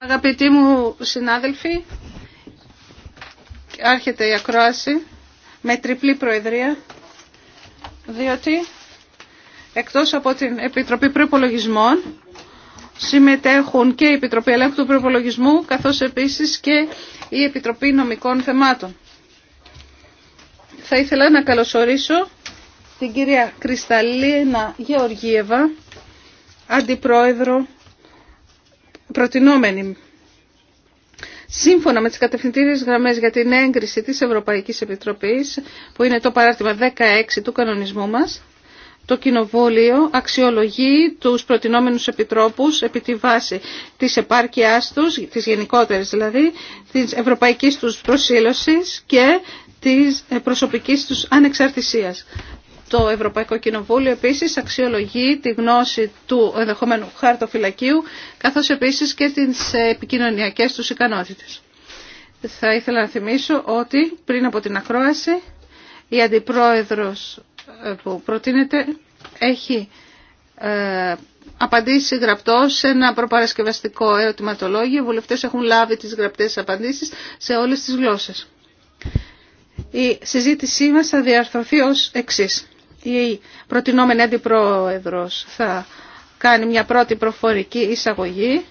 Αγαπητοί μου συνάδελφοι, άρχεται η ακρόαση με τριπλή προεδρία, διότι εκτός από την Επιτροπή Προϋπολογισμών συμμετέχουν και η Επιτροπή Ελέγχου του Προπολογισμού, καθώς επίσης και η Επιτροπή Νομικών Θεμάτων. Θα ήθελα να καλωσορίσω την κυρία Κρυσταλίνα Γεωργίεβα, αντιπρόεδρο προτινόμενη. Σύμφωνα με τις κατευθυντήριες γραμμές για την έγκριση της Ευρωπαϊκής Επιτροπής, που είναι το παράρτημα 16 του κανονισμού μας, το Κοινοβούλιο αξιολογεί τους προτινόμενους επιτρόπους επί τη βάση της επάρκειάς τους, της γενικότερης δηλαδή, της ευρωπαϊκής τους προσήλωσης και της προσωπικής τους ανεξαρτησίας. Το Ευρωπαϊκό Κοινοβούλιο επίσης αξιολογεί τη γνώση του ενδεχομένου χαρτοφυλακίου, καθώς επίσης και τις επικοινωνιακές τους ικανότητες. Θα ήθελα να θυμίσω ότι πριν από την ακρόαση η αντιπρόεδρος ε, που προτείνεται έχει ε, απαντήσει γραπτό σε ένα προπαρασκευαστικό ερωτηματολόγιο. Οι βουλευτές έχουν λάβει τις γραπτές απαντήσεις σε όλες τις γλώσσες. Η συζήτησή μας θα διαρθρωθεί ως εξής η προτινόμενη αντιπρόεδρος θα κάνει μια πρώτη προφορική εισαγωγή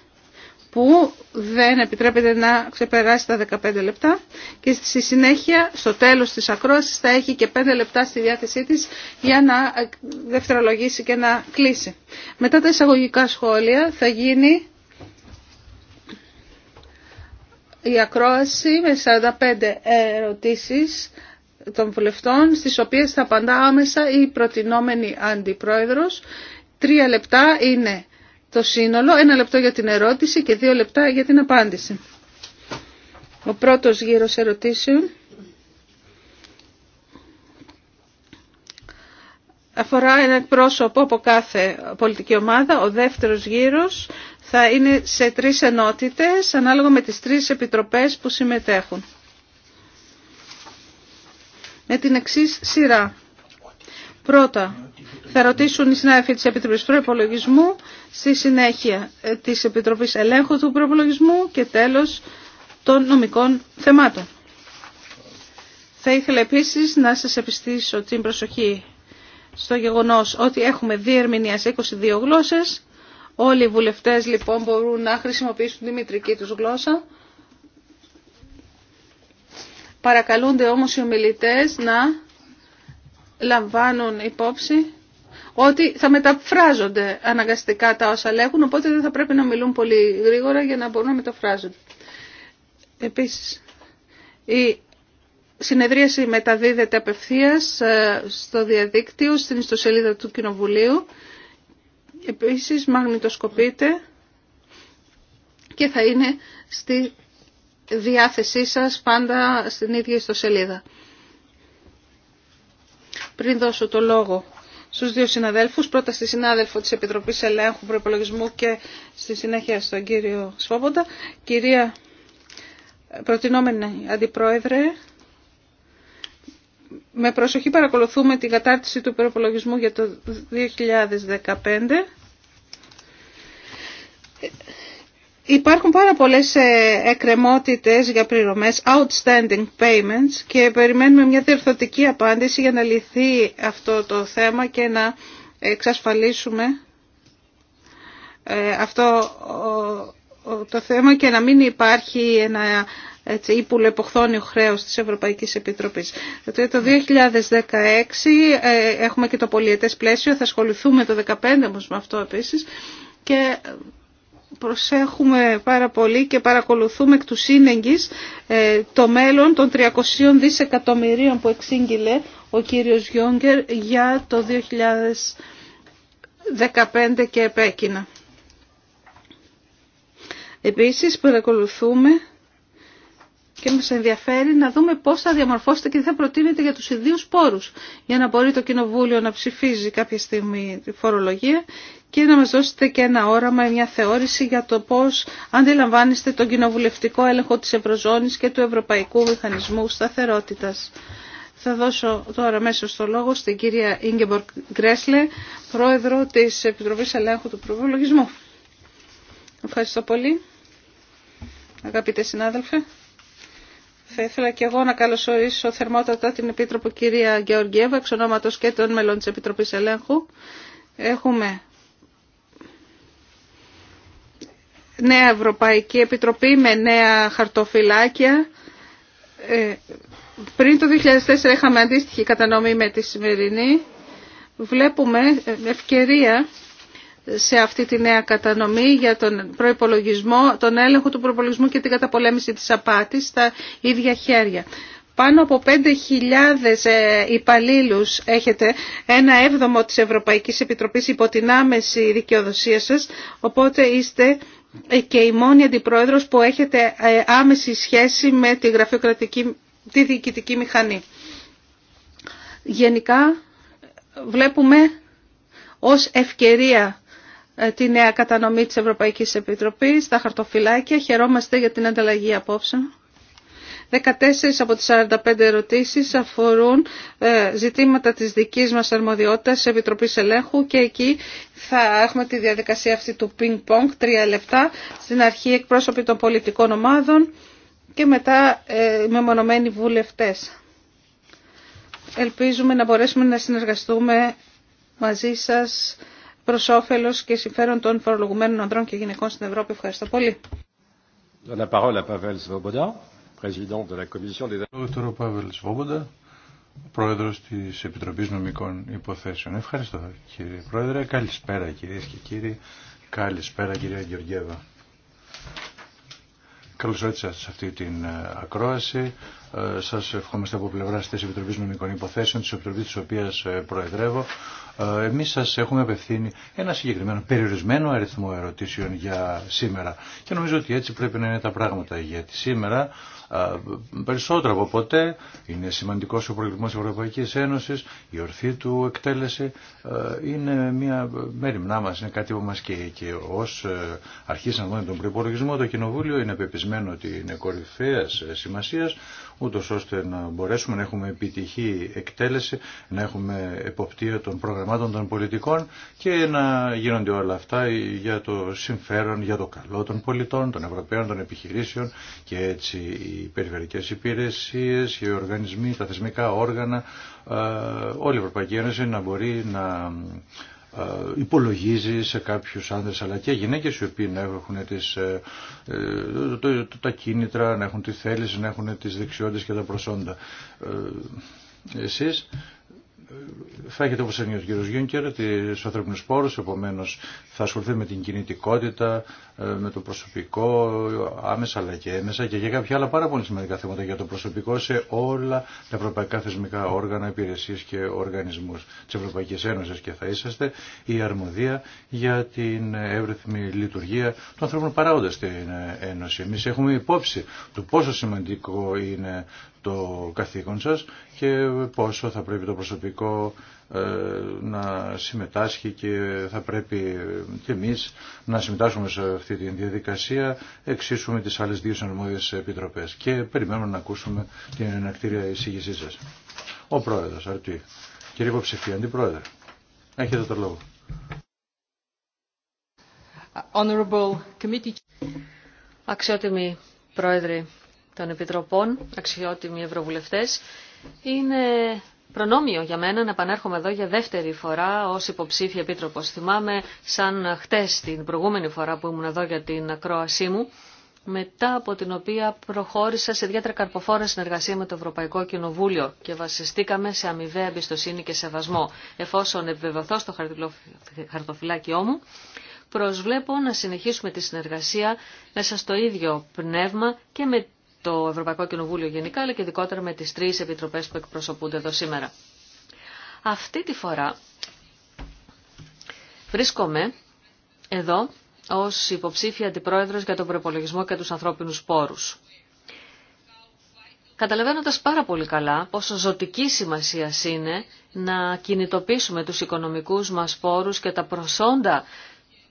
που δεν επιτρέπεται να ξεπεράσει τα 15 λεπτά και στη συνέχεια στο τέλος της ακρόασης θα έχει και 5 λεπτά στη διάθεσή της για να δευτερολογήσει και να κλείσει. Μετά τα εισαγωγικά σχόλια θα γίνει η ακρόαση με 45 ερωτήσεις των βουλευτών, στις οποίες θα απαντά άμεσα η προτινόμενη αντιπρόεδρος. Τρία λεπτά είναι το σύνολο, ένα λεπτό για την ερώτηση και δύο λεπτά για την απάντηση. Ο πρώτος γύρος ερωτήσεων αφορά ένα πρόσωπο από κάθε πολιτική ομάδα. Ο δεύτερος γύρος θα είναι σε τρεις ενότητες ανάλογα με τις τρεις επιτροπές που συμμετέχουν με την εξή σειρά. Πρώτα, θα ρωτήσουν οι συνάδελφοι της Επιτροπής Προϋπολογισμού, στη συνέχεια ε, της Επιτροπής Ελέγχου του Προϋπολογισμού και τέλος των νομικών θεμάτων. Θα ήθελα επίσης να σας επιστήσω την προσοχή στο γεγονός ότι έχουμε δύο σε 22 γλώσσες. Όλοι οι βουλευτές λοιπόν μπορούν να χρησιμοποιήσουν τη μητρική τους γλώσσα. Παρακαλούνται όμως οι ομιλητές να λαμβάνουν υπόψη ότι θα μεταφράζονται αναγκαστικά τα όσα λέγουν, οπότε δεν θα πρέπει να μιλούν πολύ γρήγορα για να μπορούν να μεταφράζονται. Επίσης, η συνεδρίαση μεταδίδεται απευθείας ε, στο διαδίκτυο, στην ιστοσελίδα του Κοινοβουλίου. Επίσης, μαγνητοσκοπείται και θα είναι στη διάθεσή σας πάντα στην ίδια ιστοσελίδα. Πριν δώσω το λόγο στους δύο συναδέλφους, πρώτα στη συνάδελφο της Επιτροπής Ελέγχου Προπολογισμού και στη συνέχεια στον κύριο Σφόποντα, κυρία προτινόμενη Αντιπρόεδρε, με προσοχή παρακολουθούμε την κατάρτιση του προπολογισμού για το 2015. Υπάρχουν πάρα πολλές ε, εκκρεμότητες για πληρωμές, outstanding payments και περιμένουμε μια διορθωτική απάντηση για να λυθεί αυτό το θέμα και να εξασφαλίσουμε ε, αυτό το θέμα και να μην υπάρχει ένα έτσι, ύπουλο υποχθόνιο χρέος της Ευρωπαϊκής Επιτροπής. Το 2016 ε, έχουμε και το πολιετές πλαίσιο, θα ασχοληθούμε το 2015 όμως με αυτό επίσης και προσέχουμε πάρα πολύ και παρακολουθούμε εκ του ε, το μέλλον των 300 δισεκατομμυρίων που εξήγηλε ο κύριος Γιόγκερ για το 2015 και επέκεινα. Επίσης παρακολουθούμε και μας ενδιαφέρει να δούμε πώς θα διαμορφώσετε και τι θα προτείνετε για τους ιδίους πόρους για να μπορεί το Κοινοβούλιο να ψηφίζει κάποια στιγμή τη φορολογία και να μας δώσετε και ένα όραμα, μια θεώρηση για το πώς αντιλαμβάνεστε τον κοινοβουλευτικό έλεγχο της Ευρωζώνης και του Ευρωπαϊκού Μηχανισμού Σταθερότητας. Θα δώσω τώρα μέσα στο λόγο στην κυρία Ίγκεμπορ Γκρέσλε, πρόεδρο της Επιτροπής Ελέγχου του Προβολογισμού. Ευχαριστώ πολύ, αγαπητέ συνάδελφε. Θα ήθελα και εγώ να καλωσορίσω θερμότατα την Επίτροπο κυρία Γεωργιέβα, εξ ονόματος και των μελών της Επιτροπής Ελέγχου. Έχουμε νέα Ευρωπαϊκή Επιτροπή με νέα χαρτοφυλάκια. Ε, πριν το 2004 είχαμε αντίστοιχη κατανομή με τη σημερινή. Βλέπουμε ευκαιρία σε αυτή τη νέα κατανομή για τον προϋπολογισμό, τον έλεγχο του προϋπολογισμού και την καταπολέμηση της απάτης στα ίδια χέρια. Πάνω από 5.000 ε, υπαλλήλου έχετε, ένα έβδομο της Ευρωπαϊκής Επιτροπής υπό την άμεση δικαιοδοσία σας, οπότε είστε ε, και η μόνη αντιπρόεδρος που έχετε ε, άμεση σχέση με τη γραφειοκρατική, τη διοικητική μηχανή. Γενικά βλέπουμε ως ευκαιρία ε, τη νέα κατανομή της Ευρωπαϊκής Επιτροπής, τα χαρτοφυλάκια. Χαιρόμαστε για την ανταλλαγή απόψε. 14 από τις 45 ερωτήσεις αφορούν ε, ζητήματα της δικής μας αρμοδιότητας της Επιτροπής Ελέγχου και εκεί θα έχουμε τη διαδικασία αυτή του ping pong, τρία λεπτά, στην αρχή εκπρόσωποι των πολιτικών ομάδων και μετά ε, μεμονωμένοι βουλευτές. Ελπίζουμε να μπορέσουμε να συνεργαστούμε μαζί σας Προ όφελο και συμφέρον των φορολογουμένων ανδρών και γυναικών στην Ευρώπη. Ευχαριστώ πολύ. La parole à Pavel Svoboda, président de la Commission des Pavel Svoboda, πρόεδρος της Επιτροπής Νομικών Υποθέσεων. Ευχαριστώ κύριε Πρόεδρε. Καλησπέρα κύριε και κύριοι. Καλησπέρα κυρία Γεωργιέβα. Καλώς ήρθατε σε αυτή την ε, ακρόαση. Ε, σας ευχόμαστε από πλευρά της Επιτροπής Νομικών Υποθέσεων, της Επιτροπής της οποίας ε, προεδρεύω, ε, εμείς σας έχουμε απευθύνει ένα συγκεκριμένο περιορισμένο αριθμό ερωτήσεων για σήμερα και νομίζω ότι έτσι πρέπει να είναι τα πράγματα γιατί σήμερα περισσότερο από ποτέ. Είναι σημαντικός ο προηγουμένος της Ευρωπαϊκής Ένωσης, η ορθή του εκτέλεση είναι μια μέρημνά μας, είναι κάτι που μας και, και ως ε, αρχίσαμε να δούμε τον προπολογισμό το Κοινοβούλιο είναι πεπισμένο ότι είναι κορυφαίας ε, σημασίας ούτω ώστε να μπορέσουμε να έχουμε επιτυχή εκτέλεση, να έχουμε εποπτεία των προγραμμάτων των πολιτικών και να γίνονται όλα αυτά για το συμφέρον, για το καλό των πολιτών, των Ευρωπαίων, των επιχειρήσεων και έτσι περιφερειακές υπηρεσίες, οι οργανισμοί, τα θεσμικά όργανα, ε, όλη η Ευρωπαϊκή Ένωση να μπορεί να ε, υπολογίζει σε κάποιους άνδρες αλλά και γυναίκες οι οποίοι να έχουν τις, ε, τα κίνητρα, να έχουν τη θέληση, να έχουν τις δεξιότητες και τα προσόντα. Εσείς θα έχετε όπως έγινε ο κ. Γιούνκερ, τις ανθρώπινες πόρους, επομένως θα ασχοληθεί με την κινητικότητα, ε, με το προσωπικό, άμεσα αλλά και έμεσα και για κάποια άλλα πάρα πολύ σημαντικά θέματα για το προσωπικό σε όλα τα ευρωπαϊκά θεσμικά όργανα, υπηρεσίες και οργανισμούς της Ευρωπαϊκής Ένωσης και θα είσαστε η αρμοδία για την εύρυθμη λειτουργία των ανθρώπων παράγοντα στην Ένωση. Εμείς έχουμε υπόψη του πόσο σημαντικό είναι το καθήκον σας και πόσο θα πρέπει το προσωπικό ε, να συμμετάσχει και θα πρέπει και εμείς να συμμετάσχουμε σε αυτή τη διαδικασία εξίσου με τις άλλες δύο συνομόδιες επιτροπές και περιμένουμε να ακούσουμε την ενακτήρια εισήγησή σας. Ο Πρόεδρος Αρτή. Κύριε Υποψηφία, Αντιπρόεδρε. Έχετε το λόγο. Αξιότιμοι Πρόεδροι των Επιτροπών, αξιότιμοι Ευρωβουλευτές, είναι προνόμιο για μένα να επανέρχομαι εδώ για δεύτερη φορά ως υποψήφια επίτροπος. Θυμάμαι σαν χτες την προηγούμενη φορά που ήμουν εδώ για την ακρόασή μου, μετά από την οποία προχώρησα σε ιδιαίτερα καρποφόρα συνεργασία με το Ευρωπαϊκό Κοινοβούλιο και βασιστήκαμε σε αμοιβαία εμπιστοσύνη και σεβασμό. Εφόσον επιβεβαιωθώ στο χαρτοφυλάκιό μου, προσβλέπω να συνεχίσουμε τη συνεργασία μέσα στο ίδιο πνεύμα και με το Ευρωπαϊκό Κοινοβούλιο γενικά, αλλά και ειδικότερα με τις τρεις επιτροπές που εκπροσωπούνται εδώ σήμερα. Αυτή τη φορά βρίσκομαι εδώ ως υποψήφια αντιπρόεδρος για τον προπολογισμό και τους ανθρώπινους πόρους. Καταλαβαίνοντας πάρα πολύ καλά πόσο ζωτική σημασία είναι να κινητοποιήσουμε τους οικονομικούς μας πόρους και τα προσόντα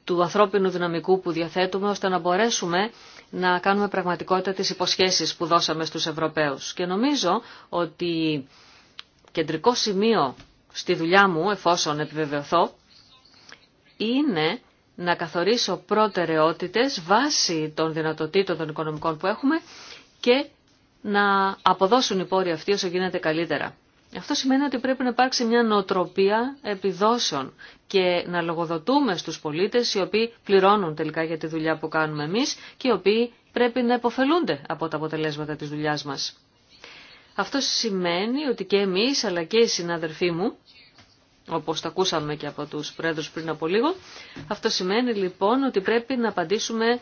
του ανθρώπινου δυναμικού που διαθέτουμε, ώστε να μπορέσουμε να κάνουμε πραγματικότητα τις υποσχέσεις που δώσαμε στους Ευρωπαίους. Και νομίζω ότι κεντρικό σημείο στη δουλειά μου, εφόσον επιβεβαιωθώ, είναι να καθορίσω προτεραιότητες βάσει των δυνατοτήτων των οικονομικών που έχουμε και να αποδώσουν οι πόροι αυτοί όσο γίνεται καλύτερα. Αυτό σημαίνει ότι πρέπει να υπάρξει μια νοοτροπία επιδόσεων και να λογοδοτούμε στους πολίτες οι οποίοι πληρώνουν τελικά για τη δουλειά που κάνουμε εμείς και οι οποίοι πρέπει να υποφελούνται από τα αποτελέσματα της δουλειάς μας. Αυτό σημαίνει ότι και εμείς αλλά και οι συναδελφοί μου, όπως τα ακούσαμε και από τους πρόεδρους πριν από λίγο, αυτό σημαίνει λοιπόν ότι πρέπει να απαντήσουμε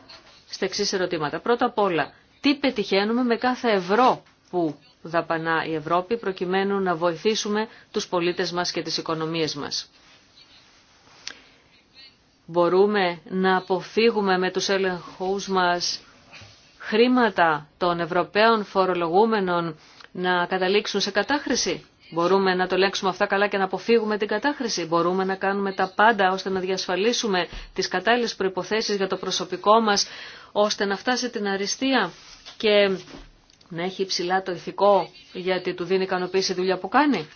στα εξή ερωτήματα. Πρώτα απ' όλα, τι πετυχαίνουμε με κάθε ευρώ που δαπανά η Ευρώπη προκειμένου να βοηθήσουμε τους πολίτες μας και τις οικονομίες μας. Μπορούμε να αποφύγουμε με τους έλεγχους μας χρήματα των Ευρωπαίων φορολογούμενων να καταλήξουν σε κατάχρηση. Μπορούμε να το λέξουμε αυτά καλά και να αποφύγουμε την κατάχρηση. Μπορούμε να κάνουμε τα πάντα ώστε να διασφαλίσουμε τις κατάλληλες προϋποθέσεις για το προσωπικό μας, ώστε να φτάσει την αριστεία και να έχει υψηλά το ηθικό γιατί του δίνει ικανοποίηση η δουλειά που κάνει.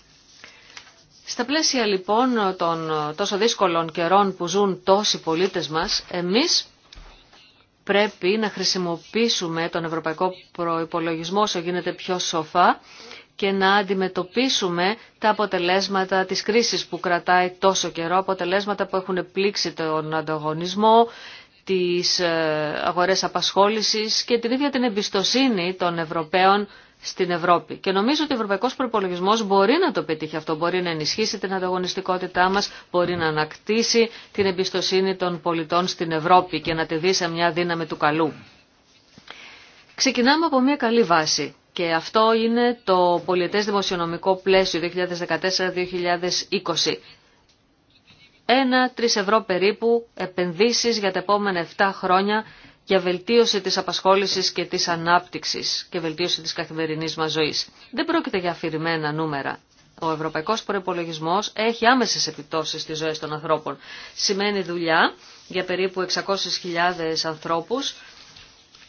Στα πλαίσια λοιπόν των τόσο δύσκολων καιρών που ζουν τόσοι πολίτες μας, εμείς πρέπει να χρησιμοποιήσουμε τον ευρωπαϊκό προϋπολογισμό όσο γίνεται πιο σοφά και να αντιμετωπίσουμε τα αποτελέσματα της κρίσης που κρατάει τόσο καιρό, αποτελέσματα που έχουν πλήξει τον ανταγωνισμό, τις ε, αγορές απασχόλησης και την ίδια την εμπιστοσύνη των Ευρωπαίων στην Ευρώπη. Και νομίζω ότι ο ευρωπαϊκός προπολογισμό μπορεί να το πετύχει αυτό, μπορεί να ενισχύσει την ανταγωνιστικότητά μας, μπορεί να ανακτήσει την εμπιστοσύνη των πολιτών στην Ευρώπη και να τη δει σε μια δύναμη του καλού. Ξεκινάμε από μια καλή βάση και αυτό είναι το πολιτες δημοσιονομικο δημοσιονομικό πλαίσιο 2014-2020. Ένα, 3 ευρώ περίπου επενδύσεις για τα επόμενα 7 χρόνια για βελτίωση της απασχόλησης και της ανάπτυξης και βελτίωση της καθημερινής μας ζωής. Δεν πρόκειται για αφηρημένα νούμερα. Ο ευρωπαϊκός προϋπολογισμός έχει άμεσες επιπτώσεις στις ζωές των ανθρώπων. Σημαίνει δουλειά για περίπου 600.000 ανθρώπους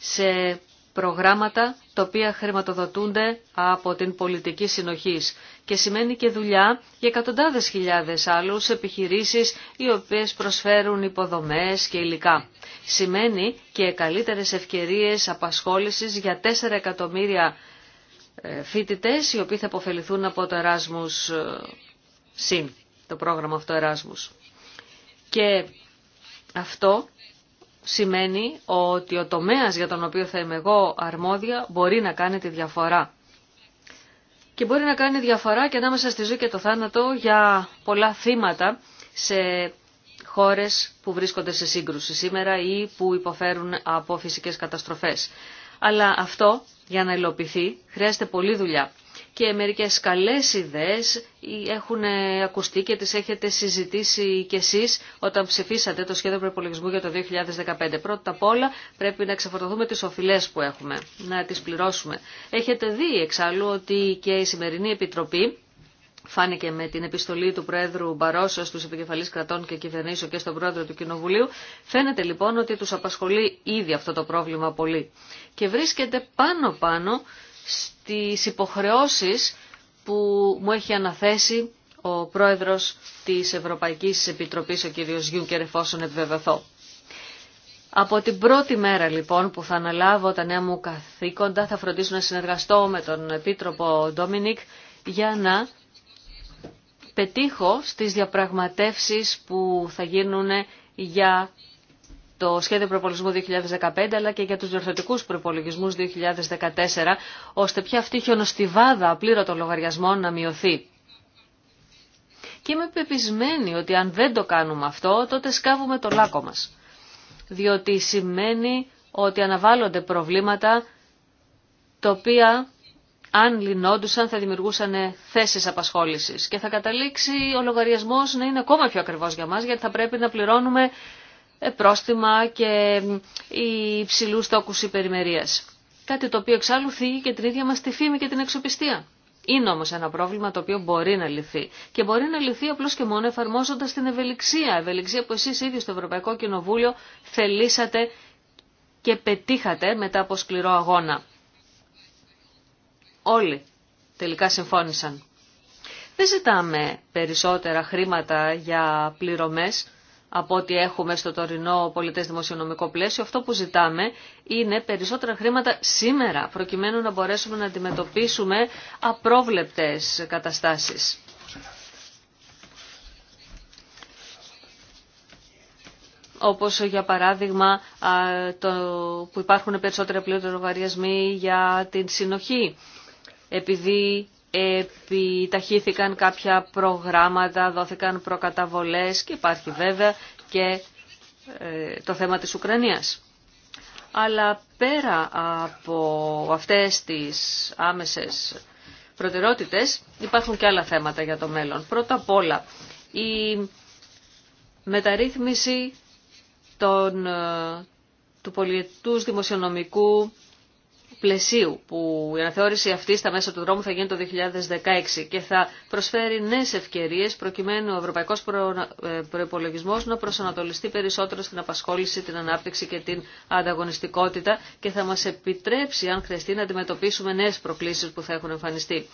σε προγράμματα τα οποία χρηματοδοτούνται από την πολιτική συνοχής και σημαίνει και δουλειά για εκατοντάδες χιλιάδες άλλους επιχειρήσεις οι οποίες προσφέρουν υποδομές και υλικά. Σημαίνει και καλύτερες ευκαιρίες απασχόλησης για 4 εκατομμύρια ε, φοιτητέ, οι οποίοι θα αποφεληθούν από το Erasmus ε, Συν, το πρόγραμμα αυτό Erasmus. Και αυτό σημαίνει ότι ο τομέας για τον οποίο θα είμαι εγώ αρμόδια μπορεί να κάνει τη διαφορά. Και μπορεί να κάνει διαφορά και ανάμεσα στη ζωή και το θάνατο για πολλά θύματα σε χώρες που βρίσκονται σε σύγκρουση σήμερα ή που υποφέρουν από φυσικές καταστροφές. Αλλά αυτό για να υλοποιηθεί χρειάζεται πολλή δουλειά και μερικές καλές ιδέες έχουν ε, ακουστεί και τις έχετε συζητήσει κι εσείς όταν ψηφίσατε το σχέδιο προπολογισμού για το 2015. Πρώτα απ' όλα πρέπει να ξεφορτωθούμε τις οφειλές που έχουμε, να τις πληρώσουμε. Έχετε δει εξάλλου ότι και η σημερινή Επιτροπή φάνηκε με την επιστολή του Πρόεδρου Μπαρόσα στους επικεφαλείς κρατών και κυβερνήσεων και στον Πρόεδρο του Κοινοβουλίου, φαίνεται λοιπόν ότι τους απασχολεί ήδη αυτό το πρόβλημα πολύ. Και βρίσκεται πάνω-πάνω στις υποχρεώσεις που μου έχει αναθέσει ο πρόεδρος της Ευρωπαϊκής Επιτροπής, ο κ. Γιούγκερ, εφόσον επιβεβαιωθώ. Από την πρώτη μέρα λοιπόν που θα αναλάβω τα νέα μου καθήκοντα θα φροντίσω να συνεργαστώ με τον Επίτροπο Ντόμινικ για να πετύχω στις διαπραγματεύσεις που θα γίνουν για το σχέδιο προπολογισμού 2015 αλλά και για τους διορθωτικούς προπολογισμούς 2014 ώστε πια αυτή η χιονοστιβάδα απλήρωτων λογαριασμών να μειωθεί. Και είμαι πεπισμένη ότι αν δεν το κάνουμε αυτό τότε σκάβουμε το λάκκο μας. Διότι σημαίνει ότι αναβάλλονται προβλήματα τα οποία αν λυνόντουσαν θα δημιουργούσαν θέσεις απασχόλησης και θα καταλήξει ο λογαριασμός να είναι ακόμα πιο ακριβώς για μας γιατί θα πρέπει να πληρώνουμε ε, πρόστιμα και υψηλού στόχου υπερημερία. Κάτι το οποίο εξάλλου θίγει και την ίδια μα τη φήμη και την εξοπιστία. Είναι όμω ένα πρόβλημα το οποίο μπορεί να λυθεί. Και μπορεί να λυθεί απλώ και μόνο εφαρμόζοντα την ευελιξία. Ευελιξία που εσεί ίδιοι στο Ευρωπαϊκό Κοινοβούλιο θελήσατε και πετύχατε μετά από σκληρό αγώνα. Όλοι τελικά συμφώνησαν. Δεν ζητάμε περισσότερα χρήματα για πληρωμές, από ό,τι έχουμε στο τωρινό πολιτές δημοσιονομικό πλαίσιο. Αυτό που ζητάμε είναι περισσότερα χρήματα σήμερα, προκειμένου να μπορέσουμε να αντιμετωπίσουμε απρόβλεπτες καταστάσεις. όπως για παράδειγμα το που υπάρχουν περισσότερα λογαριασμοί για την συνοχή, επειδή επιταχύθηκαν κάποια προγράμματα, δόθηκαν προκαταβολές και υπάρχει βέβαια και ε, το θέμα της Ουκρανίας. Αλλά πέρα από αυτές τις άμεσες προτεραιότητες υπάρχουν και άλλα θέματα για το μέλλον. Πρώτα απ' όλα η μεταρρύθμιση των, ε, του πολιετούς δημοσιονομικού πλαισίου που η αναθεώρηση αυτή στα μέσα του δρόμου θα γίνει το 2016 και θα προσφέρει νέες ευκαιρίες προκειμένου ο ευρωπαϊκός ε, προϋπολογισμός να προσανατολιστεί περισσότερο στην απασχόληση, την ανάπτυξη και την ανταγωνιστικότητα και θα μας επιτρέψει αν χρειαστεί να αντιμετωπίσουμε νέες προκλήσεις που θα έχουν εμφανιστεί.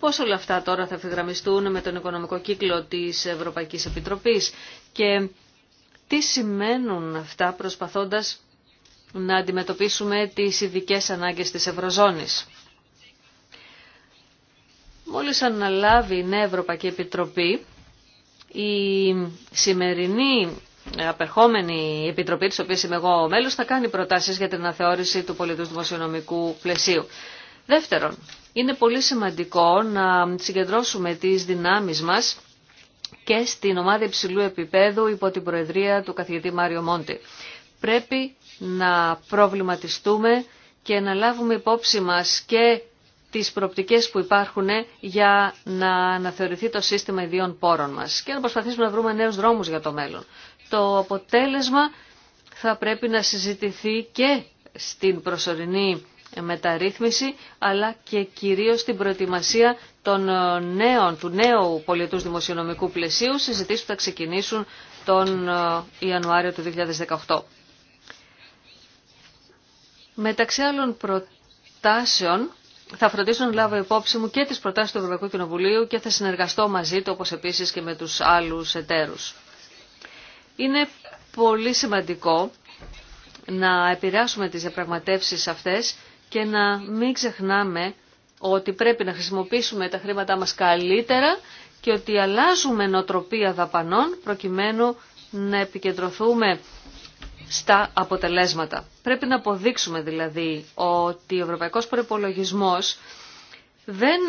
Πώ όλα αυτά τώρα θα ευθυγραμμιστούν με τον οικονομικό κύκλο τη Ευρωπαϊκή Επιτροπή. και τι σημαίνουν αυτά προσπαθώντα να αντιμετωπίσουμε τις ειδικέ ανάγκες της Ευρωζώνης. Μόλις αναλάβει η Νέα Ευρωπαϊκή Επιτροπή, η σημερινή απερχόμενη επιτροπή, της οποίας είμαι εγώ μέλος, θα κάνει προτάσεις για την αναθεώρηση του πολιτικού δημοσιονομικού πλαισίου. Δεύτερον, είναι πολύ σημαντικό να συγκεντρώσουμε τις δυνάμεις μας και στην ομάδα υψηλού επίπεδου υπό την Προεδρία του καθηγητή Μάριο Μόντι. Πρέπει να προβληματιστούμε και να λάβουμε υπόψη μας και τις προπτικές που υπάρχουν για να αναθεωρηθεί το σύστημα ιδίων πόρων μας και να προσπαθήσουμε να βρούμε νέους δρόμους για το μέλλον. Το αποτέλεσμα θα πρέπει να συζητηθεί και στην προσωρινή μεταρρύθμιση αλλά και κυρίως στην προετοιμασία των ε, νέων, του νέου πολιτούς δημοσιονομικού πλαισίου συζητήσεις που θα ξεκινήσουν τον ε, Ιανουάριο του 2018. Μεταξύ άλλων προτάσεων θα φροντίσω να λάβω υπόψη μου και τις προτάσεις του Ευρωπαϊκού Κοινοβουλίου και θα συνεργαστώ μαζί του όπως επίσης και με τους άλλους εταίρους. Είναι πολύ σημαντικό να επηρεάσουμε τις διαπραγματεύσει αυτές και να μην ξεχνάμε ότι πρέπει να χρησιμοποιήσουμε τα χρήματά μας καλύτερα και ότι αλλάζουμε νοτροπία δαπανών προκειμένου να επικεντρωθούμε στα αποτελέσματα. Πρέπει να αποδείξουμε δηλαδή ότι ο ευρωπαϊκός προϋπολογισμός δεν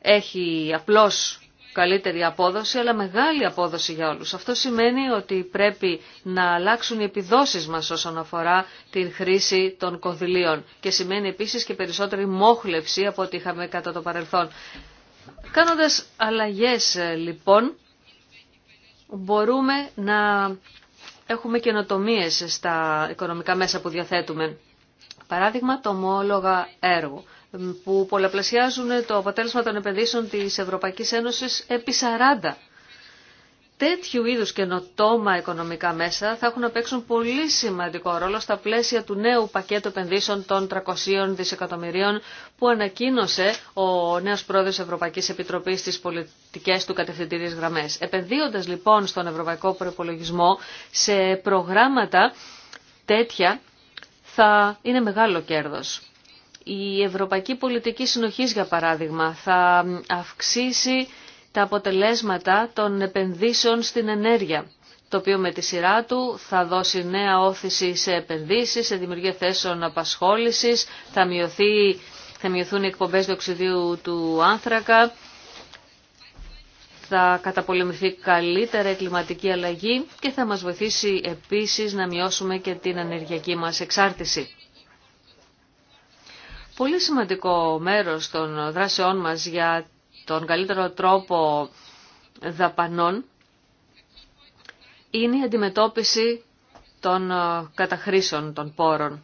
έχει απλώς καλύτερη απόδοση, αλλά μεγάλη απόδοση για όλους. Αυτό σημαίνει ότι πρέπει να αλλάξουν οι επιδόσεις μας όσον αφορά την χρήση των κονδυλίων και σημαίνει επίσης και περισσότερη μόχλευση από ό,τι είχαμε κατά το παρελθόν. Κάνοντας αλλαγές ε, λοιπόν, μπορούμε να έχουμε καινοτομίε στα οικονομικά μέσα που διαθέτουμε. Παράδειγμα, το ομόλογα έργου που πολλαπλασιάζουν το αποτέλεσμα των επενδύσεων της Ευρωπαϊκής Ένωσης επί 40 τέτοιου είδους καινοτόμα οικονομικά μέσα θα έχουν να παίξουν πολύ σημαντικό ρόλο στα πλαίσια του νέου πακέτου επενδύσεων των 300 δισεκατομμυρίων που ανακοίνωσε ο νέος πρόεδρος Ευρωπαϊκής Επιτροπής στις πολιτικές του κατευθυντήριε γραμμές. Επενδύοντας λοιπόν στον ευρωπαϊκό προπολογισμό σε προγράμματα τέτοια θα είναι μεγάλο κέρδος. Η Ευρωπαϊκή Πολιτική Συνοχής, για παράδειγμα, θα αυξήσει τα αποτελέσματα των επενδύσεων στην ενέργεια, το οποίο με τη σειρά του θα δώσει νέα όθηση σε επενδύσεις, σε δημιουργία θέσεων απασχόλησης, θα, μειωθεί, θα μειωθούν οι εκπομπές διοξιδίου του άνθρακα, θα καταπολεμηθεί καλύτερα η κλιματική αλλαγή και θα μας βοηθήσει επίσης να μειώσουμε και την ενεργειακή μας εξάρτηση. Πολύ σημαντικό μέρος των δράσεών μας για τον καλύτερο τρόπο δαπανών είναι η αντιμετώπιση των ε, καταχρήσεων των πόρων.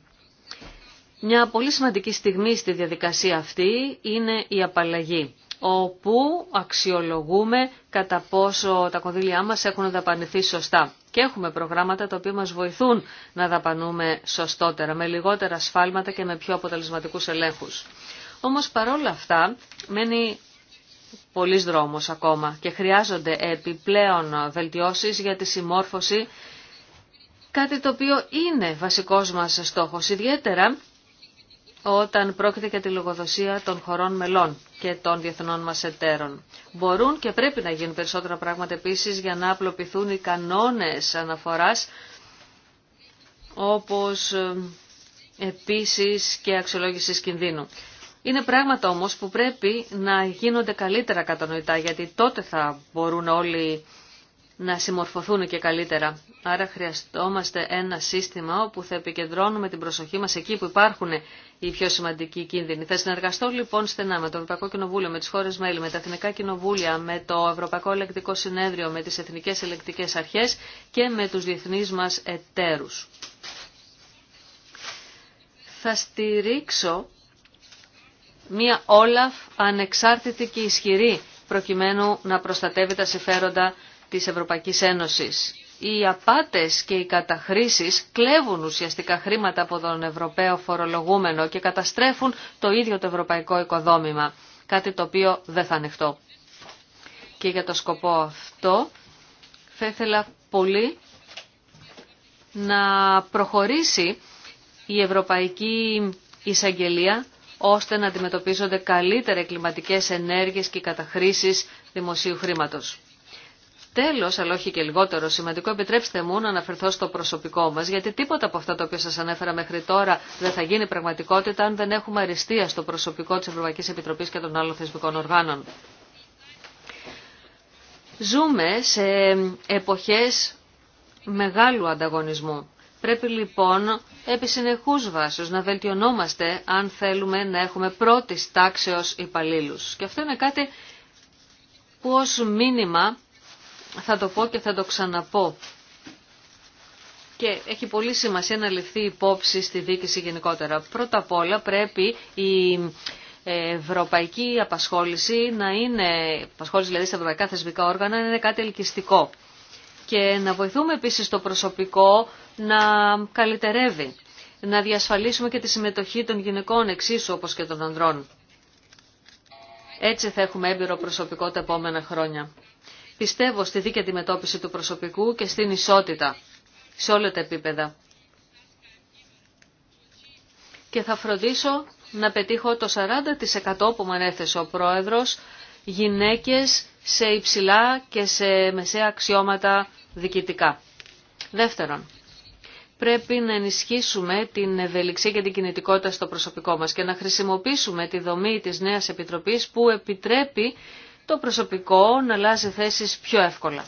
Μια πολύ σημαντική στιγμή στη διαδικασία αυτή είναι η απαλλαγή, όπου αξιολογούμε κατά πόσο τα κονδύλια μας έχουν δαπανηθεί σωστά. Και έχουμε προγράμματα τα οποία μας βοηθούν να δαπανούμε σωστότερα, με λιγότερα σφάλματα και με πιο αποτελεσματικούς ελέγχους. Όμως παρόλα αυτά μένει πολλής δρόμος ακόμα και χρειάζονται επιπλέον βελτιώσεις για τη συμμόρφωση, κάτι το οποίο είναι βασικός μας στόχος, ιδιαίτερα όταν πρόκειται για τη λογοδοσία των χωρών μελών και των διεθνών μας εταίρων. Μπορούν και πρέπει να γίνουν περισσότερα πράγματα επίσης για να απλοποιηθούν οι κανόνες αναφοράς, όπως ε, επίσης και αξιολόγησης κινδύνου. Είναι πράγματα όμως που πρέπει να γίνονται καλύτερα κατανοητά, γιατί τότε θα μπορούν όλοι να συμμορφωθούν και καλύτερα. Άρα χρειαστόμαστε ένα σύστημα όπου θα επικεντρώνουμε την προσοχή μας εκεί που υπάρχουν οι πιο σημαντικοί κίνδυνοι. Θα συνεργαστώ λοιπόν στενά με το Ευρωπαϊκό Κοινοβούλιο, με τις χώρες μέλη, με τα Εθνικά Κοινοβούλια, με το Ευρωπαϊκό Ελεκτικό Συνέδριο, με τις Εθνικές Ελεκτικές Αρχές και με τους διεθνείς μας εταίρους. Θα στηρίξω μία Όλαφ ανεξάρτητη και ισχυρή προκειμένου να προστατεύει τα συμφέροντα της Ευρωπαϊκής Ένωσης. Οι απάτες και οι καταχρήσεις κλέβουν ουσιαστικά χρήματα από τον Ευρωπαίο φορολογούμενο και καταστρέφουν το ίδιο το ευρωπαϊκό οικοδόμημα, κάτι το οποίο δεν θα ανοιχτώ. Και για το σκοπό αυτό θα ήθελα πολύ να προχωρήσει η Ευρωπαϊκή Εισαγγελία ώστε να αντιμετωπίζονται καλύτερα οι κλιματικές ενέργειες και οι καταχρήσεις δημοσίου χρήματος. Τέλος, αλλά όχι και λιγότερο σημαντικό, επιτρέψτε μου να αναφερθώ στο προσωπικό μας, γιατί τίποτα από αυτά τα οποία σας ανέφερα μέχρι τώρα δεν θα γίνει πραγματικότητα αν δεν έχουμε αριστεία στο προσωπικό της Ευρωπαϊκής Επιτροπής και των άλλων θεσμικών οργάνων. Ζούμε σε εποχές μεγάλου ανταγωνισμού. Πρέπει λοιπόν επί συνεχούς βάσεως να βελτιωνόμαστε αν θέλουμε να έχουμε πρώτης τάξεως υπαλλήλου. Και αυτό είναι κάτι που ως μήνυμα θα το πω και θα το ξαναπώ. Και έχει πολύ σημασία να ληφθεί υπόψη στη δίκηση γενικότερα. Πρώτα απ' όλα πρέπει η ευρωπαϊκή απασχόληση να είναι, απασχόληση δηλαδή στα ευρωπαϊκά θεσμικά όργανα, να είναι κάτι ελκυστικό. Και να βοηθούμε επίσης το προσωπικό να καλυτερεύει. Να διασφαλίσουμε και τη συμμετοχή των γυναικών εξίσου όπως και των ανδρών. Έτσι θα έχουμε έμπειρο προσωπικό τα επόμενα χρόνια. Πιστεύω στη δίκαιη αντιμετώπιση του προσωπικού και στην ισότητα σε όλα τα επίπεδα. Και θα φροντίσω να πετύχω το 40% που μου ανέθεσε ο Πρόεδρος γυναίκες σε υψηλά και σε μεσαία αξιώματα διοικητικά. Δεύτερον, πρέπει να ενισχύσουμε την ευελιξία και την κινητικότητα στο προσωπικό μας και να χρησιμοποιήσουμε τη δομή της νέας επιτροπής που επιτρέπει το προσωπικό να αλλάζει θέσεις πιο εύκολα.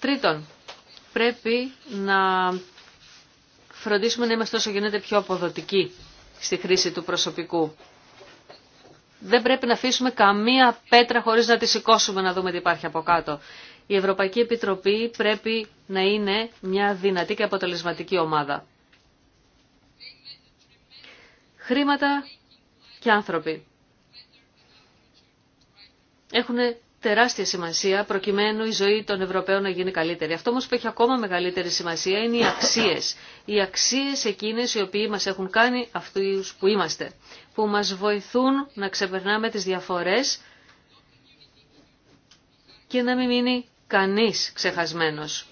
Τρίτον, πρέπει να φροντίσουμε να είμαστε όσο γίνεται πιο αποδοτικοί στη χρήση του προσωπικού. Δεν πρέπει να αφήσουμε καμία πέτρα χωρίς να τη σηκώσουμε να δούμε τι υπάρχει από κάτω η Ευρωπαϊκή Επιτροπή πρέπει να είναι μια δυνατή και αποτελεσματική ομάδα. Χρήματα και άνθρωποι έχουν τεράστια σημασία προκειμένου η ζωή των Ευρωπαίων να γίνει καλύτερη. Αυτό όμως που έχει ακόμα μεγαλύτερη σημασία είναι οι αξίες. Οι αξίες εκείνες οι οποίοι μας έχουν κάνει αυτούς που είμαστε, που μας βοηθούν να ξεπερνάμε τις διαφορές και να μην μείνει κανείς ξεχασμένος.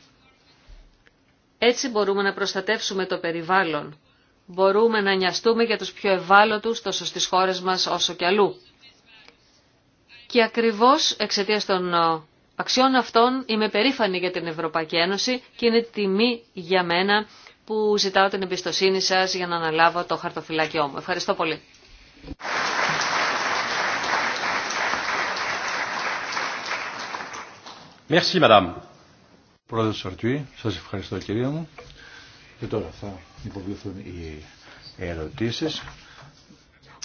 Έτσι μπορούμε να προστατεύσουμε το περιβάλλον. Μπορούμε να νοιαστούμε για τους πιο ευάλωτους τόσο στις χώρες μας όσο και αλλού. Και ακριβώς εξαιτία των ε, αξιών αυτών είμαι περήφανη για την Ευρωπαϊκή Ένωση και είναι τιμή για μένα που ζητάω την εμπιστοσύνη σας για να αναλάβω το χαρτοφυλάκιό μου. Ευχαριστώ πολύ. Merci, madame. Πρόεδρε Σαρτουή, σα ευχαριστώ κύριε μου. Και τώρα θα υποβληθούν οι ερωτήσεις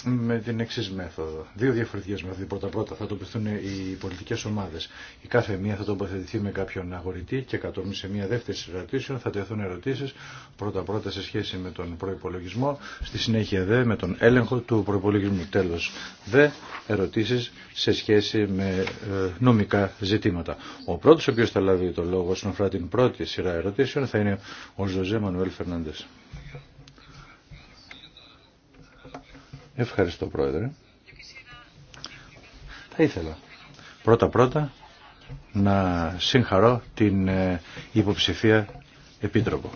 με την εξή μέθοδο. Δύο διαφορετικέ μέθοδοι. Πρώτα-πρώτα θα τοποθετηθούν οι πολιτικέ ομάδε. Η κάθε μία θα τοποθετηθεί με κάποιον αγορητή και κατόπιν σε μία δεύτερη ερωτήσεων θα τεθούν ερωτήσει πρώτα-πρώτα σε σχέση με τον προπολογισμό, στη συνέχεια δε με τον έλεγχο του προπολογισμού. Τέλο δε ερωτήσει σε σχέση με ε, νομικά ζητήματα. Ο πρώτο ο οποίο θα λάβει το λόγο όσον αφορά την πρώτη σειρά ερωτήσεων θα είναι ο Ζωζέ Μανουέλ Φερνάντε. Ευχαριστώ Πρόεδρε. Θα ήθελα πρώτα πρώτα να συγχαρώ την ε, υποψηφία Επίτροπο.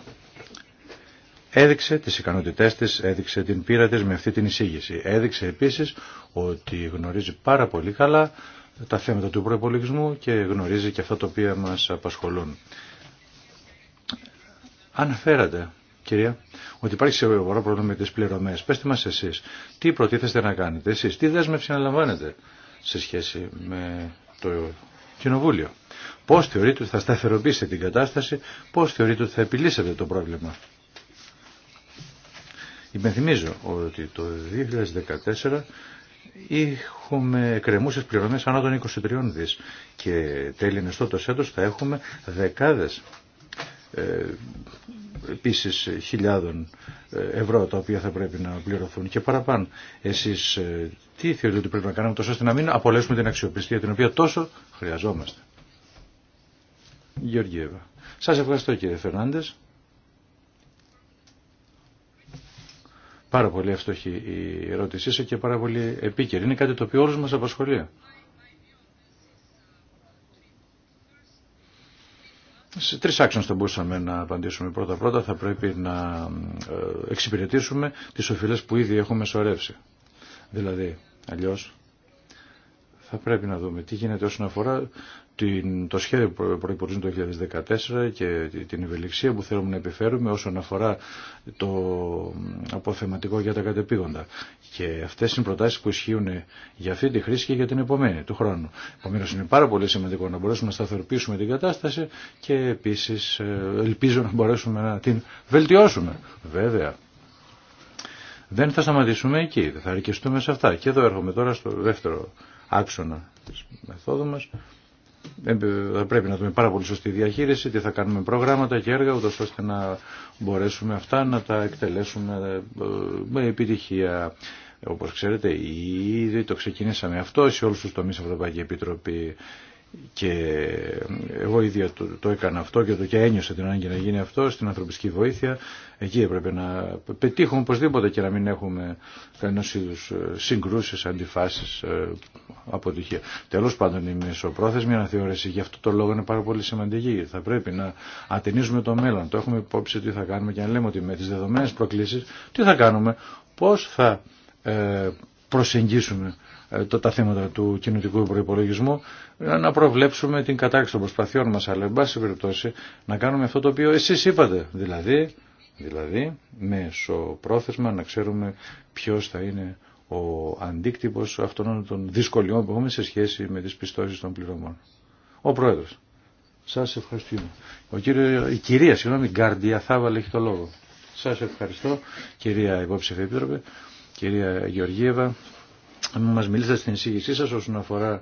Έδειξε τις ικανότητές της, έδειξε την πείρα της με αυτή την εισήγηση. Έδειξε επίσης ότι γνωρίζει πάρα πολύ καλά τα θέματα του προπολογισμού και γνωρίζει και αυτά τα οποία μας απασχολούν. Αναφέρατε κυρία, ότι υπάρχει σοβαρό πρόβλημα με τι πληρωμές. Πετε μα εσείς, τι προτίθεστε να κάνετε εσεί, τι δέσμευση να σε σχέση με το Κοινοβούλιο. Πώ θεωρείτε ότι θα σταθεροποιήσετε την κατάσταση, πώ θεωρείτε ότι θα επιλύσετε το πρόβλημα. Υπενθυμίζω ότι το 2014 είχαμε κρεμούσες πληρωμές ανά των 23 δι και τέλη το έτο θα έχουμε δεκάδε. ε, επίσης χιλιάδων ε, ευρώ τα οποία θα πρέπει να πληρωθούν και παραπάνω. Εσείς ε, τι θεωρείτε ότι πρέπει να κάνουμε τόσο ώστε να μην απολέσουμε την αξιοπιστία την οποία τόσο χρειαζόμαστε. Γεωργίευα. Σας ευχαριστώ κύριε Φερνάντες. Πάρα πολύ εύστοχη η ερώτησή σας και πάρα πολύ επίκαιρη. Είναι κάτι το οποίο όλους μας απασχολεί. Σε τρεις άξονες θα μπορούσαμε να απαντήσουμε. Πρώτα-πρώτα θα πρέπει να ε, εξυπηρετήσουμε τις οφειλές που ήδη έχουμε σωρεύσει. Δηλαδή, αλλιώς θα πρέπει να δούμε τι γίνεται όσον αφορά την, το σχέδιο που προϋπορίζουν το 2014 και την ευελιξία που θέλουμε να επιφέρουμε όσον αφορά το αποθεματικό για τα κατεπίγοντα. Και αυτές είναι οι προτάσεις που ισχύουν για αυτή τη χρήση και για την επομένη του χρόνου. Επομένως είναι πάρα πολύ σημαντικό να μπορέσουμε να σταθεροποιήσουμε την κατάσταση και επίσης ε, ελπίζω να μπορέσουμε να την βελτιώσουμε. Βέβαια. Δεν θα σταματήσουμε εκεί, θα αρκεστούμε σε αυτά. Και εδώ έρχομαι τώρα στο δεύτερο άξονα της μεθόδου μας. Ε, θα πρέπει να δούμε πάρα πολύ σωστή διαχείριση, τι θα κάνουμε προγράμματα και έργα, ούτως ώστε να μπορέσουμε αυτά να τα εκτελέσουμε ε, με επιτυχία. Όπως ξέρετε, ήδη το ξεκινήσαμε αυτό σε όλους τους τομείς Ευρωπαϊκή Επιτροπή και εγώ ίδια το, το έκανα αυτό και το και ένιωσα την ανάγκη να γίνει αυτό στην ανθρωπιστική βοήθεια. Εκεί έπρεπε να πετύχουμε οπωσδήποτε και να μην έχουμε κανένα είδου ε, συγκρούσει, αντιφάσει, ε, αποτυχία. Τέλο πάντων, η μεσοπρόθεσμη αναθεώρηση γι' αυτό το λόγο είναι πάρα πολύ σημαντική. Θα πρέπει να ατενίζουμε το μέλλον. Το έχουμε υπόψη τι θα κάνουμε και αν λέμε ότι με τι δεδομένε προκλήσει τι θα κάνουμε, πώ θα ε, προσεγγίσουμε ε, το, τα θέματα του κοινωτικού προπολογισμού, ε, να προβλέψουμε την κατάρριξη των προσπαθειών μας, αλλά εν πάση περιπτώσει να κάνουμε αυτό το οποίο εσείς είπατε, δηλαδή, δηλαδή πρόθεσμα να ξέρουμε ποιος θα είναι ο αντίκτυπος αυτών των δυσκολιών που έχουμε σε σχέση με τις πιστώσεις των πληρωμών. Ο Πρόεδρος. Σας ευχαριστούμε. η κυρία, συγγνώμη, Γκάρντια Θάβαλ έχει το λόγο. Σας ευχαριστώ, κυρία Υπόψηφη Επίτροπε, κυρία Γεωργίευα, μας μιλήσατε στην εισήγησή σας όσον αφορά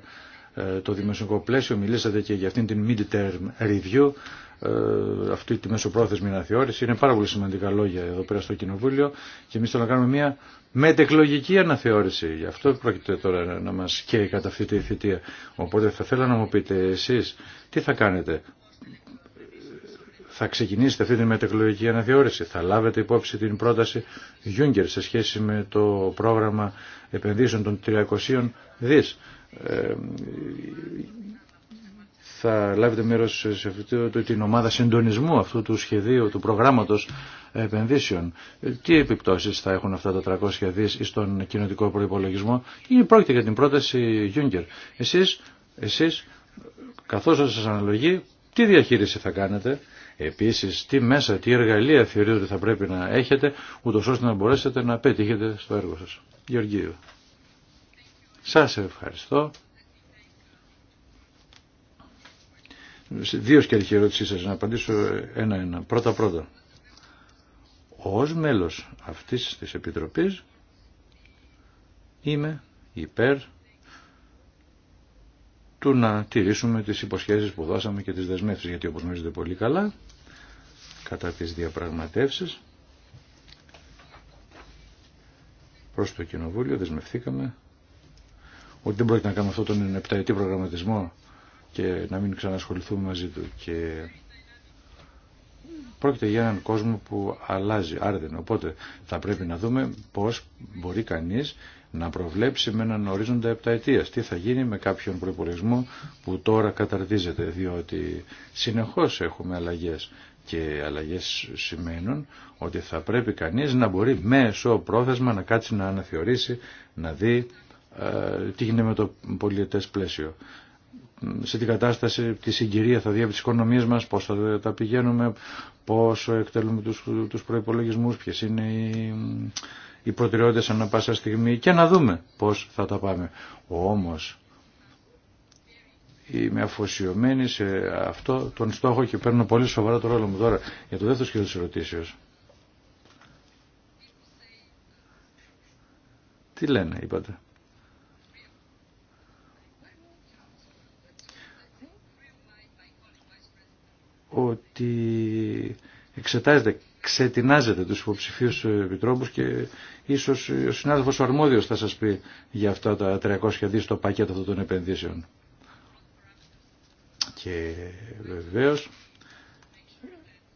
ε, το δημοσιονομικό πλαίσιο, μιλήσατε και για αυτήν την mid-term review, ε, αυτή τη μεσοπρόθεσμη αναθεώρηση. Είναι πάρα πολύ σημαντικά λόγια εδώ πέρα στο Κοινοβούλιο και εμεί θέλουμε να κάνουμε μια μετεκλογική αναθεώρηση. Γι' αυτό πρόκειται τώρα να μα καίει κατά αυτή τη θητεία. Οπότε θα θέλω να μου πείτε εσεί τι θα κάνετε θα ξεκινήσετε αυτή τη μετεκλογική αναθεώρηση. Θα λάβετε υπόψη την πρόταση Γιούγκερ σε σχέση με το πρόγραμμα επενδύσεων των 300 δις. Ε, θα λάβετε μέρος σε αυτή την ομάδα συντονισμού αυτού του σχεδίου, του προγράμματος επενδύσεων. Ε, τι επιπτώσεις θα έχουν αυτά τα 300 δις στον κοινωτικό προϋπολογισμό. ή πρόκειται για την πρόταση Γιούγκερ. Εσείς, εσείς καθώς σας αναλογεί, τι διαχείριση θα κάνετε Επίσης, τι μέσα, τι εργαλεία θεωρείτε ότι θα πρέπει να έχετε, ούτως ώστε να μπορέσετε να πετύχετε στο έργο σας. Γεωργίου. Σας ευχαριστώ. Δύο σκέλη ερώτησή σας, να απαντήσω ένα-ένα. Πρώτα-πρώτα. Ως μέλος αυτής της Επιτροπής είμαι υπέρ του να τηρήσουμε τις υποσχέσεις που δώσαμε και τις δεσμεύσεις γιατί όπως γνωρίζετε πολύ καλά κατά τις διαπραγματεύσεις προς το Κοινοβούλιο δεσμευθήκαμε ότι δεν πρόκειται να κάνουμε αυτό τον επταετή προγραμματισμό και να μην ξανασχοληθούμε μαζί του και πρόκειται για έναν κόσμο που αλλάζει άρδεν οπότε θα πρέπει να δούμε πώς μπορεί κανείς να προβλέψει με έναν ορίζοντα επταετίας τι θα γίνει με κάποιον προπολογισμό που τώρα καταρτίζεται διότι συνεχώς έχουμε αλλαγές και αλλαγές σημαίνουν ότι θα πρέπει κανείς να μπορεί μέσω πρόθεσμα να κάτσει να αναθεωρήσει να δει ε, τι γίνεται με το πολιετές πλαίσιο σε την κατάσταση, τη συγκυρία θα από τις οικονομίες μας, πώς θα τα πηγαίνουμε, πόσο εκτελούμε τους, τους προϋπολογισμούς, είναι οι, οι προτεραιότητες ανά πάσα στιγμή και να δούμε πώς θα τα πάμε. Όμως είμαι αφοσιωμένη σε αυτό τον στόχο και παίρνω πολύ σοβαρά το ρόλο μου τώρα για το δεύτερο σχέδιο της ερωτήσεως. Τι λένε, είπατε. Ότι εξετάζεται ξετινάζετε τους υποψηφίους επιτρόπους και ίσως ο συνάδελφος ο Αρμόδιος θα σας πει για αυτά τα 300 δις το πακέτο αυτών των επενδύσεων. Και βεβαίως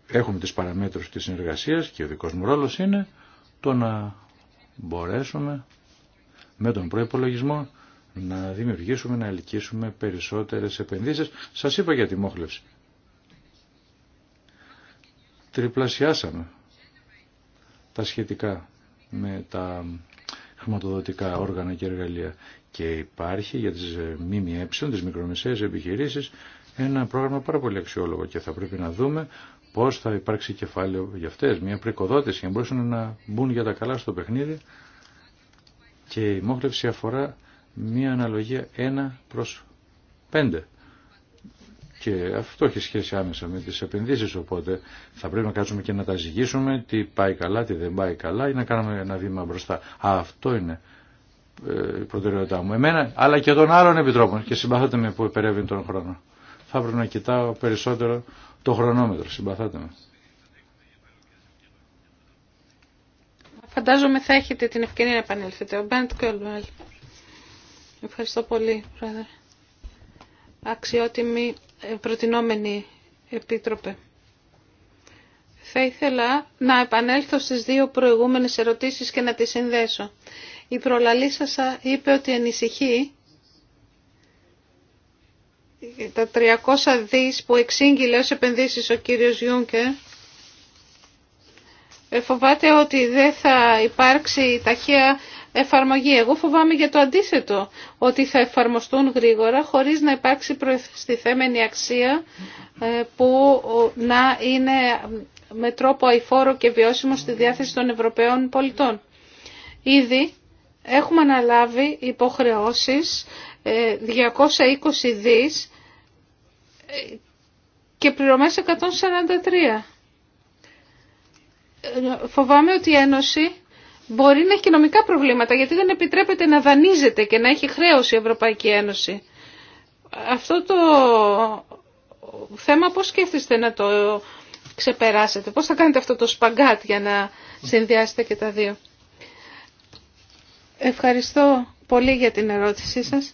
έχουμε τις παραμέτρους της συνεργασίας και ο δικός μου ρόλος είναι το να μπορέσουμε με τον προϋπολογισμό να δημιουργήσουμε, να ελκύσουμε περισσότερες επενδύσεις. Σας είπα για τη μόχλευση τριπλασιάσαμε τα σχετικά με τα χρηματοδοτικά όργανα και εργαλεία. Και υπάρχει για τις ε, ΜΜΕ, τις μικρομεσαίες επιχειρήσεις, ένα πρόγραμμα πάρα πολύ αξιόλογο και θα πρέπει να δούμε πώς θα υπάρξει κεφάλαιο για αυτές, μια πρικοδότηση για να να μπουν για τα καλά στο παιχνίδι και η μόχλευση αφορά μια αναλογία 1 προς 5. Και αυτό έχει σχέση άμεσα με τις επενδύσεις, οπότε θα πρέπει να κάτσουμε και να τα ζυγίσουμε τι πάει καλά, τι δεν πάει καλά ή να κάνουμε ένα βήμα μπροστά. αυτό είναι ε, η προτεραιότητά μου. Εμένα, αλλά και των άλλων επιτρόπων και συμπαθάτε με που επερεύει τον χρόνο. Θα πρέπει να κοιτάω περισσότερο το χρονόμετρο, συμπαθάτε με. Φαντάζομαι θα έχετε την ευκαιρία να επανέλθετε. Ο Μπέντ Ευχαριστώ πολύ, πρόεδρε. Αξιότιμη προτινόμενη επίτροπε. Θα ήθελα να επανέλθω στις δύο προηγούμενες ερωτήσεις και να τις συνδέσω. Η προλαλήσασα είπε ότι ανησυχεί τα 300 δις που εξήγηλε ως επενδύσεις ο κύριος Γιούνκερ. Ε, φοβάται ότι δεν θα υπάρξει ταχεία εφαρμογή. Εγώ φοβάμαι για το αντίθετο, ότι θα εφαρμοστούν γρήγορα χωρίς να υπάρξει προστιθέμενη αξία ε, που να είναι με τρόπο αηφόρο και βιώσιμο στη διάθεση των Ευρωπαίων πολιτών. Ήδη έχουμε αναλάβει υποχρεώσεις 220 ε, δις ε, και πληρωμές 143. Φοβάμαι ότι η Ένωση μπορεί να έχει και νομικά προβλήματα γιατί δεν επιτρέπεται να δανείζεται και να έχει χρέος η Ευρωπαϊκή Ένωση. Αυτό το θέμα πώς σκέφτεστε να το ξεπεράσετε, πώς θα κάνετε αυτό το σπαγκάτ για να συνδυάσετε και τα δύο. Ευχαριστώ πολύ για την ερώτησή σας.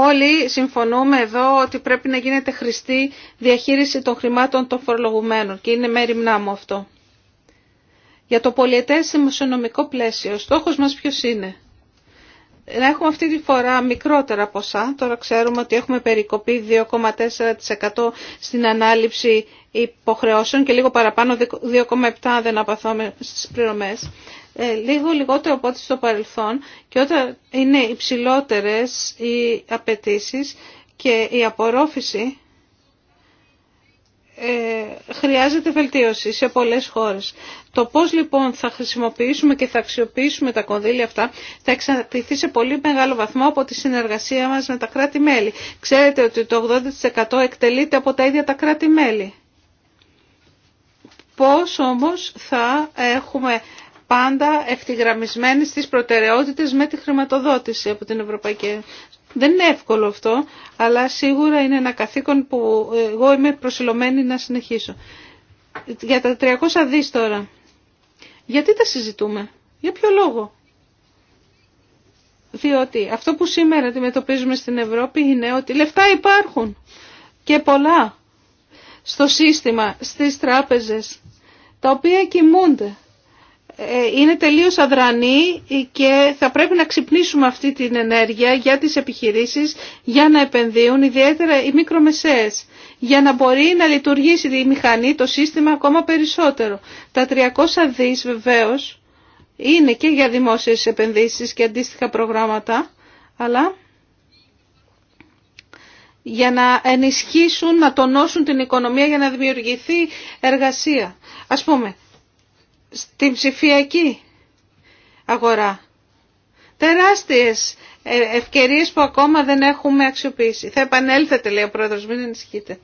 Όλοι συμφωνούμε εδώ ότι πρέπει να γίνεται χρηστή διαχείριση των χρημάτων των φορολογουμένων και είναι μέρημνά μου αυτό. Για το πολιετές δημοσιονομικό πλαίσιο, ο στόχος μας ποιος είναι. Να έχουμε αυτή τη φορά μικρότερα ποσά, τώρα ξέρουμε ότι έχουμε περικοπεί 2,4% στην ανάληψη υποχρεώσεων και λίγο παραπάνω, 2,7 δεν απαθούμε στις πληρωμές, ε, λίγο λιγότερο από ό,τι στο παρελθόν και όταν είναι υψηλότερες οι απαιτήσει και η απορρόφηση ε, χρειάζεται βελτίωση σε πολλές χώρες. Το πώς λοιπόν θα χρησιμοποιήσουμε και θα αξιοποιήσουμε τα κονδύλια αυτά θα εξαρτηθεί σε πολύ μεγάλο βαθμό από τη συνεργασία μας με τα κράτη-μέλη. Ξέρετε ότι το 80% εκτελείται από τα ίδια τα κράτη-μέλη. Πώς όμως θα έχουμε πάντα ευθυγραμμισμένες τις προτεραιότητες με τη χρηματοδότηση από την Ευρωπαϊκή δεν είναι εύκολο αυτό, αλλά σίγουρα είναι ένα καθήκον που εγώ είμαι προσιλωμένη να συνεχίσω. Για τα 300 δις τώρα. Γιατί τα συζητούμε, για ποιο λόγο. Διότι αυτό που σήμερα αντιμετωπίζουμε στην Ευρώπη είναι ότι λεφτά υπάρχουν και πολλά στο σύστημα, στις τράπεζες, τα οποία κοιμούνται. Ε, είναι τελείως αδρανή και θα πρέπει να ξυπνήσουμε αυτή την ενέργεια για τις επιχειρήσεις για να επενδύουν ιδιαίτερα οι μικρομεσαίες για να μπορεί να λειτουργήσει η μηχανή, το σύστημα ακόμα περισσότερο. Τα 300 δις βεβαίως είναι και για δημόσιες επενδύσεις και αντίστοιχα προγράμματα, αλλά για να ενισχύσουν, να τονώσουν την οικονομία για να δημιουργηθεί εργασία. Ας πούμε, στην ψηφιακή αγορά. Τεράστιες ε, ευκαιρίες που ακόμα δεν έχουμε αξιοποιήσει. Θα επανέλθετε, λέει ο πρόεδρος, μην ενισχύετε.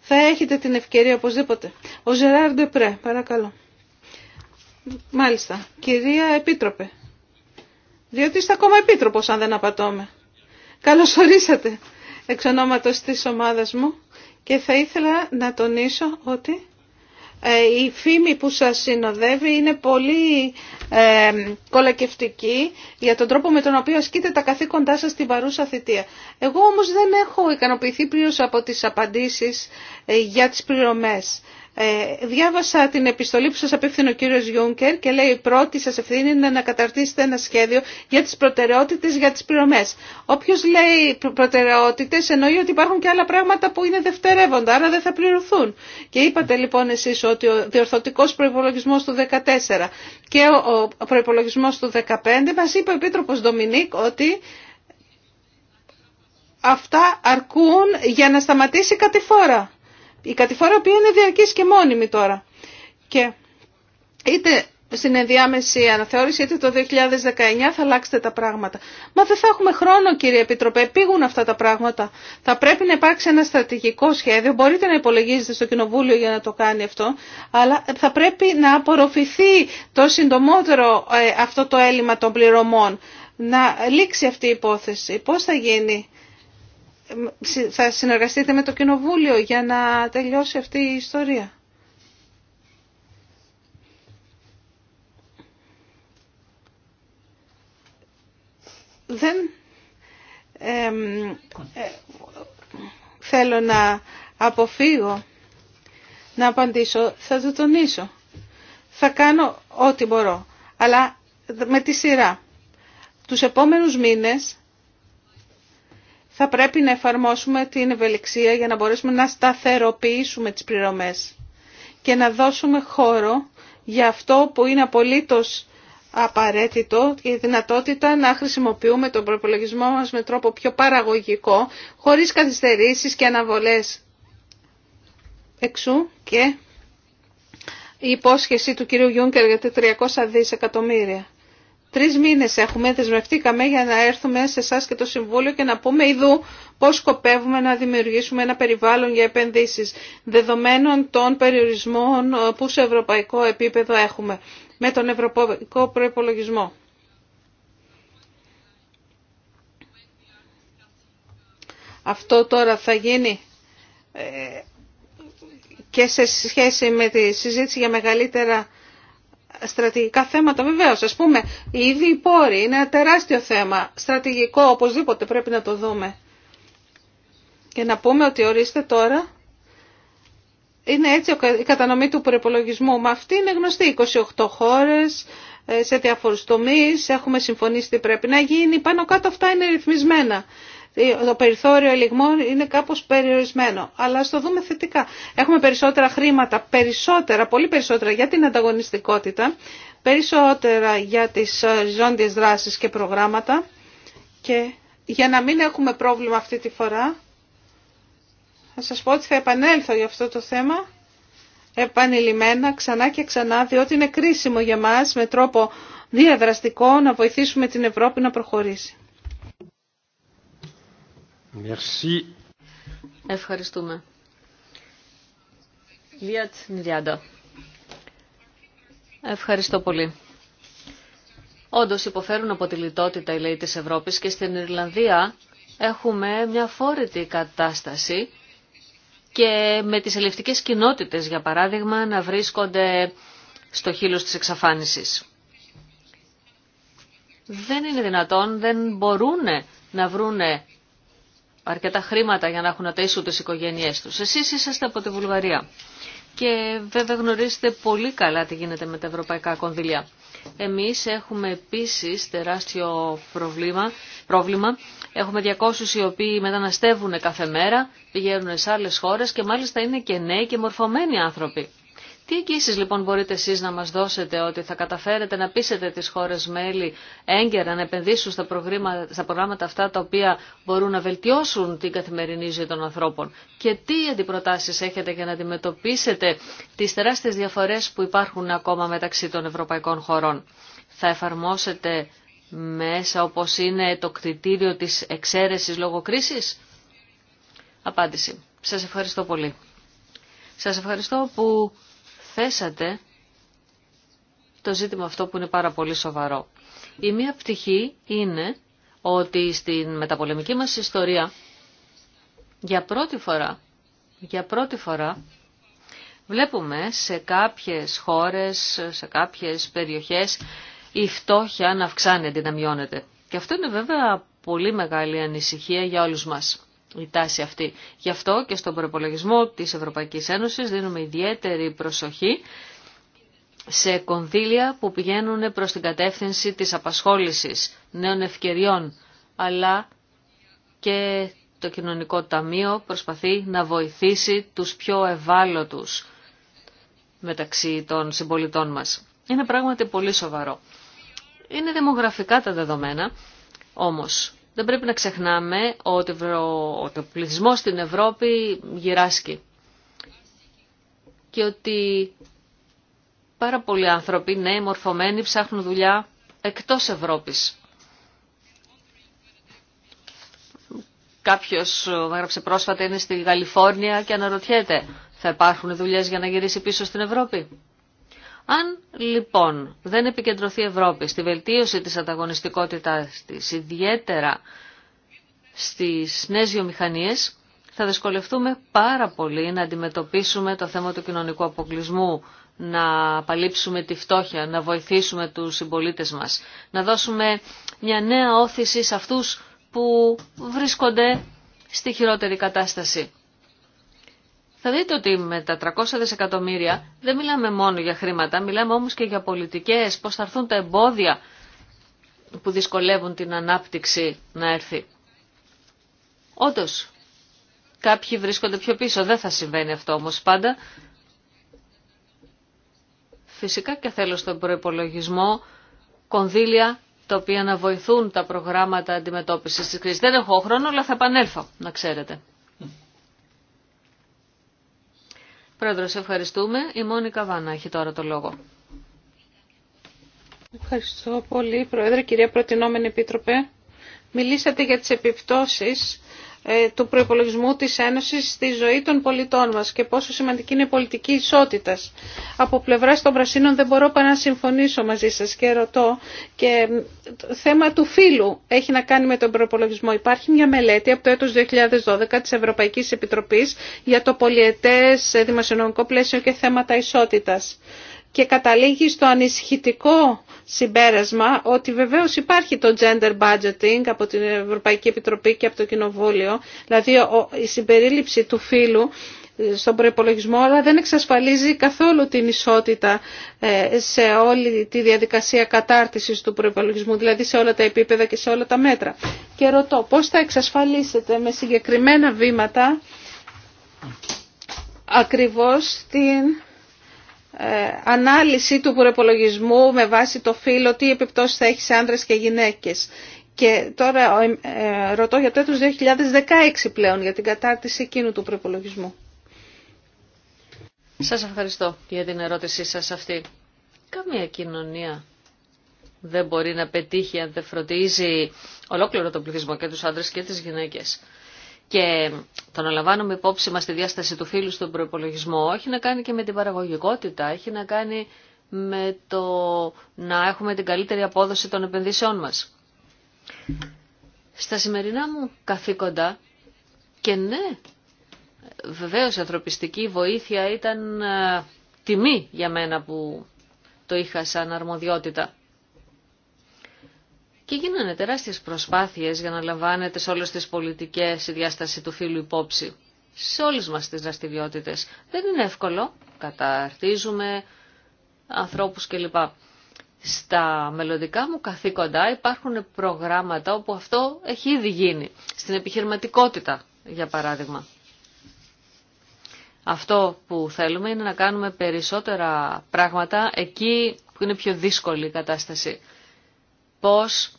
Θα έχετε την ευκαιρία οπωσδήποτε. Ο Ζεράρ Ντεπρέ, παρακαλώ. Μάλιστα. Κυρία Επίτροπε. Διότι είστε ακόμα επίτροπος, αν δεν απατώμε. Καλώς ορίσατε εξ ονόματος της ομάδας μου και θα ήθελα να τονίσω ότι ε, η φήμη που σας συνοδεύει είναι πολύ ε, κολακευτική για τον τρόπο με τον οποίο ασκείτε τα καθήκοντά σας στην παρούσα θητεία. Εγώ όμως δεν έχω ικανοποιηθεί πλήρως από τις απαντήσεις ε, για τις πληρωμές. Ε, διάβασα την επιστολή που σας απευθύνει ο κύριος Γιούνκερ και λέει η πρώτη σας ευθύνη είναι να καταρτήσετε ένα σχέδιο για τις προτεραιότητες για τις πληρωμές. Όποιος λέει προτεραιότητες εννοεί ότι υπάρχουν και άλλα πράγματα που είναι δευτερεύοντα, άρα δεν θα πληρωθούν. Και είπατε λοιπόν εσείς ότι ο διορθωτικός προϋπολογισμός του 2014 και ο προϋπολογισμός του 2015 μας είπε ο Επίτροπος Ντομινίκ ότι αυτά αρκούν για να σταματήσει κατηφόρα. Η κατηφορά που είναι διαρκή και μόνιμη τώρα. Και είτε στην ενδιάμεση αναθεώρηση, είτε το 2019 θα αλλάξετε τα πράγματα. Μα δεν θα έχουμε χρόνο κύριε Επιτροπέ, πήγουν αυτά τα πράγματα. Θα πρέπει να υπάρξει ένα στρατηγικό σχέδιο, μπορείτε να υπολογίζετε στο Κοινοβούλιο για να το κάνει αυτό, αλλά θα πρέπει να απορροφηθεί το συντομότερο ε, αυτό το έλλειμμα των πληρωμών. Να λήξει αυτή η υπόθεση. Πώς θα γίνει θα συνεργαστείτε με το Κοινοβούλιο για να τελειώσει αυτή η ιστορία. Δεν ε, θέλω να αποφύγω να απαντήσω, θα το τονίσω. Θα κάνω ό,τι μπορώ, αλλά με τη σειρά. Τους επόμενους μήνες θα πρέπει να εφαρμόσουμε την ευελιξία για να μπορέσουμε να σταθεροποιήσουμε τις πληρωμές και να δώσουμε χώρο για αυτό που είναι απολύτως απαραίτητο η δυνατότητα να χρησιμοποιούμε τον προπολογισμό μας με τρόπο πιο παραγωγικό, χωρίς καθυστερήσεις και αναβολές εξού και η υπόσχεση του κυρίου Γιούνκερ για τα 300 δισεκατομμύρια. Τρεις μήνες έχουμε, δεσμευτήκαμε για να έρθουμε σε εσά και το Συμβούλιο και να πούμε ειδού πώς σκοπεύουμε να δημιουργήσουμε ένα περιβάλλον για επενδύσεις, δεδομένων των περιορισμών ε, που σε ευρωπαϊκό επίπεδο έχουμε, με τον ευρωπαϊκό προϋπολογισμό. Αυτό τώρα θα γίνει ε, και σε σχέση με τη συζήτηση για μεγαλύτερα στρατηγικά θέματα βεβαίω. α πούμε, οι ίδιοι πόροι είναι ένα τεράστιο θέμα, στρατηγικό, οπωσδήποτε πρέπει να το δούμε. Και να πούμε ότι ορίστε τώρα, είναι έτσι η κατανομή του προπολογισμού. Μα αυτή είναι γνωστή, 28 χώρες, ε, σε διάφορους τομείς, έχουμε συμφωνήσει τι πρέπει να γίνει, πάνω κάτω αυτά είναι ρυθμισμένα το περιθώριο ελιγμών είναι κάπως περιορισμένο. Αλλά ας το δούμε θετικά. Έχουμε περισσότερα χρήματα, περισσότερα, πολύ περισσότερα για την ανταγωνιστικότητα, περισσότερα για τις ε, ζώντιες δράσεις και προγράμματα και για να μην έχουμε πρόβλημα αυτή τη φορά, θα σας πω ότι θα επανέλθω για αυτό το θέμα επανειλημμένα ξανά και ξανά, διότι είναι κρίσιμο για μας με τρόπο διαδραστικό να βοηθήσουμε την Ευρώπη να προχωρήσει. Merci. Ευχαριστούμε. Βιάτ Νιδιάντα. Ευχαριστώ πολύ. Όντω υποφέρουν από τη λιτότητα οι λαοί της Ευρώπης και στην Ιρλανδία έχουμε μια φόρητη κατάσταση και με τις ελευτικές κοινότητες, για παράδειγμα, να βρίσκονται στο χείλος της εξαφάνισης. Δεν είναι δυνατόν, δεν μπορούν να βρούνε αρκετά χρήματα για να έχουν να τις οικογένειές τους. Εσείς είσαστε από τη Βουλγαρία και βέβαια γνωρίζετε πολύ καλά τι γίνεται με τα ευρωπαϊκά κονδυλιά. Εμείς έχουμε επίσης τεράστιο προβλήμα, πρόβλημα. Έχουμε 200 οι οποίοι μεταναστεύουν κάθε μέρα, πηγαίνουν σε άλλες χώρες και μάλιστα είναι και νέοι και μορφωμένοι άνθρωποι. Τι εγγύσεις λοιπόν μπορείτε εσείς να μας δώσετε ότι θα καταφέρετε να πείσετε τις χώρες μέλη έγκαιρα να επενδύσουν στα, προγράμματα αυτά τα οποία μπορούν να βελτιώσουν την καθημερινή ζωή των ανθρώπων. Και τι αντιπροτάσεις έχετε για να αντιμετωπίσετε τις τεράστιες διαφορές που υπάρχουν ακόμα μεταξύ των ευρωπαϊκών χωρών. Θα εφαρμόσετε μέσα όπως είναι το κριτήριο της εξαίρεσης λόγω κρίσης. Απάντηση. Σας ευχαριστώ πολύ. Σας ευχαριστώ που θέσατε το ζήτημα αυτό που είναι πάρα πολύ σοβαρό. Η μία πτυχή είναι ότι στην μεταπολεμική μας ιστορία για πρώτη φορά, για πρώτη φορά βλέπουμε σε κάποιες χώρες, σε κάποιες περιοχές η φτώχεια να αυξάνεται, να μειώνεται. Και αυτό είναι βέβαια πολύ μεγάλη ανησυχία για όλους μας η αυτή. Γι' αυτό και στον προπολογισμό της Ευρωπαϊκής Ένωσης δίνουμε ιδιαίτερη προσοχή σε κονδύλια που πηγαίνουν προς την κατεύθυνση της απασχόλησης νέων ευκαιριών, αλλά και το Κοινωνικό Ταμείο προσπαθεί να βοηθήσει τους πιο ευάλωτους μεταξύ των συμπολιτών μας. Είναι πράγματι πολύ σοβαρό. Είναι δημογραφικά τα δεδομένα, όμως δεν πρέπει να ξεχνάμε ότι ο πληθυσμό στην Ευρώπη γυράσκει και ότι πάρα πολλοί άνθρωποι, νέοι, μορφωμένοι, ψάχνουν δουλειά εκτός Ευρώπης. Κάποιος έγραψε πρόσφατα είναι στη Γαλιφόρνια και αναρωτιέται θα υπάρχουν δουλειές για να γυρίσει πίσω στην Ευρώπη. Αν λοιπόν δεν επικεντρωθεί η Ευρώπη στη βελτίωση της ανταγωνιστικότητάς της, ιδιαίτερα στις νέες βιομηχανίε, θα δυσκολευτούμε πάρα πολύ να αντιμετωπίσουμε το θέμα του κοινωνικού αποκλεισμού, να παλύψουμε τη φτώχεια, να βοηθήσουμε τους συμπολίτε μας, να δώσουμε μια νέα όθηση σε αυτούς που βρίσκονται στη χειρότερη κατάσταση θα δείτε ότι με τα 300 δισεκατομμύρια δεν μιλάμε μόνο για χρήματα, μιλάμε όμως και για πολιτικές, πώς θα έρθουν τα εμπόδια που δυσκολεύουν την ανάπτυξη να έρθει. Όντως, κάποιοι βρίσκονται πιο πίσω, δεν θα συμβαίνει αυτό όμως πάντα. Φυσικά και θέλω στον προϋπολογισμό κονδύλια τα οποία να βοηθούν τα προγράμματα αντιμετώπισης της κρίσης. Δεν έχω χρόνο, αλλά θα επανέλθω, να ξέρετε. Πρόεδρος, ευχαριστούμε. Η Μόνικα Βάνα έχει τώρα το λόγο. Ευχαριστώ πολύ, Πρόεδρε, κυρία Προτινόμενη Επίτροπε. Μιλήσατε για τις επιπτώσεις ε, του προϋπολογισμού της Ένωσης στη ζωή των πολιτών μας και πόσο σημαντική είναι η πολιτική ισότητα. Από πλευρά των Πρασίνων δεν μπορώ παρά να συμφωνήσω μαζί σας και ρωτώ και το θέμα του φύλου έχει να κάνει με τον προϋπολογισμό. Υπάρχει μια μελέτη από το έτος 2012 της Ευρωπαϊκής Επιτροπής για το πολιετές δημοσιονομικό πλαίσιο και θέματα ισότητας και καταλήγει στο ανησυχητικό συμπέρασμα ότι βεβαίως υπάρχει το gender budgeting από την Ευρωπαϊκή Επιτροπή και από το Κοινοβούλιο, δηλαδή η συμπερίληψη του φύλου ε, στον προπολογισμό, αλλά δεν εξασφαλίζει καθόλου την ισότητα ε, σε όλη τη διαδικασία κατάρτισης του προπολογισμού, δηλαδή σε όλα τα επίπεδα και σε όλα τα μέτρα. Και ρωτώ, πώς θα εξασφαλίσετε με συγκεκριμένα βήματα ακριβώς την ε, ανάλυση του προπολογισμού με βάση το φύλλο, τι επιπτώσεις θα έχει σε άνδρες και γυναίκες. Και τώρα ε, ρωτώ για το έτος 2016 πλέον για την κατάρτιση εκείνου του προπολογισμού. Σας ευχαριστώ για την ερώτησή σας αυτή. Καμία κοινωνία δεν μπορεί να πετύχει αν δεν φροντίζει ολόκληρο τον πληθυσμό και τους άνδρες και τις γυναίκες και το να λαμβάνουμε υπόψη μας τη διάσταση του φίλου στον προπολογισμό έχει να κάνει και με την παραγωγικότητα, έχει να κάνει με το να έχουμε την καλύτερη απόδοση των επενδύσεών μας. Στα σημερινά μου καθήκοντα, και ναι, βεβαίως η ανθρωπιστική βοήθεια ήταν ε, τιμή για μένα που το είχα σαν αρμοδιότητα. Και γίνανε τεράστιε προσπάθειε για να λαμβάνετε σε όλες τις πολιτικές η διάσταση του φύλου υπόψη. Σε όλε μα τι δραστηριότητε. Δεν είναι εύκολο. Καταρτίζουμε ανθρώπου κλπ. Στα μελλοντικά μου καθήκοντα υπάρχουν προγράμματα όπου αυτό έχει ήδη γίνει. Στην επιχειρηματικότητα, για παράδειγμα. Αυτό που θέλουμε είναι να κάνουμε περισσότερα πράγματα εκεί που είναι πιο δύσκολη η κατάσταση. Πώς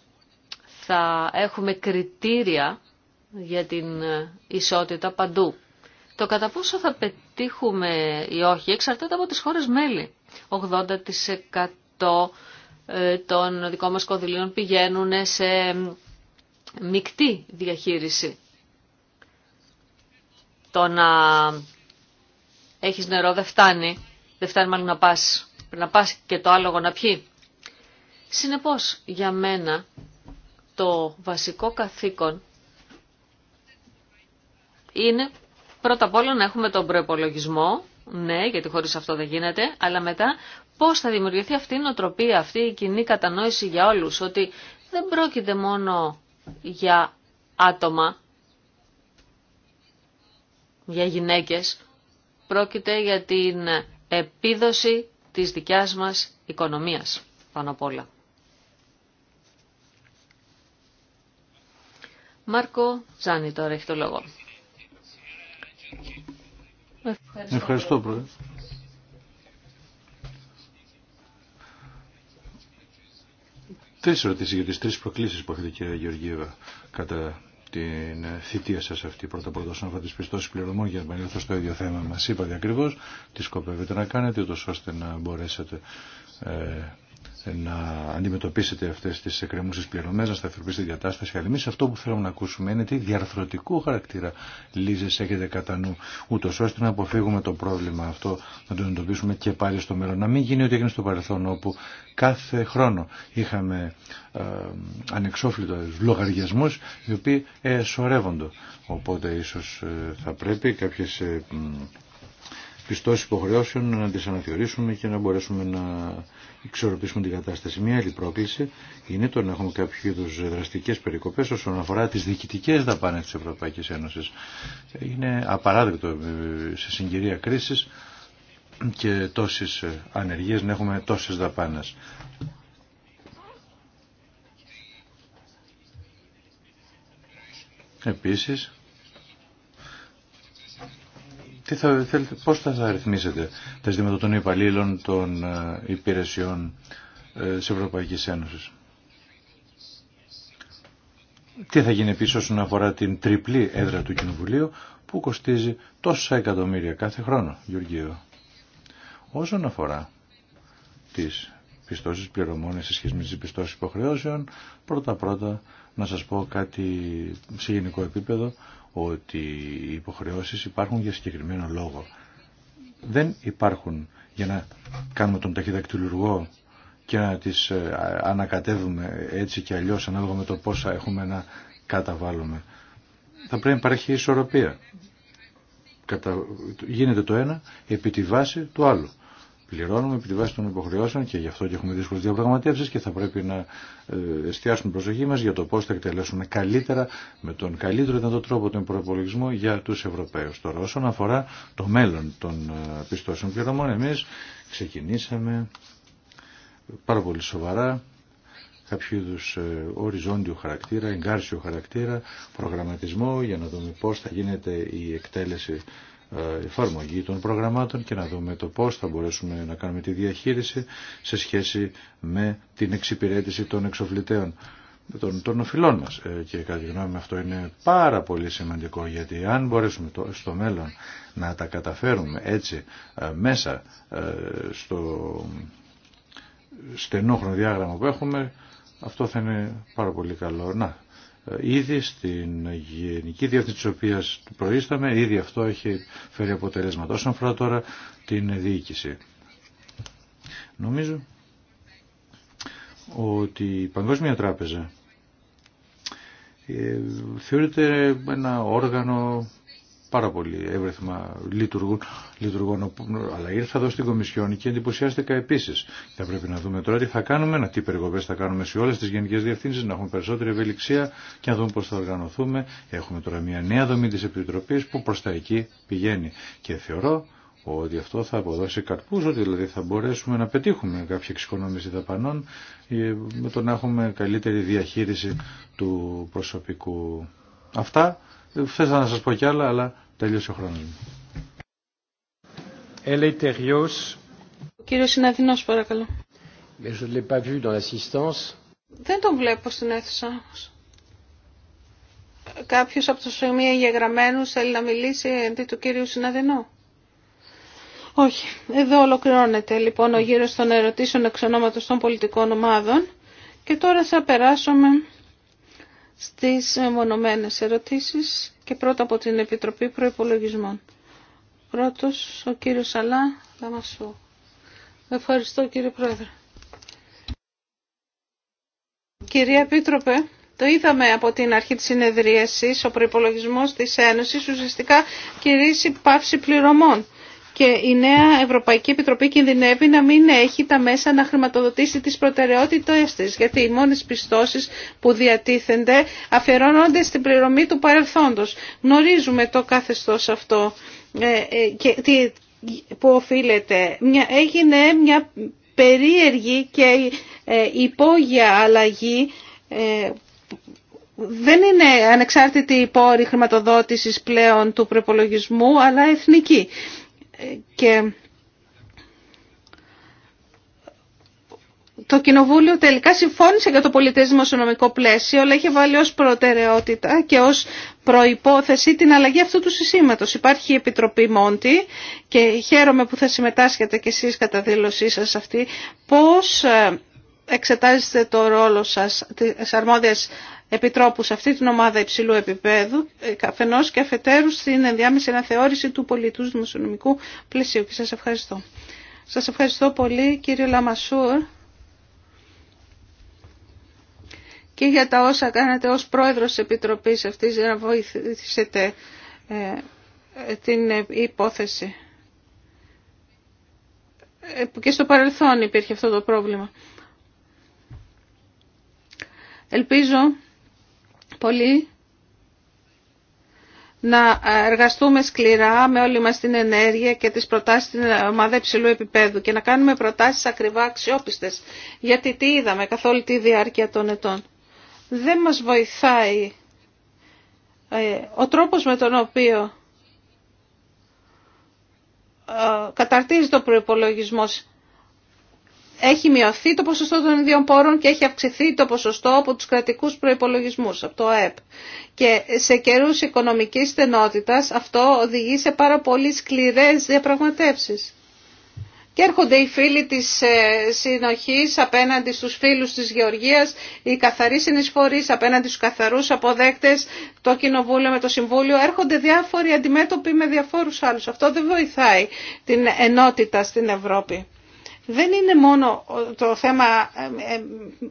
θα έχουμε κριτήρια για την ε, ισότητα παντού. Το κατά πόσο θα πετύχουμε ή όχι εξαρτάται από τις χώρες μέλη. 80% ε, των δικών μας κονδυλίων πηγαίνουν σε μεικτή διαχείριση. Το να έχεις νερό δεν φτάνει, δεν φτάνει μάλλον να πας, να πας και το άλογο να πιει. Συνεπώς για μένα το βασικό καθήκον είναι πρώτα απ' όλα να έχουμε τον προπολογισμό, ναι, γιατί χωρίς αυτό δεν γίνεται, αλλά μετά πώς θα δημιουργηθεί αυτή η νοτροπία αυτή η κοινή κατανόηση για όλους, ότι δεν πρόκειται μόνο για άτομα, για γυναίκες, πρόκειται για την επίδοση της δικιάς μας οικονομίας πάνω απ' όλα. Μάρκο Τζάνι τώρα έχει το λόγο. Ευχαριστώ, Πρόεδρε. Τρεις ερωτήσεις για τις τρεις προκλήσεις που έχετε κύριε Γεωργίευα κατά την θητεία σας αυτή πρώτα πρώτα όσον αφορά τις πιστώσεις πληρωμών για να επανέλθω στο ίδιο θέμα μας είπατε ακριβώς τι σκοπεύετε να κάνετε ούτως ώστε να μπορέσετε ε, να αντιμετωπίσετε αυτές τις εκκρεμούσες πληρωμές, να σταθεροποιήσετε την κατάσταση. Αλλά εμείς αυτό που θέλουμε να ακούσουμε είναι τι διαρθρωτικού χαρακτήρα λύζε έχετε κατά νου, ούτως ώστε να αποφύγουμε το πρόβλημα αυτό, να το αντιμετωπίσουμε και πάλι στο μέλλον. Να μην γίνει ό,τι έγινε στο παρελθόν, όπου κάθε χρόνο είχαμε ε, ανεξόφλητους λογαριασμούς, οι οποίοι ε, σωρεύονται. Οπότε ίσως ε, θα πρέπει κάποιες... Ε, πιστώσει υποχρεώσεων να τις αναθεωρήσουμε και να μπορέσουμε να εξορροπήσουμε την κατάσταση. Μία άλλη πρόκληση είναι το να έχουμε κάποιο είδου δραστικέ περικοπέ όσον αφορά τι διοικητικέ δαπάνε τη Ευρωπαϊκή Ένωση. Είναι απαράδεκτο ε, σε συγκυρία κρίση και τόσε ανεργίε να έχουμε τόσε δαπάνε. Επίσης, τι θα, θέλετε, πώς θα, θα τα ζητήματα των υπαλλήλων των ε, υπηρεσιών ε, της Ευρωπαϊκής Ένωσης. Τι θα γίνει επίσης όσον αφορά την τριπλή έδρα του Κοινοβουλίου που κοστίζει τόσα εκατομμύρια κάθε χρόνο, Γεωργίου. Όσον αφορά τις πιστώσεις πληρωμών σε σχέση με τις πιστώσεις υποχρεώσεων, πρώτα-πρώτα να σας πω κάτι σε γενικό επίπεδο ότι οι υποχρεώσεις υπάρχουν για συγκεκριμένο λόγο. Δεν υπάρχουν για να κάνουμε τον ταχυδακτηλουργό και να τις ε, ανακατεύουμε έτσι και αλλιώς ανάλογα με το πόσα έχουμε να καταβάλουμε. Θα πρέπει να υπάρχει ισορροπία. Κατα... Γίνεται το ένα επί τη βάση του άλλου πληρώνουμε επί τη βάση των υποχρεώσεων και γι' αυτό και έχουμε δύσκολε διαπραγματεύσει και θα πρέπει να ε, εστιάσουμε προσοχή μα για το πώ θα εκτελέσουμε καλύτερα με τον καλύτερο δυνατό τρόπο τον προπολογισμό για του Ευρωπαίου. Τώρα, όσον αφορά το μέλλον των ε, πιστώσεων πληρωμών, εμεί ξεκινήσαμε πάρα πολύ σοβαρά κάποιο είδου ε, οριζόντιο χαρακτήρα, εγκάρσιο χαρακτήρα, προγραμματισμό για να δούμε πώ θα γίνεται η εκτέλεση ε, εφαρμογή των προγραμμάτων και να δούμε το πώς θα μπορέσουμε να κάνουμε τη διαχείριση σε σχέση με την εξυπηρέτηση των εξοφλητέων των, των οφειλών μας. Ε, και κατά τη γνώμη αυτό είναι πάρα πολύ σημαντικό γιατί αν μπορέσουμε το, στο μέλλον να τα καταφέρουμε έτσι ε, μέσα στο στενό διάγραμμα που έχουμε αυτό θα είναι πάρα πολύ καλό. Να, ήδη στην γενική διεύθυνση της οποίας προείσταμε, ήδη αυτό έχει φέρει αποτελέσματα. Όσον αφορά τώρα την διοίκηση. Νομίζω ότι η Παγκόσμια Τράπεζα ε, θεωρείται ένα όργανο πάρα πολύ εύρεθμα λειτουργούν, λειτουργούν αλλά ήρθα εδώ στην Κομισιόν και εντυπωσιάστηκα επίση. Θα πρέπει να δούμε τώρα τι θα κάνουμε, να τι περιγωγέ θα κάνουμε σε όλε τι γενικέ διευθύνσει, να έχουμε περισσότερη ευελιξία και να δούμε πώ θα οργανωθούμε. Έχουμε τώρα μια νέα δομή τη Επιτροπή που προ τα εκεί πηγαίνει. Και θεωρώ ότι αυτό θα αποδώσει καρπούς, ότι δηλαδή θα μπορέσουμε να πετύχουμε κάποια εξοικονόμηση δαπανών ε, με το να έχουμε καλύτερη διαχείριση του προσωπικού. Αυτά Θέσα να σας πω κι άλλα, αλλά τελείωσε ο χρόνος μου. Ο κύριος Συναδεινός, παρακαλώ. Δεν τον βλέπω στην αίθουσα. Κάποιος από τους σημεία εγγεγραμμένους θέλει να μιλήσει αντί του κύριου Συναδεινού. Όχι. Εδώ ολοκληρώνεται λοιπόν ο γύρος των ερωτήσεων εξ ονόματος των πολιτικών ομάδων. Και τώρα θα περάσουμε στις μονομένες ερωτήσεις και πρώτα από την Επιτροπή Προϋπολογισμών. Πρώτος, ο κύριος Αλά δαμάσου. Ευχαριστώ κύριε Πρόεδρε. Κυρία Επίτροπε, το είδαμε από την αρχή της συνεδρίασης, ο προϋπολογισμός της Ένωσης ουσιαστικά κηρύσσει πάυση πληρωμών και η νέα Ευρωπαϊκή Επιτροπή κινδυνεύει να μην έχει τα μέσα να χρηματοδοτήσει τις προτεραιότητες της, γιατί οι μόνες πιστώσεις που διατίθενται αφαιρώνονται στην πληρωμή του παρελθόντος. Γνωρίζουμε το καθεστώς αυτό ε, ε, και τι, που οφείλεται. Μια, έγινε μια περίεργη και ε, υπόγεια αλλαγή δεν είναι ανεξάρτητη η πόρη χρηματοδότησης πλέον του προπολογισμού, αλλά εθνική και το Κοινοβούλιο τελικά συμφώνησε για το πολιτισμο δημοσιονομικό πλαίσιο, αλλά είχε βάλει ως προτεραιότητα και ως προϋπόθεση την αλλαγή αυτού του συστήματος. Υπάρχει η Επιτροπή Μόντι και χαίρομαι που θα συμμετάσχετε κι εσείς κατά δήλωσή σας αυτή. Πώς ε, εξετάζετε το ρόλο σας, τις αρμόδιες επιτρόπου σε αυτή την ομάδα υψηλού επίπεδου, καφενό ε, και αφετέρου στην ενδιάμεση αναθεώρηση του πολιτού δημοσιονομικού πλαισίου. Και σας ευχαριστώ. Σα ευχαριστώ πολύ κύριε Λαμασούρ και για τα όσα κάνατε ως πρόεδρος της Επιτροπής αυτής για να βοηθήσετε ε, ε, την υπόθεση. Και στο παρελθόν υπήρχε αυτό το πρόβλημα. Ελπίζω πολύ να εργαστούμε σκληρά με όλη μας την ενέργεια και τις προτάσεις στην ομάδα υψηλού επίπεδου και να κάνουμε προτάσεις ακριβά αξιόπιστες. Γιατί τι είδαμε καθ' όλη τη διάρκεια των ετών. Δεν μας βοηθάει ε, ο τρόπος με τον οποίο ε, καταρτίζει το προϋπολογισμός έχει μειωθεί το ποσοστό των ιδίων πόρων και έχει αυξηθεί το ποσοστό από τους κρατικούς προϋπολογισμούς, από το ΑΕΠ. Και σε καιρούς οικονομικής στενότητας αυτό οδηγεί σε πάρα πολύ σκληρές διαπραγματεύσεις. Και έρχονται οι φίλοι της ε, συνοχής απέναντι στους φίλους της Γεωργίας, οι καθαροί συνεισφορείς απέναντι στους καθαρούς αποδέκτες, το Κοινοβούλιο με το Συμβούλιο. Έρχονται διάφοροι αντιμέτωποι με διαφόρους άλλους. Αυτό δεν βοηθάει την ενότητα στην Ευρώπη δεν είναι μόνο το θέμα ε, ε,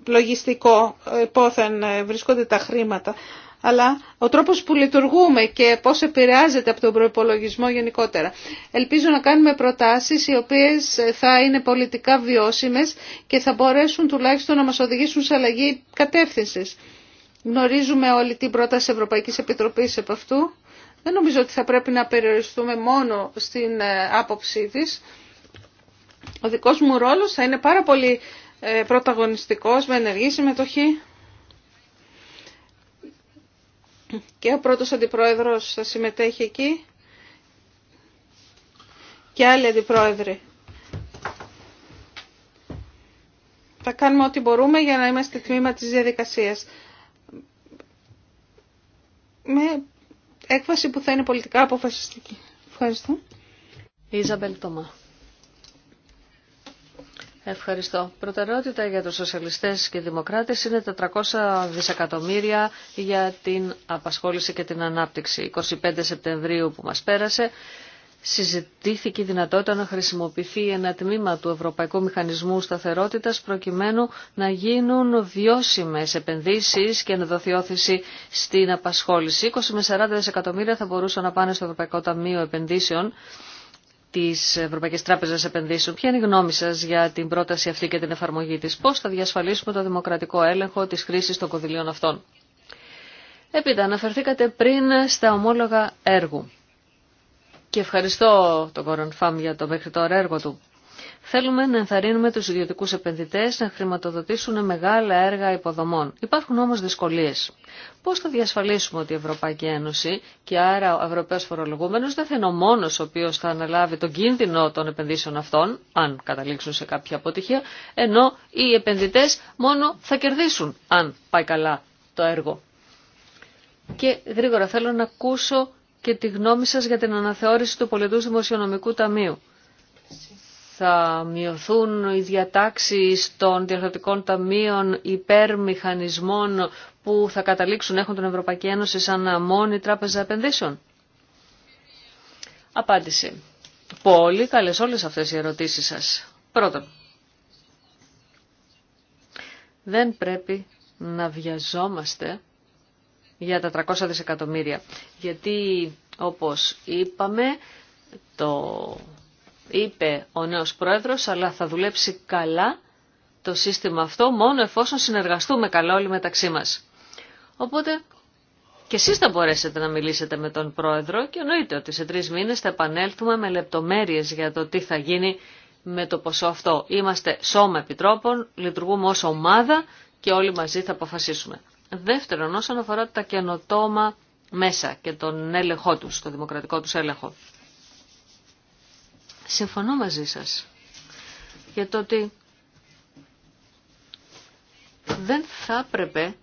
λογιστικό πόθεν ε, βρισκόνται τα χρήματα, αλλά ο τρόπος που λειτουργούμε και πώς επηρεάζεται από τον προϋπολογισμό γενικότερα. Ελπίζω να κάνουμε προτάσεις οι οποίες θα είναι πολιτικά βιώσιμες και θα μπορέσουν τουλάχιστον να μας οδηγήσουν σε αλλαγή κατεύθυνσης. Γνωρίζουμε όλη την πρόταση Ευρωπαϊκής Επιτροπής επ' αυτού. Δεν νομίζω ότι θα πρέπει να περιοριστούμε μόνο στην άποψή της. Ο δικός μου ρόλος θα είναι πάρα πολύ ε, πρωταγωνιστικός με ενεργή συμμετοχή και ο πρώτος αντιπρόεδρος θα συμμετέχει εκεί και άλλοι αντιπρόεδροι. Θα κάνουμε ό,τι μπορούμε για να είμαστε τμήμα της διαδικασίας. Με έκβαση που θα είναι πολιτικά αποφασιστική. Ευχαριστώ. Ιζαμπέλ Ευχαριστώ. Προτεραιότητα για τους σοσιαλιστές και δημοκράτες είναι τα 300 δισεκατομμύρια για την απασχόληση και την ανάπτυξη. 25 Σεπτεμβρίου που μας πέρασε συζητήθηκε η δυνατότητα να χρησιμοποιηθεί ένα τμήμα του Ευρωπαϊκού Μηχανισμού Σταθερότητας προκειμένου να γίνουν βιώσιμες επενδύσεις και να δοθεί όθηση στην απασχόληση. 20 με 40 δισεκατομμύρια θα μπορούσαν να πάνε στο Ευρωπαϊκό Ταμείο Επενδύσεων της Ευρωπαϊκής Τράπεζας Επενδύσεων. Ποια είναι η γνώμη σας για την πρόταση αυτή και την εφαρμογή της. Πώς θα διασφαλίσουμε το δημοκρατικό έλεγχο της χρήσης των κονδυλίων αυτών. Επίτα αναφερθήκατε πριν στα ομόλογα έργου. Και ευχαριστώ τον Φαμ για το μέχρι τώρα έργο του. Θέλουμε να ενθαρρύνουμε τους ιδιωτικούς επενδυτές να χρηματοδοτήσουν μεγάλα έργα υποδομών. Υπάρχουν όμως δυσκολίες. Πώς θα διασφαλίσουμε ότι η Ευρωπαϊκή Ένωση και άρα ο Ευρωπαίος Φορολογούμενος δεν θα είναι ο μόνος ο οποίος θα αναλάβει τον κίνδυνο των επενδύσεων αυτών, αν καταλήξουν σε κάποια αποτυχία, ενώ οι επενδυτές μόνο θα κερδίσουν αν πάει καλά το έργο. Και γρήγορα θέλω να ακούσω και τη γνώμη σας για την αναθεώρηση του πολιτού δημοσιονομικού ταμείου θα μειωθούν οι διατάξεις των διαρθρωτικών ταμείων υπερμηχανισμών που θα καταλήξουν έχουν την Ευρωπαϊκή Ένωση σαν μόνη τράπεζα επενδύσεων. Απάντηση. Πολύ καλές όλες αυτές οι ερωτήσεις σας. Πρώτον, δεν πρέπει να βιαζόμαστε για τα 300 δισεκατομμύρια. Γιατί, όπως είπαμε, το είπε ο νέος πρόεδρος, αλλά θα δουλέψει καλά το σύστημα αυτό μόνο εφόσον συνεργαστούμε καλά όλοι μεταξύ μας. Οπότε και εσείς θα μπορέσετε να μιλήσετε με τον πρόεδρο και εννοείται ότι σε τρεις μήνες θα επανέλθουμε με λεπτομέρειες για το τι θα γίνει με το ποσό αυτό. Είμαστε σώμα επιτρόπων, λειτουργούμε ως ομάδα και όλοι μαζί θα αποφασίσουμε. Δεύτερον, όσον αφορά τα καινοτόμα μέσα και τον έλεγχό τους, το δημοκρατικό τους έλεγχο. Συμφωνώ μαζί σας για το ότι δεν θα έπρεπε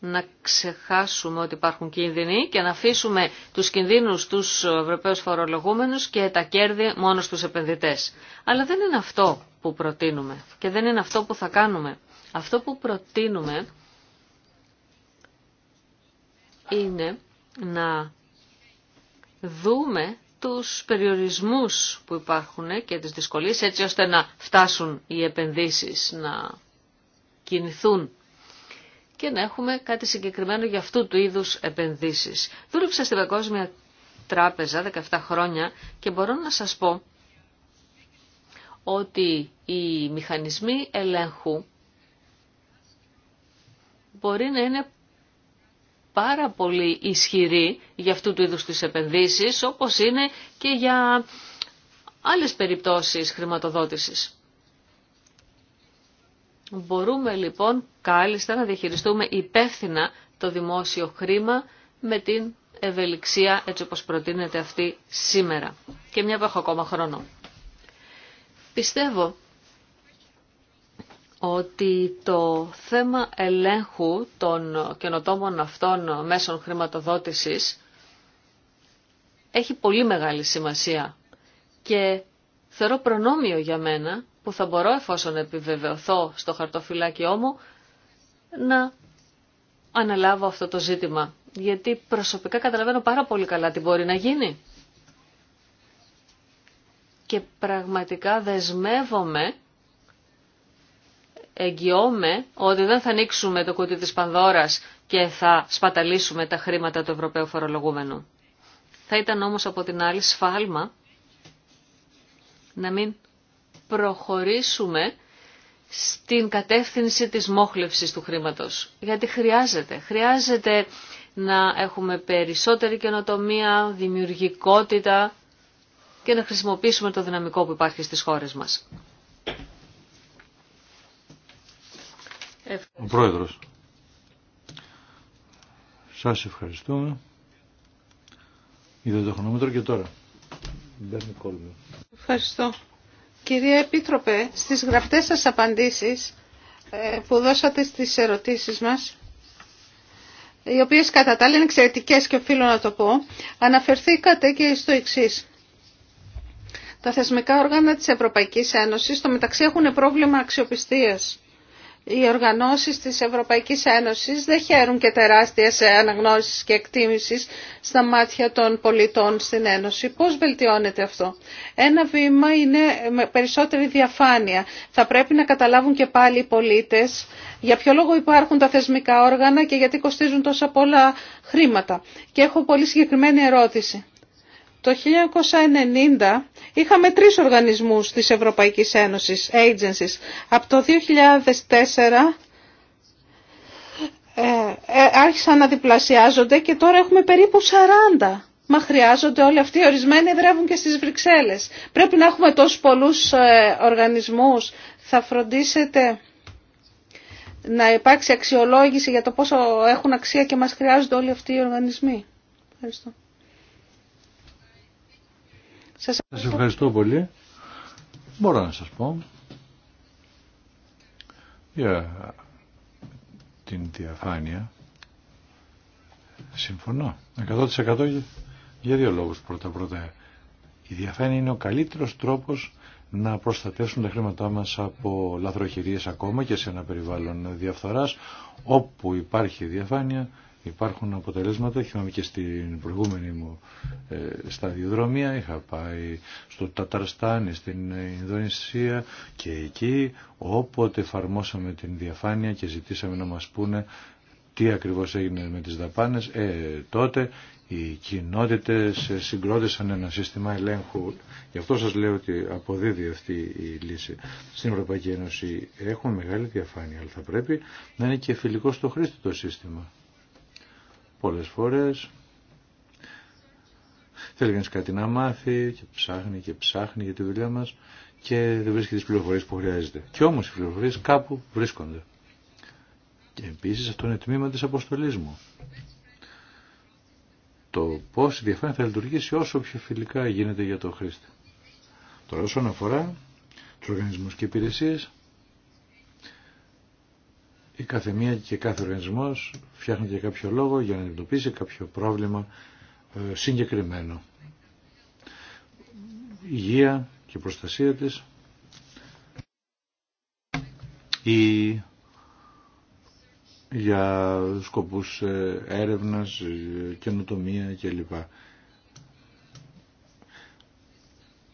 να ξεχάσουμε ότι υπάρχουν κίνδυνοι και να αφήσουμε τους κινδύνους τους Ευρωπαίους φορολογούμενους και τα κέρδη μόνο στους επενδυτές. Αλλά δεν είναι αυτό που προτείνουμε και δεν είναι αυτό που θα κάνουμε. Αυτό που προτείνουμε είναι να δούμε τους περιορισμούς που υπάρχουν και τις δυσκολίες έτσι ώστε να φτάσουν οι επενδύσεις, να κινηθούν και να έχουμε κάτι συγκεκριμένο για αυτού του είδους επενδύσεις. Δούλεψα στην Παγκόσμια Τράπεζα 17 χρόνια και μπορώ να σας πω ότι οι μηχανισμοί ελέγχου μπορεί να είναι πάρα πολύ ισχυρή για αυτού του είδους τις επενδύσεις, όπως είναι και για άλλες περιπτώσεις χρηματοδότησης. Μπορούμε λοιπόν κάλλιστα να διαχειριστούμε υπεύθυνα το δημόσιο χρήμα με την ευελιξία έτσι όπως προτείνεται αυτή σήμερα. Και μια που έχω ακόμα χρόνο. Πιστεύω ότι το θέμα ελέγχου των καινοτόμων αυτών μέσων χρηματοδότησης έχει πολύ μεγάλη σημασία και θεωρώ προνόμιο για μένα που θα μπορώ εφόσον επιβεβαιωθώ στο χαρτοφυλάκιό μου να αναλάβω αυτό το ζήτημα. Γιατί προσωπικά καταλαβαίνω πάρα πολύ καλά τι μπορεί να γίνει. Και πραγματικά δεσμεύομαι εγγυώμαι ότι δεν θα ανοίξουμε το κουτί της Πανδώρας και θα σπαταλήσουμε τα χρήματα του Ευρωπαίου Φορολογούμενου. Θα ήταν όμως από την άλλη σφάλμα να μην προχωρήσουμε στην κατεύθυνση της μόχλευσης του χρήματος. Γιατί χρειάζεται. Χρειάζεται να έχουμε περισσότερη καινοτομία, δημιουργικότητα και να χρησιμοποιήσουμε το δυναμικό που υπάρχει στις χώρες μας. Ο Πρόεδρος. Σας ευχαριστούμε. Είδα το χρονόμετρο και τώρα. Ευχαριστώ. Κυρία Επίτροπε, στις γραπτές σας απαντήσεις ε, που δώσατε στις ερωτήσεις μας, οι οποίες κατά τα άλλα είναι εξαιρετικές και οφείλω να το πω, αναφερθήκατε και στο εξή. Τα θεσμικά όργανα της Ευρωπαϊκής Ένωσης, στο μεταξύ έχουν πρόβλημα αξιοπιστίας οι οργανώσεις της Ευρωπαϊκής Ένωσης δεν χαίρουν και τεράστιες αναγνώσεις και εκτίμησης στα μάτια των πολιτών στην Ένωση. Πώς βελτιώνεται αυτό. Ένα βήμα είναι με περισσότερη διαφάνεια. Θα πρέπει να καταλάβουν και πάλι οι πολίτες για ποιο λόγο υπάρχουν τα θεσμικά όργανα και γιατί κοστίζουν τόσα πολλά χρήματα. Και έχω πολύ συγκεκριμένη ερώτηση. Το 1990 είχαμε τρεις οργανισμούς της Ευρωπαϊκής Ένωσης, agencies. Από το 2004 ε, ε, άρχισαν να διπλασιάζονται και τώρα έχουμε περίπου 40. Μα χρειάζονται όλοι αυτοί, ορισμένοι δρεύουν και στις Βρυξέλλες. Πρέπει να έχουμε τόσους πολλούς ε, οργανισμούς. Θα φροντίσετε να υπάρξει αξιολόγηση για το πόσο έχουν αξία και μας χρειάζονται όλοι αυτοί οι οργανισμοί. Ευχαριστώ. Σας ευχαριστώ. πολύ. Μπορώ να σας πω για την διαφάνεια. Συμφωνώ. 100% για δύο λόγους. Πρώτα πρώτα η διαφάνεια είναι ο καλύτερος τρόπος να προστατεύσουν τα χρήματά μας από λαθροχειρίες ακόμα και σε ένα περιβάλλον διαφθοράς όπου υπάρχει διαφάνεια Υπάρχουν αποτελέσματα, Θυμάμαι και στην προηγούμενη μου ε, σταδιοδρομία. Είχα πάει στο Ταταρστάν, στην Ινδονησία και εκεί όποτε εφαρμόσαμε την διαφάνεια και ζητήσαμε να μας πούνε τι ακριβώς έγινε με τις δαπάνες, ε, τότε οι κοινότητες ε, συγκρότησαν ένα σύστημα ελέγχου. Γι' αυτό σας λέω ότι αποδίδει αυτή η λύση. Στην Ευρωπαϊκή Ένωση έχουμε μεγάλη διαφάνεια, αλλά θα πρέπει να είναι και φιλικό στο χρήστη το σύστημα. Πολλές φορές θέλει κανείς κάτι να μάθει και ψάχνει και ψάχνει για τη δουλειά μας και δεν βρίσκει τις πληροφορίες που χρειάζεται. Και όμως οι πληροφορίες κάπου βρίσκονται. Και επίσης αυτό είναι τμήμα της αποστολής μου. Το πώς η διαφάνεια θα λειτουργήσει όσο πιο φιλικά γίνεται για το χρήστη. Τώρα όσον αφορά τους οργανισμούς και υπηρεσίες, η καθεμία και κάθε οργανισμός φτιάχνει για κάποιο λόγο για να αντιμετωπίσει κάποιο πρόβλημα ε, συγκεκριμένο. Υγεία και προστασία της. Ή για σκοπούς ε, έρευνας, ε, καινοτομία κλπ.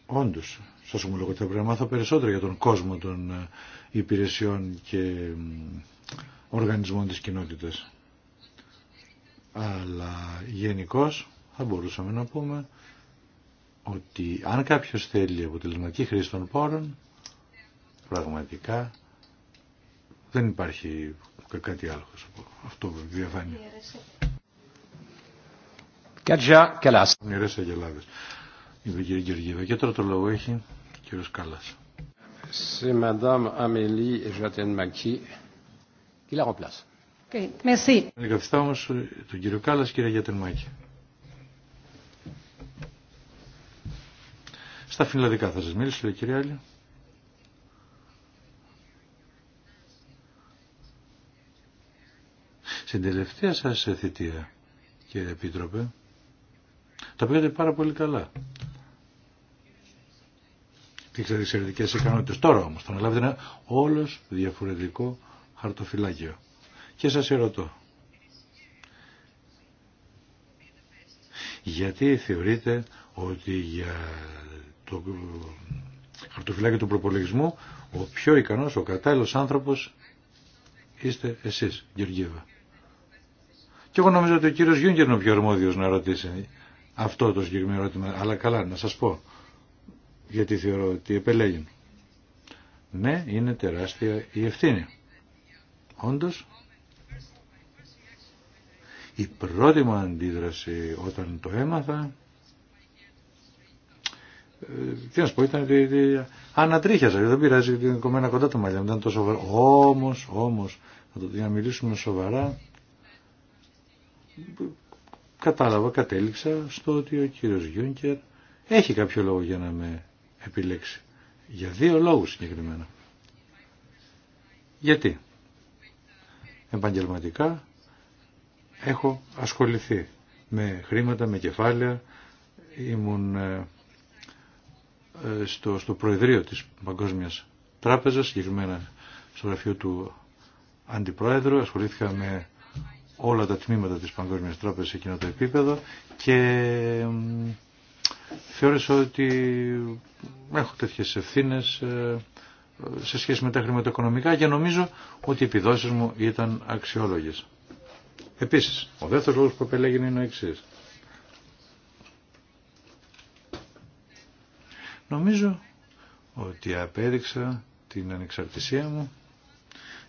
Όντως, σας ομολογώ ότι θα πρέπει να μάθω περισσότερο για τον κόσμο των υπηρεσιών και οργανισμών της κοινότητας. Αλλά γενικώ θα μπορούσαμε να πούμε ότι αν κάποιος θέλει αποτελεσματική χρήση των πόρων, πραγματικά δεν υπάρχει κάτι άλλο. Αυτό διαφάνει. Κατζιά Καλάς. Μοιρές Αγελάδες. Είπε κύριε Γεωργίδα. Και τώρα το λόγο έχει ο κύριος Καλάς. Σε Madame Amélie Jatenmaki qui la remplace. Okay. Merci. Ευχαριστώ όμως ε, τον κύριο Κάλλας, κύριε Γιατρμάκη. Στα φιλανδικά θα σας μιλήσω, κύριε Άλλη. Στην τελευταία σας θητεία, κύριε Επίτροπε, τα πήγατε πάρα πολύ καλά. Δείξατε εξαιρετικές ικανότητες. Τώρα όμως θα αναλάβετε ένα όλος διαφορετικό χαρτοφυλάκιο. Και σας ερωτώ. Γιατί θεωρείτε ότι για το χαρτοφυλάκιο του προπολογισμού ο πιο ικανός, ο κατάλληλος άνθρωπος είστε εσείς, Γεωργίευα. Και εγώ νομίζω ότι ο κύριος Γιούγκερ είναι ο πιο αρμόδιος να ρωτήσει αυτό το συγκεκριμένο ερώτημα. Αλλά καλά, να σας πω γιατί θεωρώ ότι επελέγει. Ναι, είναι τεράστια η ευθύνη. Όντως, η πρώτη μου αντίδραση όταν το έμαθα, ε, τι να σου πω, ήταν ότι ανατρίχιαζα, δεν πειράζει την κομμένα κοντά τα μαλλιά μου, ήταν τόσο σοβαρό. Όμως, όμως, να το να μιλήσουμε σοβαρά, κατάλαβα, κατέληξα στο ότι ο κύριος Γιούνκερ έχει κάποιο λόγο για να με επιλέξει. Για δύο λόγους συγκεκριμένα. Γιατί επαγγελματικά έχω ασχοληθεί με χρήματα, με κεφάλαια. Ήμουν ε, ε, στο, στο Προεδρείο της Παγκόσμιας Τράπεζας, συγκεκριμένα στο γραφείο του Αντιπρόεδρου. Ασχολήθηκα με όλα τα τμήματα της Παγκόσμιας Τράπεζας σε εκείνο το επίπεδο και θεώρησα ότι έχω τέτοιες ευθύνες ε, σε σχέση με τα χρηματοοικονομικά και νομίζω ότι οι επιδόσεις μου ήταν αξιόλογες. Επίσης, ο δεύτερος λόγος που επελέγει είναι ο εξή. Νομίζω ότι απέδειξα την ανεξαρτησία μου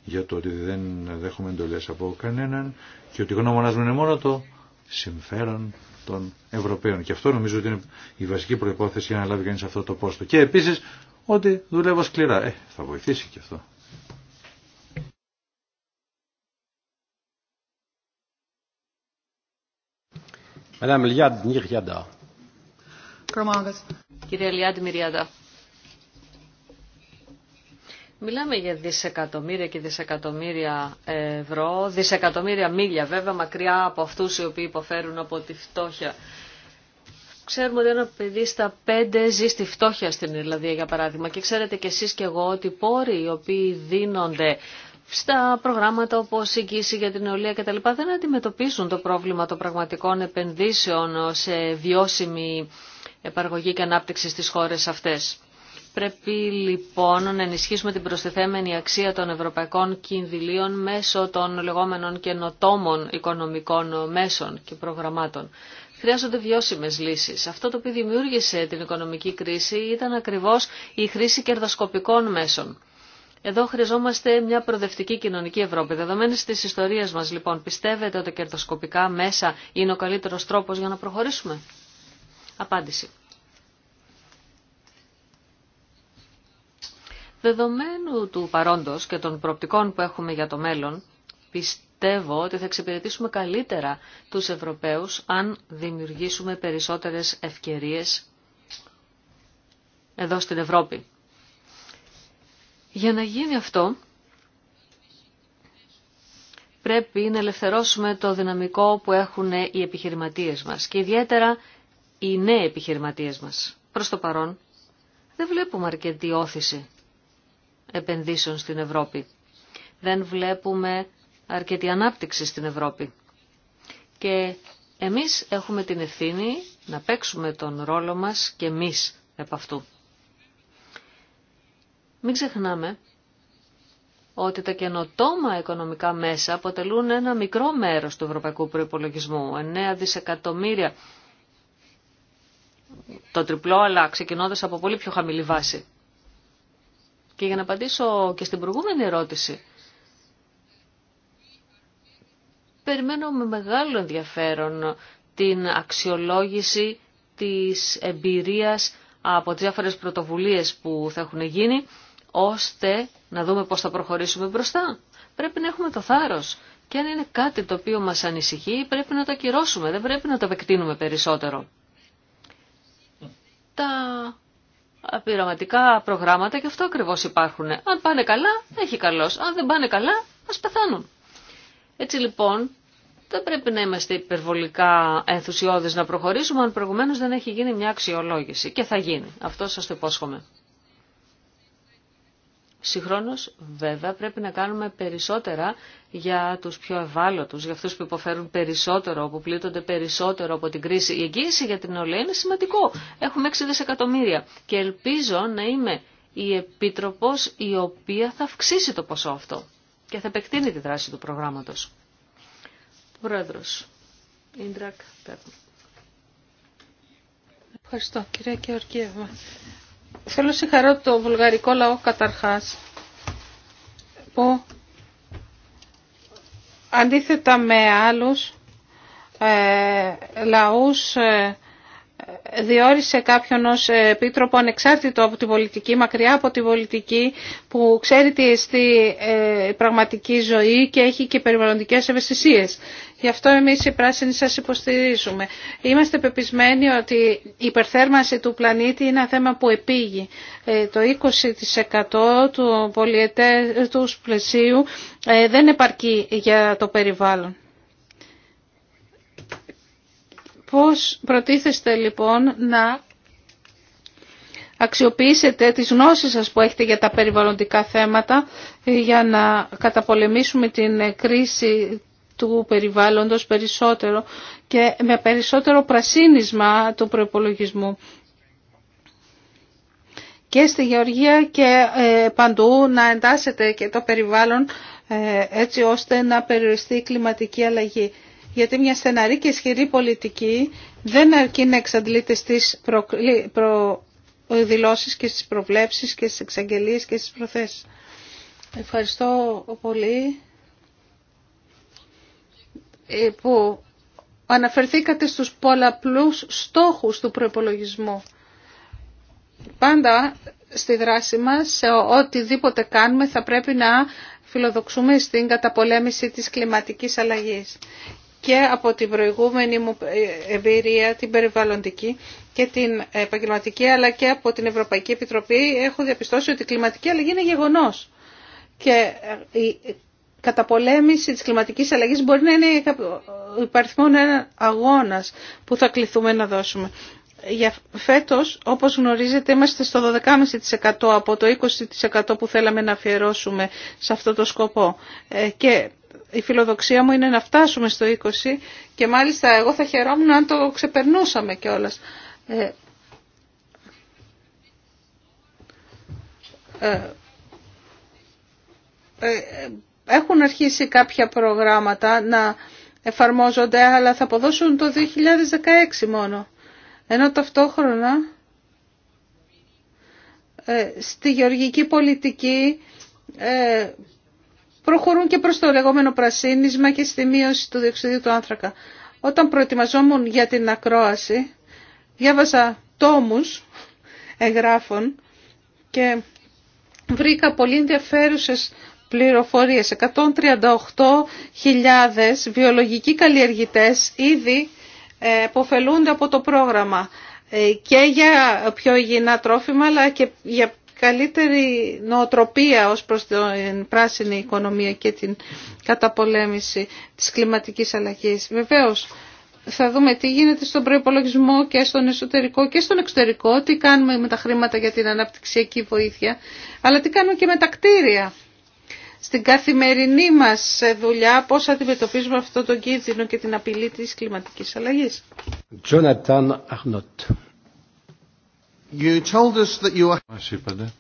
για το ότι δεν δέχομαι εντολές από κανέναν και ότι γνώμονας μου είναι μόνο το συμφέρον των Ευρωπαίων. Και αυτό νομίζω ότι είναι η βασική προϋπόθεση για να λάβει κανείς αυτό το πόστο. Και επίσης, ότι δουλεύω σκληρά. Ε, θα βοηθήσει και αυτό. Κυρία Λιάντ Μυριάντα, μιλάμε για δισεκατομμύρια και δισεκατομμύρια ευρώ, δισεκατομμύρια μίλια βέβαια μακριά από αυτούς οι οποίοι υποφέρουν από τη φτώχεια. Ξέρουμε ότι ένα παιδί στα πέντε ζει στη φτώχεια στην Ιρλανδία, για παράδειγμα. Και ξέρετε κι εσείς κι εγώ ότι οι πόροι οι οποίοι δίνονται στα προγράμματα όπως η κίση για την νεολαία κτλ. δεν αντιμετωπίζουν το πρόβλημα των πραγματικών επενδύσεων σε βιώσιμη επαργωγή και ανάπτυξη στις χώρες αυτές. Πρέπει λοιπόν να ενισχύσουμε την προστιθέμενη αξία των ευρωπαϊκών κινδυλίων μέσω των λεγόμενων καινοτόμων οικονομικών μέσων και προγραμμάτων. Χρειάζονται βιώσιμες λύσεις. Αυτό το οποίο δημιούργησε την οικονομική κρίση ήταν ακριβώς η χρήση κερδοσκοπικών μέσων. Εδώ χρειαζόμαστε μια προοδευτική κοινωνική Ευρώπη. Δεδομένης της ιστορίας μας λοιπόν, πιστεύετε ότι κερδοσκοπικά μέσα είναι ο καλύτερος τρόπος για να προχωρήσουμε. Απάντηση. Δεδομένου του παρόντος και των προοπτικών που έχουμε για το μέλλον, πιστεύω ότι θα εξυπηρετήσουμε καλύτερα τους Ευρωπαίους αν δημιουργήσουμε περισσότερες ευκαιρίες εδώ στην Ευρώπη. Για να γίνει αυτό, πρέπει να ελευθερώσουμε το δυναμικό που έχουν οι επιχειρηματίες μας και ιδιαίτερα οι νέοι επιχειρηματίες μας. Προς το παρόν, δεν βλέπουμε αρκετή όθηση επενδύσεων στην Ευρώπη. Δεν βλέπουμε αρκετή ανάπτυξη στην Ευρώπη. Και εμείς έχουμε την ευθύνη να παίξουμε τον ρόλο μας και εμείς επ' αυτού. Μην ξεχνάμε ότι τα καινοτόμα οικονομικά μέσα αποτελούν ένα μικρό μέρος του ευρωπαϊκού προϋπολογισμού, 9 δισεκατομμύρια, το τριπλό, αλλά ξεκινώντας από πολύ πιο χαμηλή βάση. Και για να απαντήσω και στην προηγούμενη ερώτηση, περιμένω με μεγάλο ενδιαφέρον την αξιολόγηση της εμπειρίας από τις διάφορες πρωτοβουλίες που θα έχουν γίνει, ώστε να δούμε πώς θα προχωρήσουμε μπροστά. Πρέπει να έχουμε το θάρρος. Και αν είναι κάτι το οποίο μας ανησυχεί, πρέπει να το ακυρώσουμε, δεν πρέπει να το επεκτείνουμε περισσότερο. Τα πειραματικά προγράμματα και αυτό ακριβώς υπάρχουν. Αν πάνε καλά, έχει καλός. Αν δεν πάνε καλά, ας πεθάνουν. Έτσι λοιπόν δεν πρέπει να είμαστε υπερβολικά ενθουσιώδεις να προχωρήσουμε αν προηγουμένως δεν έχει γίνει μια αξιολόγηση. Και θα γίνει. Αυτό σας το υπόσχομαι. Συγχρόνως βέβαια πρέπει να κάνουμε περισσότερα για τους πιο ευάλωτους, για αυτούς που υποφέρουν περισσότερο, που πλήττονται περισσότερο από την κρίση. Η εγγύηση για την νεολαία είναι σημαντικό. Έχουμε 6 δισεκατομμύρια και ελπίζω να είμαι η Επίτροπος η οποία θα αυξήσει το ποσό αυτό και θα επεκτείνει τη δράση του προγράμματος. Πρόεδρος, Ιντρακ Πέρμα. Ευχαριστώ κυρία Κεωργίευα. Θέλω συγχαρώ το βουλγαρικό λαό καταρχάς που αντίθετα με άλλους ε, λαούς ε, διόρισε κάποιον ως επίτροπο ανεξάρτητο από την πολιτική, μακριά από την πολιτική, που ξέρει τι εστί ε, πραγματική ζωή και έχει και περιβαλλοντικές ευαισθησίες. Γι' αυτό εμείς οι πράσινοι σας υποστηρίζουμε. Είμαστε πεπισμένοι ότι η υπερθέρμανση του πλανήτη είναι ένα θέμα που επήγει. Ε, το 20% του πολιετές του πλαισίου ε, δεν επαρκεί για το περιβάλλον. Πώς προτίθεστε λοιπόν να αξιοποιήσετε τις γνώσεις σας που έχετε για τα περιβαλλοντικά θέματα ε, για να καταπολεμήσουμε την ε, κρίση του περιβάλλοντος περισσότερο και με περισσότερο πρασίνισμα του προϋπολογισμού. Και στη Γεωργία και ε, παντού να εντάσσετε και το περιβάλλον έτσι ώστε να περιοριστεί η κλιματική αλλαγή γιατί μια στεναρή και ισχυρή πολιτική δεν αρκεί να εξαντλείται στις προδηλώσει και στις προβλέψεις και στις εξαγγελίες και στις προθέσεις. Ευχαριστώ πολύ ε, που αναφερθήκατε στους πολλαπλούς στόχους του προπολογισμού. Πάντα στη δράση μας, σε οτιδήποτε κάνουμε, θα πρέπει να φιλοδοξούμε στην καταπολέμηση της κλιματικής αλλαγής και από την προηγούμενη μου εμπειρία, την περιβαλλοντική και την επαγγελματική, αλλά και από την Ευρωπαϊκή Επιτροπή, έχω διαπιστώσει ότι η κλιματική αλλαγή είναι γεγονός. Και ε, η καταπολέμηση της κλιματικής αλλαγής μπορεί να είναι υπαριθμόν ένα αγώνας που θα κληθούμε να δώσουμε. Για φέτος, όπως γνωρίζετε, είμαστε στο 12,5% από το 20% που θέλαμε να αφιερώσουμε σε αυτό το σκοπό. Ε, και η φιλοδοξία μου είναι να φτάσουμε στο 20 και μάλιστα εγώ θα χαιρόμουν αν το ξεπερνούσαμε κιόλα. Ε, ε, ε, έχουν αρχίσει κάποια προγράμματα να εφαρμόζονται, αλλά θα αποδώσουν το 2016 μόνο. Ενώ ταυτόχρονα ε, στη γεωργική πολιτική προχωρούν και προς το λεγόμενο πρασίνισμα και στη μείωση του διοξιδίου του άνθρακα. Όταν προετοιμαζόμουν για την ακρόαση, διάβασα τόμους εγγράφων και βρήκα πολύ ενδιαφέρουσες πληροφορίες. 138.000 βιολογικοί καλλιεργητές ήδη αποφελούνται ε, από το πρόγραμμα ε, και για πιο υγιεινά τρόφιμα αλλά και για καλύτερη νοοτροπία ως προς την πράσινη οικονομία και την καταπολέμηση της κλιματικής αλλαγής. Βεβαίως, θα δούμε τι γίνεται στον προϋπολογισμό και στον εσωτερικό και στον εξωτερικό, τι κάνουμε με τα χρήματα για την αναπτυξιακή βοήθεια, αλλά τι κάνουμε και με τα κτίρια. Στην καθημερινή μας δουλειά πώς αντιμετωπίζουμε αυτό τον κίνδυνο και την απειλή της κλιματικής αλλαγής. Jonathan Arnott. You told us that you are... Μας είπατε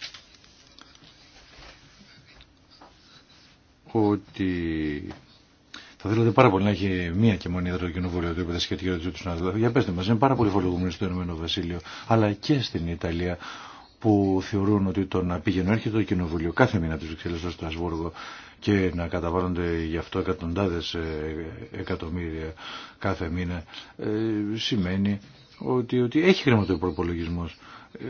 ότι θα θέλατε πάρα πολύ να έχει μία και μόνη έδρα το κοινοβούλιο του είπατε σχετικά του Για πέστε μας, είναι πάρα πολύ φορολογούμενοι στο Ηνωμένο Βασίλειο, αλλά και στην Ιταλία που θεωρούν ότι το να πηγαίνουν έρχεται το κοινοβούλιο κάθε μήνα του Βρυξέλλες στο Στρασβούργο και να καταβάλλονται γι' αυτό εκατοντάδες ε, εκατομμύρια κάθε μήνα ε, σημαίνει ότι, ότι έχει χρήμα ε,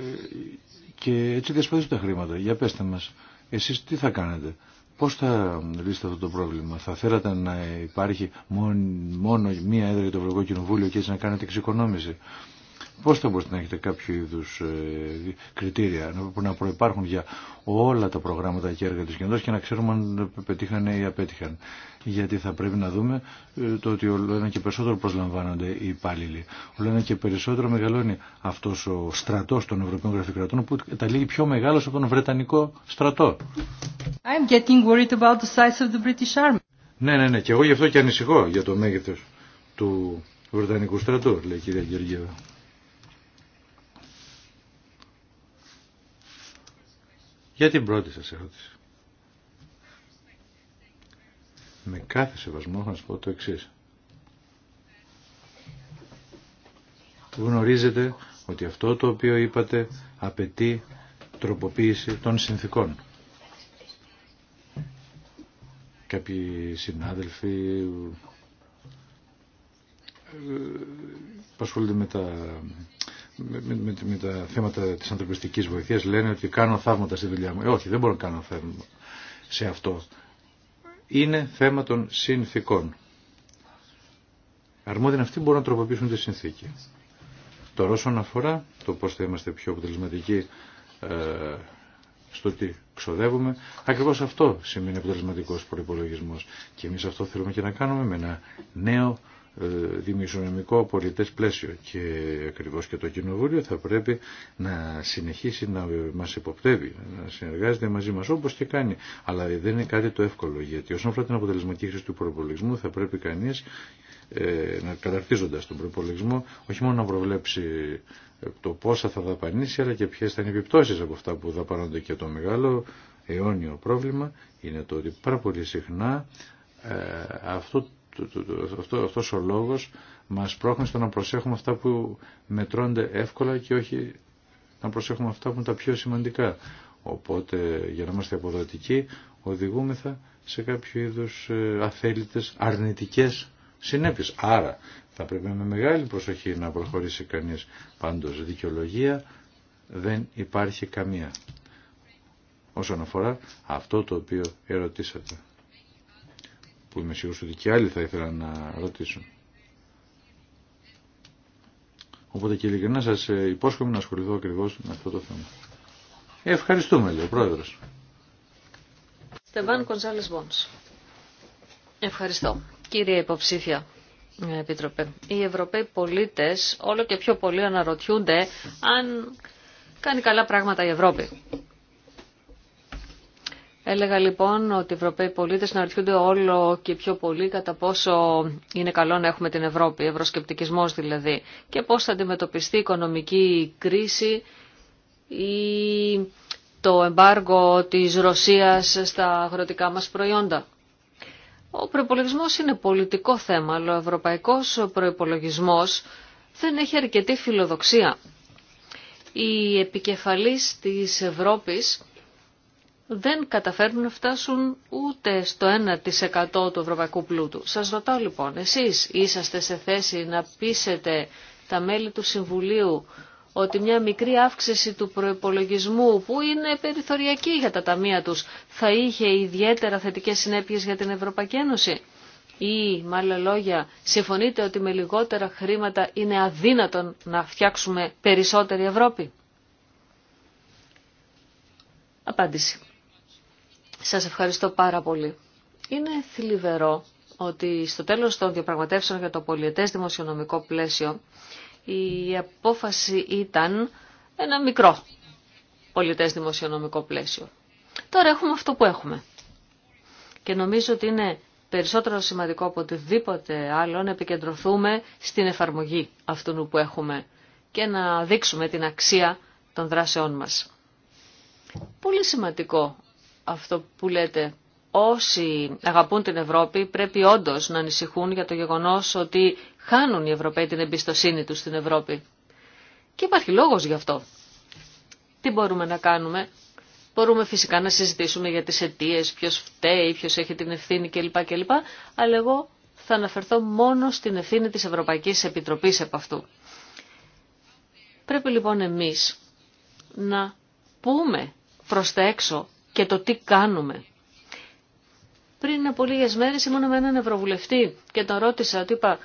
και έτσι διασπαθούν τα χρήματα. Για πέστε μας, εσείς τι θα κάνετε. Πώς θα λύσετε αυτό το πρόβλημα. Θα θέλατε να υπάρχει μόνο, μόνο μία έδρα για το Ευρωπαϊκό Κοινοβούλιο και έτσι να κάνετε εξοικονόμηση. Πώ θα μπορείτε να έχετε κάποιο είδους ε, κριτήρια που να προπάρχουν για όλα τα προγράμματα και έργα τη κοινότητας και να ξέρουμε αν πετύχανε ή απέτυχαν. Γιατί θα πρέπει να δούμε ε, το ότι όλο ένα και περισσότερο προσλαμβάνονται οι υπάλληλοι. Όλο ένα και περισσότερο μεγαλώνει αυτό ο στρατό των Ευρωπαίων Γραφειοκρατών που τα λέει πιο μεγάλο από τον Βρετανικό στρατό. I'm getting worried about the size of the British Army. Ναι, ναι, ναι. Και εγώ γι' αυτό και ανησυχώ για το μέγεθο του Βρετανικού στρατού, λέει η κυρία Γεωργίευα. Για την πρώτη σας ερώτηση. Με κάθε σεβασμό να σας πω το εξής. Γνωρίζετε ότι αυτό το οποίο είπατε απαιτεί τροποποίηση των συνθήκων. Κάποιοι συνάδελφοι που ασχολούνται με τα, με, με, με, τα θέματα της ανθρωπιστικής βοηθείας λένε ότι κάνω θαύματα στη δουλειά μου. Ε, όχι, δεν μπορώ να κάνω θαύματα σε αυτό. Είναι θέμα των συνθήκων. Αρμόδιοι αυτοί μπορούν να τροποποιήσουν τη συνθήκη. Τώρα όσον αφορά το πώς θα είμαστε πιο αποτελεσματικοί ε, στο τι ξοδεύουμε, ακριβώς αυτό σημαίνει αποτελεσματικός προϋπολογισμός. Και εμείς αυτό θέλουμε και να κάνουμε με ένα νέο ε, δημιουργικό πολιτές πλαίσιο και ακριβώς και το Κοινοβούλιο θα πρέπει να συνεχίσει να μας υποπτεύει, να συνεργάζεται μαζί μας όπως και κάνει. Αλλά δεν είναι κάτι το εύκολο γιατί όσον αφορά την αποτελεσματική χρήση του προπολογισμού θα πρέπει κανείς ε, να καταρτίζοντας τον προπολογισμό όχι μόνο να προβλέψει ε, το πόσα θα δαπανίσει αλλά και ποιες θα είναι οι επιπτώσεις από αυτά που δαπανώνται και το μεγάλο αιώνιο πρόβλημα είναι το ότι πάρα πολύ συχνά αυτό αυτό, αυτός ο λόγος μας πρόχνει στο να προσέχουμε αυτά που μετρώνται εύκολα και όχι να προσέχουμε αυτά που είναι τα πιο σημαντικά. Οπότε για να είμαστε αποδοτικοί οδηγούμεθα σε κάποιο είδους ε, αθέλητες αρνητικές συνέπειες. Άρα θα πρέπει με μεγάλη προσοχή να προχωρήσει κανείς πάντως δικαιολογία δεν υπάρχει καμία όσον αφορά αυτό το οποίο ερωτήσατε που είμαι σίγουρος ότι και άλλοι θα ήθελαν να ρωτήσουν. Οπότε και ειλικρινά σας ε, υπόσχομαι να ασχοληθώ ακριβώς με αυτό το θέμα. Ε, ευχαριστούμε, λέει ο Πρόεδρος. Στεβάν Κονζάλης Μπόνς. Ευχαριστώ. Κύριε υποψήφια, ε, Επίτροπε, οι Ευρωπαίοι πολίτες όλο και πιο πολύ αναρωτιούνται αν κάνει καλά πράγματα η Ευρώπη. Έλεγα λοιπόν ότι οι Ευρωπαίοι πολίτες να όλο και πιο πολύ κατά πόσο είναι καλό να έχουμε την Ευρώπη, ευρωσκεπτικισμός δηλαδή, και πώς θα αντιμετωπιστεί η οικονομική κρίση ή το εμπάργο της Ρωσίας στα αγροτικά μας προϊόντα. Ο προπολογισμό είναι πολιτικό θέμα, αλλά ο ευρωπαϊκός προπολογισμό δεν έχει αρκετή φιλοδοξία. Οι επικεφαλής της Ευρώπης δεν καταφέρνουν να φτάσουν ούτε στο 1% του ευρωπαϊκού πλούτου. Σας ρωτάω λοιπόν, εσείς είσαστε σε θέση να πείσετε τα μέλη του Συμβουλίου ότι μια μικρή αύξηση του προϋπολογισμού που είναι περιθωριακή για τα ταμεία τους θα είχε ιδιαίτερα θετικές συνέπειες για την Ευρωπαϊκή Ένωση. Ή, με άλλα λόγια, συμφωνείτε ότι με λιγότερα χρήματα είναι αδύνατον να φτιάξουμε περισσότερη Ευρώπη. Απάντηση. Σας ευχαριστώ πάρα πολύ. Είναι θλιβερό ότι στο τέλος των διαπραγματεύσεων για το πολιετές δημοσιονομικό πλαίσιο η απόφαση ήταν ένα μικρό πολιτές δημοσιονομικό πλαίσιο. Τώρα έχουμε αυτό που έχουμε. Και νομίζω ότι είναι περισσότερο σημαντικό από οτιδήποτε άλλο να επικεντρωθούμε στην εφαρμογή αυτού που έχουμε και να δείξουμε την αξία των δράσεών μας. Πολύ σημαντικό αυτό που λέτε. Όσοι αγαπούν την Ευρώπη πρέπει όντως να ανησυχούν για το γεγονός ότι χάνουν οι Ευρωπαίοι την εμπιστοσύνη τους στην Ευρώπη. Και υπάρχει λόγος γι' αυτό. Τι μπορούμε να κάνουμε. Μπορούμε φυσικά να συζητήσουμε για τις αιτίε, ποιος φταίει, ποιος έχει την ευθύνη κλπ. κλπ. Αλλά εγώ θα αναφερθώ μόνο στην ευθύνη της Ευρωπαϊκής Επιτροπής επ' αυτού. Πρέπει λοιπόν εμείς να πούμε προς τα έξω και το τι κάνουμε. Πριν από λίγες μέρες ήμουν με έναν ευρωβουλευτή και τον ρώτησα, του είπα,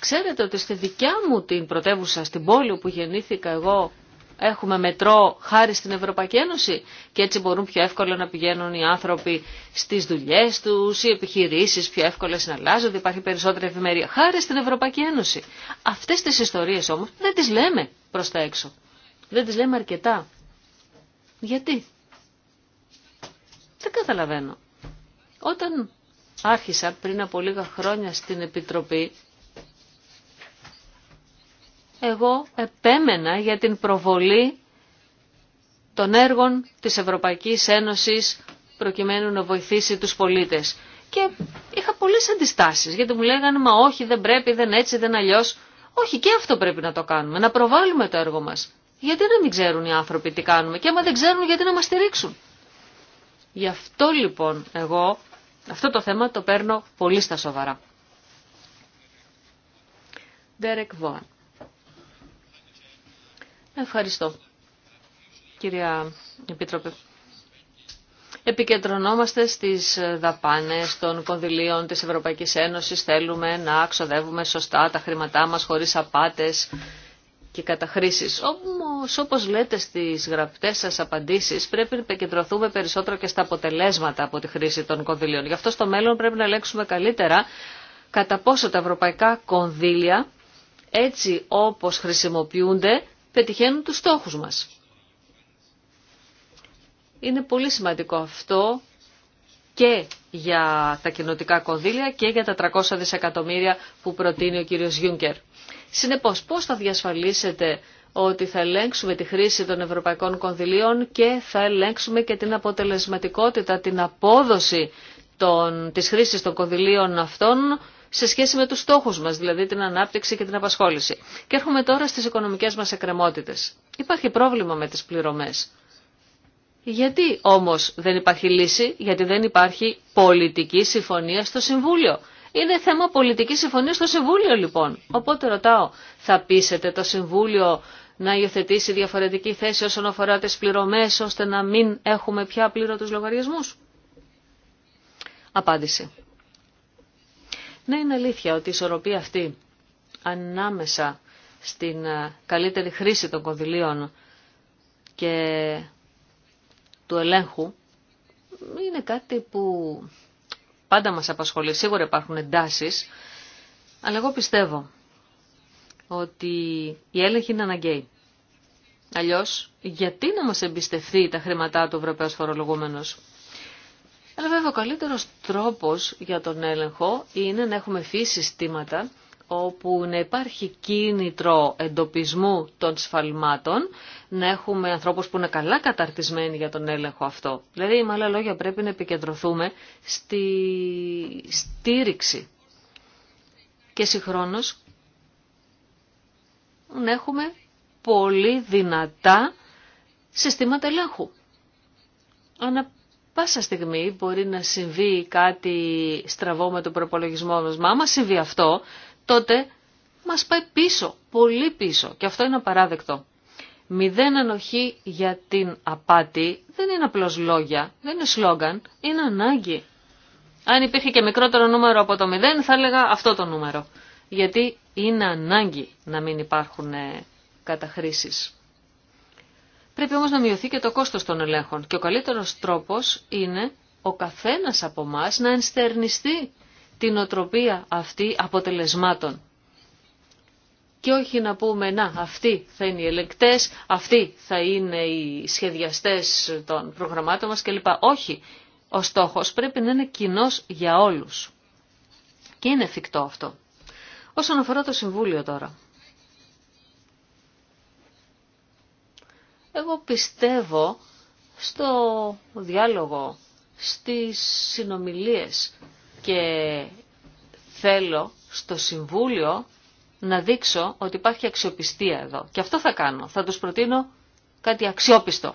ξέρετε ότι στη δικιά μου την πρωτεύουσα, στην πόλη όπου γεννήθηκα εγώ, έχουμε μετρό χάρη στην Ευρωπαϊκή Ένωση και έτσι μπορούν πιο εύκολα να πηγαίνουν οι άνθρωποι στις δουλειές τους, οι επιχειρήσεις πιο εύκολα συναλλάζονται, υπάρχει περισσότερη ευημερία χάρη στην Ευρωπαϊκή Ένωση. Αυτές τις ιστορίες όμως δεν τις λέμε προς τα έξω. Δεν τις λέμε αρκετά. Γιατί. Δεν καταλαβαίνω. Όταν άρχισα πριν από λίγα χρόνια στην Επιτροπή, εγώ επέμενα για την προβολή των έργων της Ευρωπαϊκής Ένωσης προκειμένου να βοηθήσει τους πολίτες. Και είχα πολλές αντιστάσεις, γιατί μου λέγανε «Μα όχι, δεν πρέπει, δεν έτσι, δεν αλλιώς». Όχι, και αυτό πρέπει να το κάνουμε, να προβάλλουμε το έργο μας. Γιατί να μην ξέρουν οι άνθρωποι τι κάνουμε και άμα δεν ξέρουν γιατί να μας στηρίξουν. Γι' αυτό λοιπόν εγώ αυτό το θέμα το παίρνω πολύ στα σοβαρά. Derek Vaughan. Ευχαριστώ, κυρία Επίτροπε. Επικεντρωνόμαστε στις δαπάνες των κονδυλίων της Ευρωπαϊκής Ένωσης. Θέλουμε να ξοδεύουμε σωστά τα χρήματά μας χωρίς απάτες και καταχρήσεις. Όμως όπως λέτε στις γραπτές σας απαντήσεις πρέπει να επικεντρωθούμε περισσότερο και στα αποτελέσματα από τη χρήση των κονδυλίων. Γι' αυτό στο μέλλον πρέπει να ελέγξουμε καλύτερα κατά πόσο τα ευρωπαϊκά κονδύλια έτσι όπως χρησιμοποιούνται πετυχαίνουν τους στόχους μας. Είναι πολύ σημαντικό αυτό και για τα κοινοτικά κονδύλια και για τα 300 δισεκατομμύρια που προτείνει ο κύριος Γιούγκερ. Συνεπώς, πώς θα διασφαλίσετε ότι θα ελέγξουμε τη χρήση των ευρωπαϊκών κονδυλίων και θα ελέγξουμε και την αποτελεσματικότητα, την απόδοση των, της χρήσης των κονδυλίων αυτών σε σχέση με τους στόχους μας, δηλαδή την ανάπτυξη και την απασχόληση. Και έρχομαι τώρα στις οικονομικές μας εκκρεμότητες. Υπάρχει πρόβλημα με τις πληρωμές. Γιατί όμως δεν υπάρχει λύση, γιατί δεν υπάρχει πολιτική συμφωνία στο Συμβούλιο. Είναι θέμα πολιτική συμφωνία στο Συμβούλιο λοιπόν. Οπότε ρωτάω, θα πείσετε το Συμβούλιο να υιοθετήσει διαφορετική θέση όσον αφορά τις πληρωμές, ώστε να μην έχουμε πια απλήρωτους λογαριασμούς. Απάντηση. Ναι, είναι αλήθεια ότι η ισορροπία αυτή ανάμεσα στην ε, καλύτερη χρήση των κονδυλίων και του ελέγχου είναι κάτι που πάντα μας απασχολεί. Σίγουρα υπάρχουν εντάσεις, αλλά εγώ πιστεύω ότι η έλεγχη είναι αναγκαία. Αλλιώς, γιατί να μας εμπιστευτεί τα χρήματά του Ευρωπαίου Φορολογούμενος. Αλλά βέβαια ο καλύτερος τρόπος για τον έλεγχο είναι να έχουμε φύση συστήματα όπου να υπάρχει κίνητρο εντοπισμού των σφαλμάτων, να έχουμε ανθρώπους που είναι καλά καταρτισμένοι για τον έλεγχο αυτό. Δηλαδή, με άλλα λόγια, πρέπει να επικεντρωθούμε στη στήριξη και συγχρόνως να έχουμε πολύ δυνατά συστήματα ελέγχου. Ανα πάσα στιγμή μπορεί να συμβεί κάτι στραβό με τον προπολογισμό μας. άμα συμβεί αυτό, τότε μας πάει πίσω, πολύ πίσω και αυτό είναι απαράδεκτο. Μηδέν ανοχή για την απάτη δεν είναι απλώς λόγια, δεν είναι σλόγγαν, είναι ανάγκη. Αν υπήρχε και μικρότερο νούμερο από το μηδέν θα έλεγα αυτό το νούμερο. Γιατί είναι ανάγκη να μην υπάρχουν ε, καταχρήσεις. Πρέπει όμως να μειωθεί και το κόστος των ελέγχων και ο καλύτερος τρόπος είναι ο καθένας από εμά να ενστερνιστεί την οτροπία αυτή αποτελεσμάτων. Και όχι να πούμε, να, αυτοί θα είναι οι ελεκτές αυτοί θα είναι οι σχεδιαστές των προγραμμάτων μας κλπ. Όχι, ο στόχος πρέπει να είναι κοινό για όλους. Και είναι εφικτό αυτό. Όσον αφορά το Συμβούλιο τώρα. Εγώ πιστεύω στο διάλογο, στις συνομιλίες, και θέλω στο Συμβούλιο να δείξω ότι υπάρχει αξιοπιστία εδώ. Και αυτό θα κάνω. Θα τους προτείνω κάτι αξιόπιστο.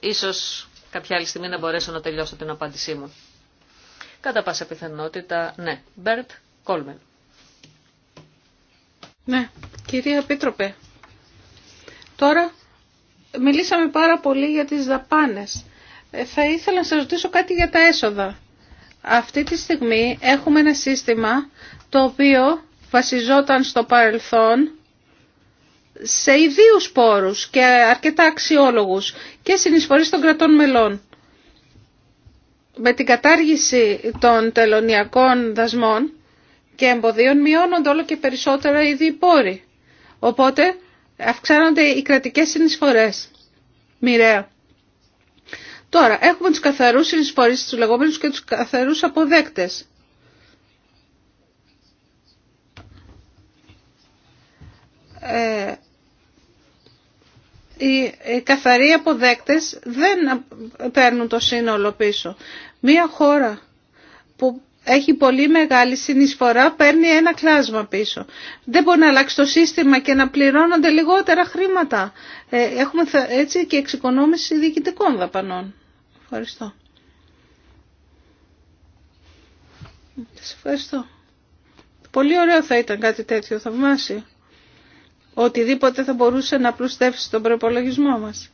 Ίσως κάποια άλλη στιγμή να μπορέσω να τελειώσω την απάντησή μου. Κατά πάσα πιθανότητα, ναι. Μπέρτ Κόλμεν. Ναι, κυρία Επίτροπε. Τώρα μιλήσαμε πάρα πολύ για τις δαπάνες ε, θα ήθελα να σας ρωτήσω κάτι για τα έσοδα. Αυτή τη στιγμή έχουμε ένα σύστημα το οποίο βασιζόταν στο παρελθόν σε ιδίους πόρους και αρκετά αξιόλογους και συνεισφορείς των κρατών μελών. Με την κατάργηση των τελωνιακών δασμών και εμποδίων μειώνονται όλο και περισσότερα οι πόροι. Οπότε αυξάνονται οι κρατικές συνεισφορές. Μοιραία. Τώρα, έχουμε τους καθαρούς συνεισφορείς, του λεγόμενους και τους καθαρούς αποδέκτες. Ε, οι καθαροί αποδέκτες δεν παίρνουν το σύνολο πίσω. Μία χώρα που έχει πολύ μεγάλη συνεισφορά, παίρνει ένα κλάσμα πίσω. Δεν μπορεί να αλλάξει το σύστημα και να πληρώνονται λιγότερα χρήματα. Ε, έχουμε έτσι και εξοικονόμηση διοικητικών δαπανών. Ευχαριστώ. Σας ευχαριστώ. Πολύ ωραίο θα ήταν κάτι τέτοιο, θαυμάσιο. Οτιδήποτε θα μπορούσε να πλουστεύσει τον προπολογισμό μας.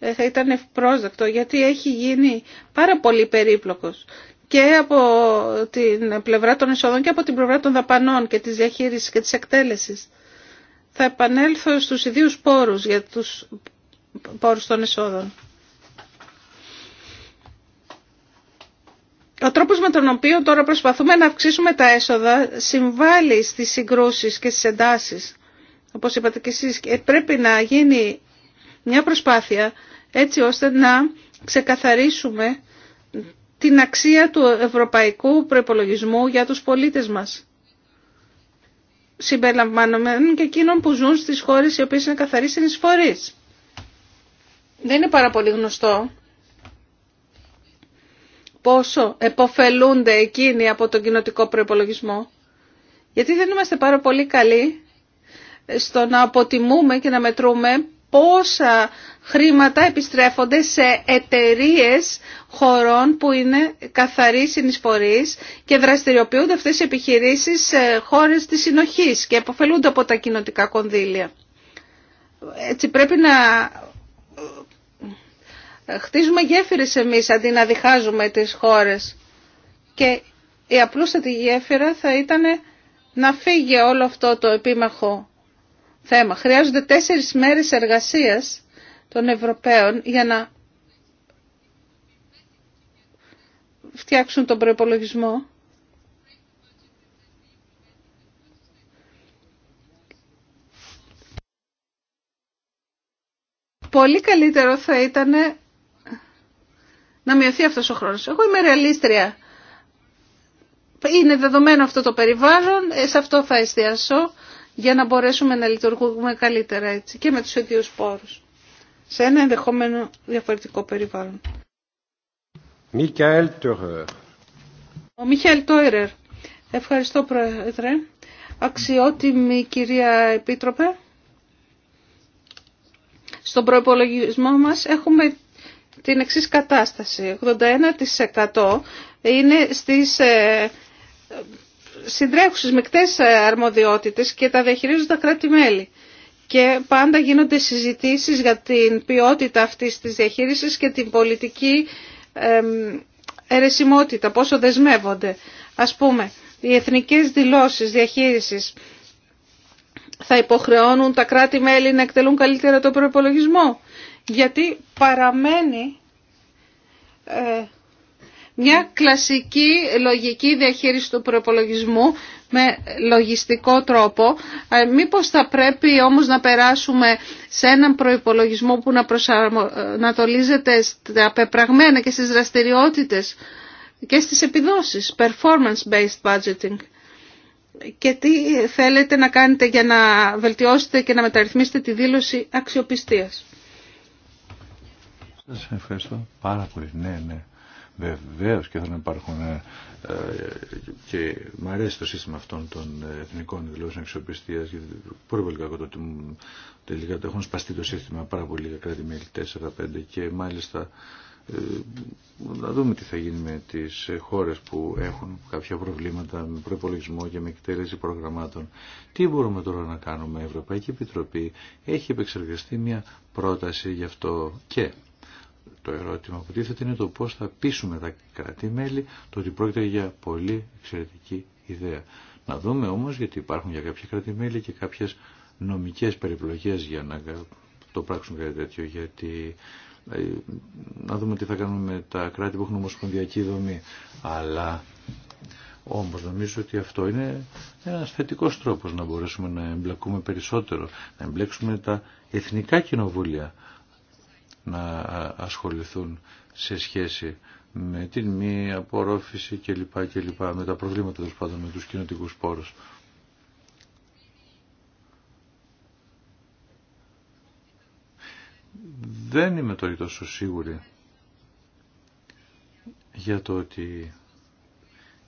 Ε, θα ήταν ευπρόσδεκτο γιατί έχει γίνει πάρα πολύ περίπλοκος και από την πλευρά των εσόδων και από την πλευρά των δαπανών και της διαχείρισης και της εκτέλεσης. Θα επανέλθω στους ιδίους πόρους για τους πόρους των εσόδων. Ο τρόπος με τον οποίο τώρα προσπαθούμε να αυξήσουμε τα έσοδα συμβάλλει στις συγκρούσεις και στις εντάσεις. Όπως είπατε και εσείς, ε, πρέπει να γίνει μια προσπάθεια έτσι ώστε να ξεκαθαρίσουμε την αξία του ευρωπαϊκού προϋπολογισμού για τους πολίτες μας. Συμπεριλαμβανομένων και εκείνων που ζουν στις χώρες οι οποίες είναι καθαροί συνεισφορείς. Δεν είναι πάρα πολύ γνωστό πόσο εποφελούνται εκείνοι από τον κοινοτικό προϋπολογισμό Γιατί δεν είμαστε πάρα πολύ καλοί στο να αποτιμούμε και να μετρούμε πόσα χρήματα επιστρέφονται σε εταιρείε χωρών που είναι καθαροί συνεισφορείς και δραστηριοποιούνται αυτές οι επιχειρήσεις σε χώρες της συνοχής και αποφελούνται από τα κοινοτικά κονδύλια. Έτσι πρέπει να ε, χτίζουμε γέφυρες εμείς αντί να διχάζουμε τις χώρες και η απλούστατη γέφυρα θα ήταν να φύγει όλο αυτό το επίμαχο θέμα. Χρειάζονται τέσσερις μέρες εργασίας των Ευρωπαίων για να φτιάξουν τον προϋπολογισμό. Πολύ καλύτερο θα ήταν να μειωθεί αυτός ο χρόνος. Εγώ είμαι ρεαλίστρια. Είναι δεδομένο αυτό το περιβάλλον, ε, σε αυτό θα εστιάσω για να μπορέσουμε να λειτουργούμε καλύτερα έτσι και με τους ίδιους πόρους σε ένα ενδεχόμενο διαφορετικό περιβάλλον. Μιχαήλ Ο Μιχαήλ Τόιρερ. Ευχαριστώ Πρόεδρε. Αξιότιμη κυρία Επίτροπε. Στον προϋπολογισμό μας έχουμε την εξής κατάσταση. 81% είναι στις ε, συντρέχουσε μεικτές αρμοδιότητες και τα διαχειρίζονται τα κράτη-μέλη. Και πάντα γίνονται συζητήσεις για την ποιότητα αυτής της διαχείρισης και την πολιτική αιρεσιμότητα, πόσο δεσμεύονται. Ας πούμε, οι εθνικές δηλώσεις διαχείρισης θα υποχρεώνουν τα κράτη-μέλη να εκτελούν καλύτερα το προπολογισμό. Γιατί παραμένει ε, μια κλασική λογική διαχείριση του προπολογισμού με λογιστικό τρόπο. Ε, μήπως θα πρέπει όμως να περάσουμε σε έναν προϋπολογισμό που να προσανατολίζεται στα πεπραγμένα και στις δραστηριότητες και στις επιδόσεις, performance-based budgeting. Και τι θέλετε να κάνετε για να βελτιώσετε και να μεταρρυθμίσετε τη δήλωση αξιοπιστίας. Σας ευχαριστώ πάρα πολύ. Ναι, ναι. Βεβαίω και να υπάρχουν ε, και μ' αρέσει το σύστημα αυτών των εθνικών δηλώσεων εξοπιστία γιατί πολύ πολύ κακό το ότι τελικά το έχουν σπαστεί το σύστημα πάρα για λίγα κράτη-μέλη 4-5 και μάλιστα ε, να δούμε τι θα γίνει με τι χώρε που έχουν κάποια προβλήματα με προπολογισμό και με εκτέλεση προγραμμάτων. Τι μπορούμε τώρα να κάνουμε. Η Ευρωπαϊκή Επιτροπή έχει επεξεργαστεί μια πρόταση γι' αυτό και το ερώτημα που τίθεται είναι το πώς θα πείσουμε τα κρατή-μέλη το ότι πρόκειται για πολύ εξαιρετική ιδέα. Να δούμε όμως γιατί υπάρχουν για κάποια κρατή-μέλη και κάποιες νομικές περιπλοκές για να το πράξουν κάτι τέτοιο γιατί ε, να δούμε τι θα κάνουμε με τα κράτη που έχουν ομοσπονδιακή δομή αλλά όμως νομίζω ότι αυτό είναι ένας θετικός τρόπος να μπορέσουμε να εμπλακούμε περισσότερο να εμπλέξουμε τα εθνικά κοινοβούλια να ασχοληθούν σε σχέση με την μη απορρόφηση κλπ. λοιπά με τα προβλήματα τους πάντων με τους κοινωτικούς πόρους. Δεν είμαι τώρα τόσο σίγουρη για το ότι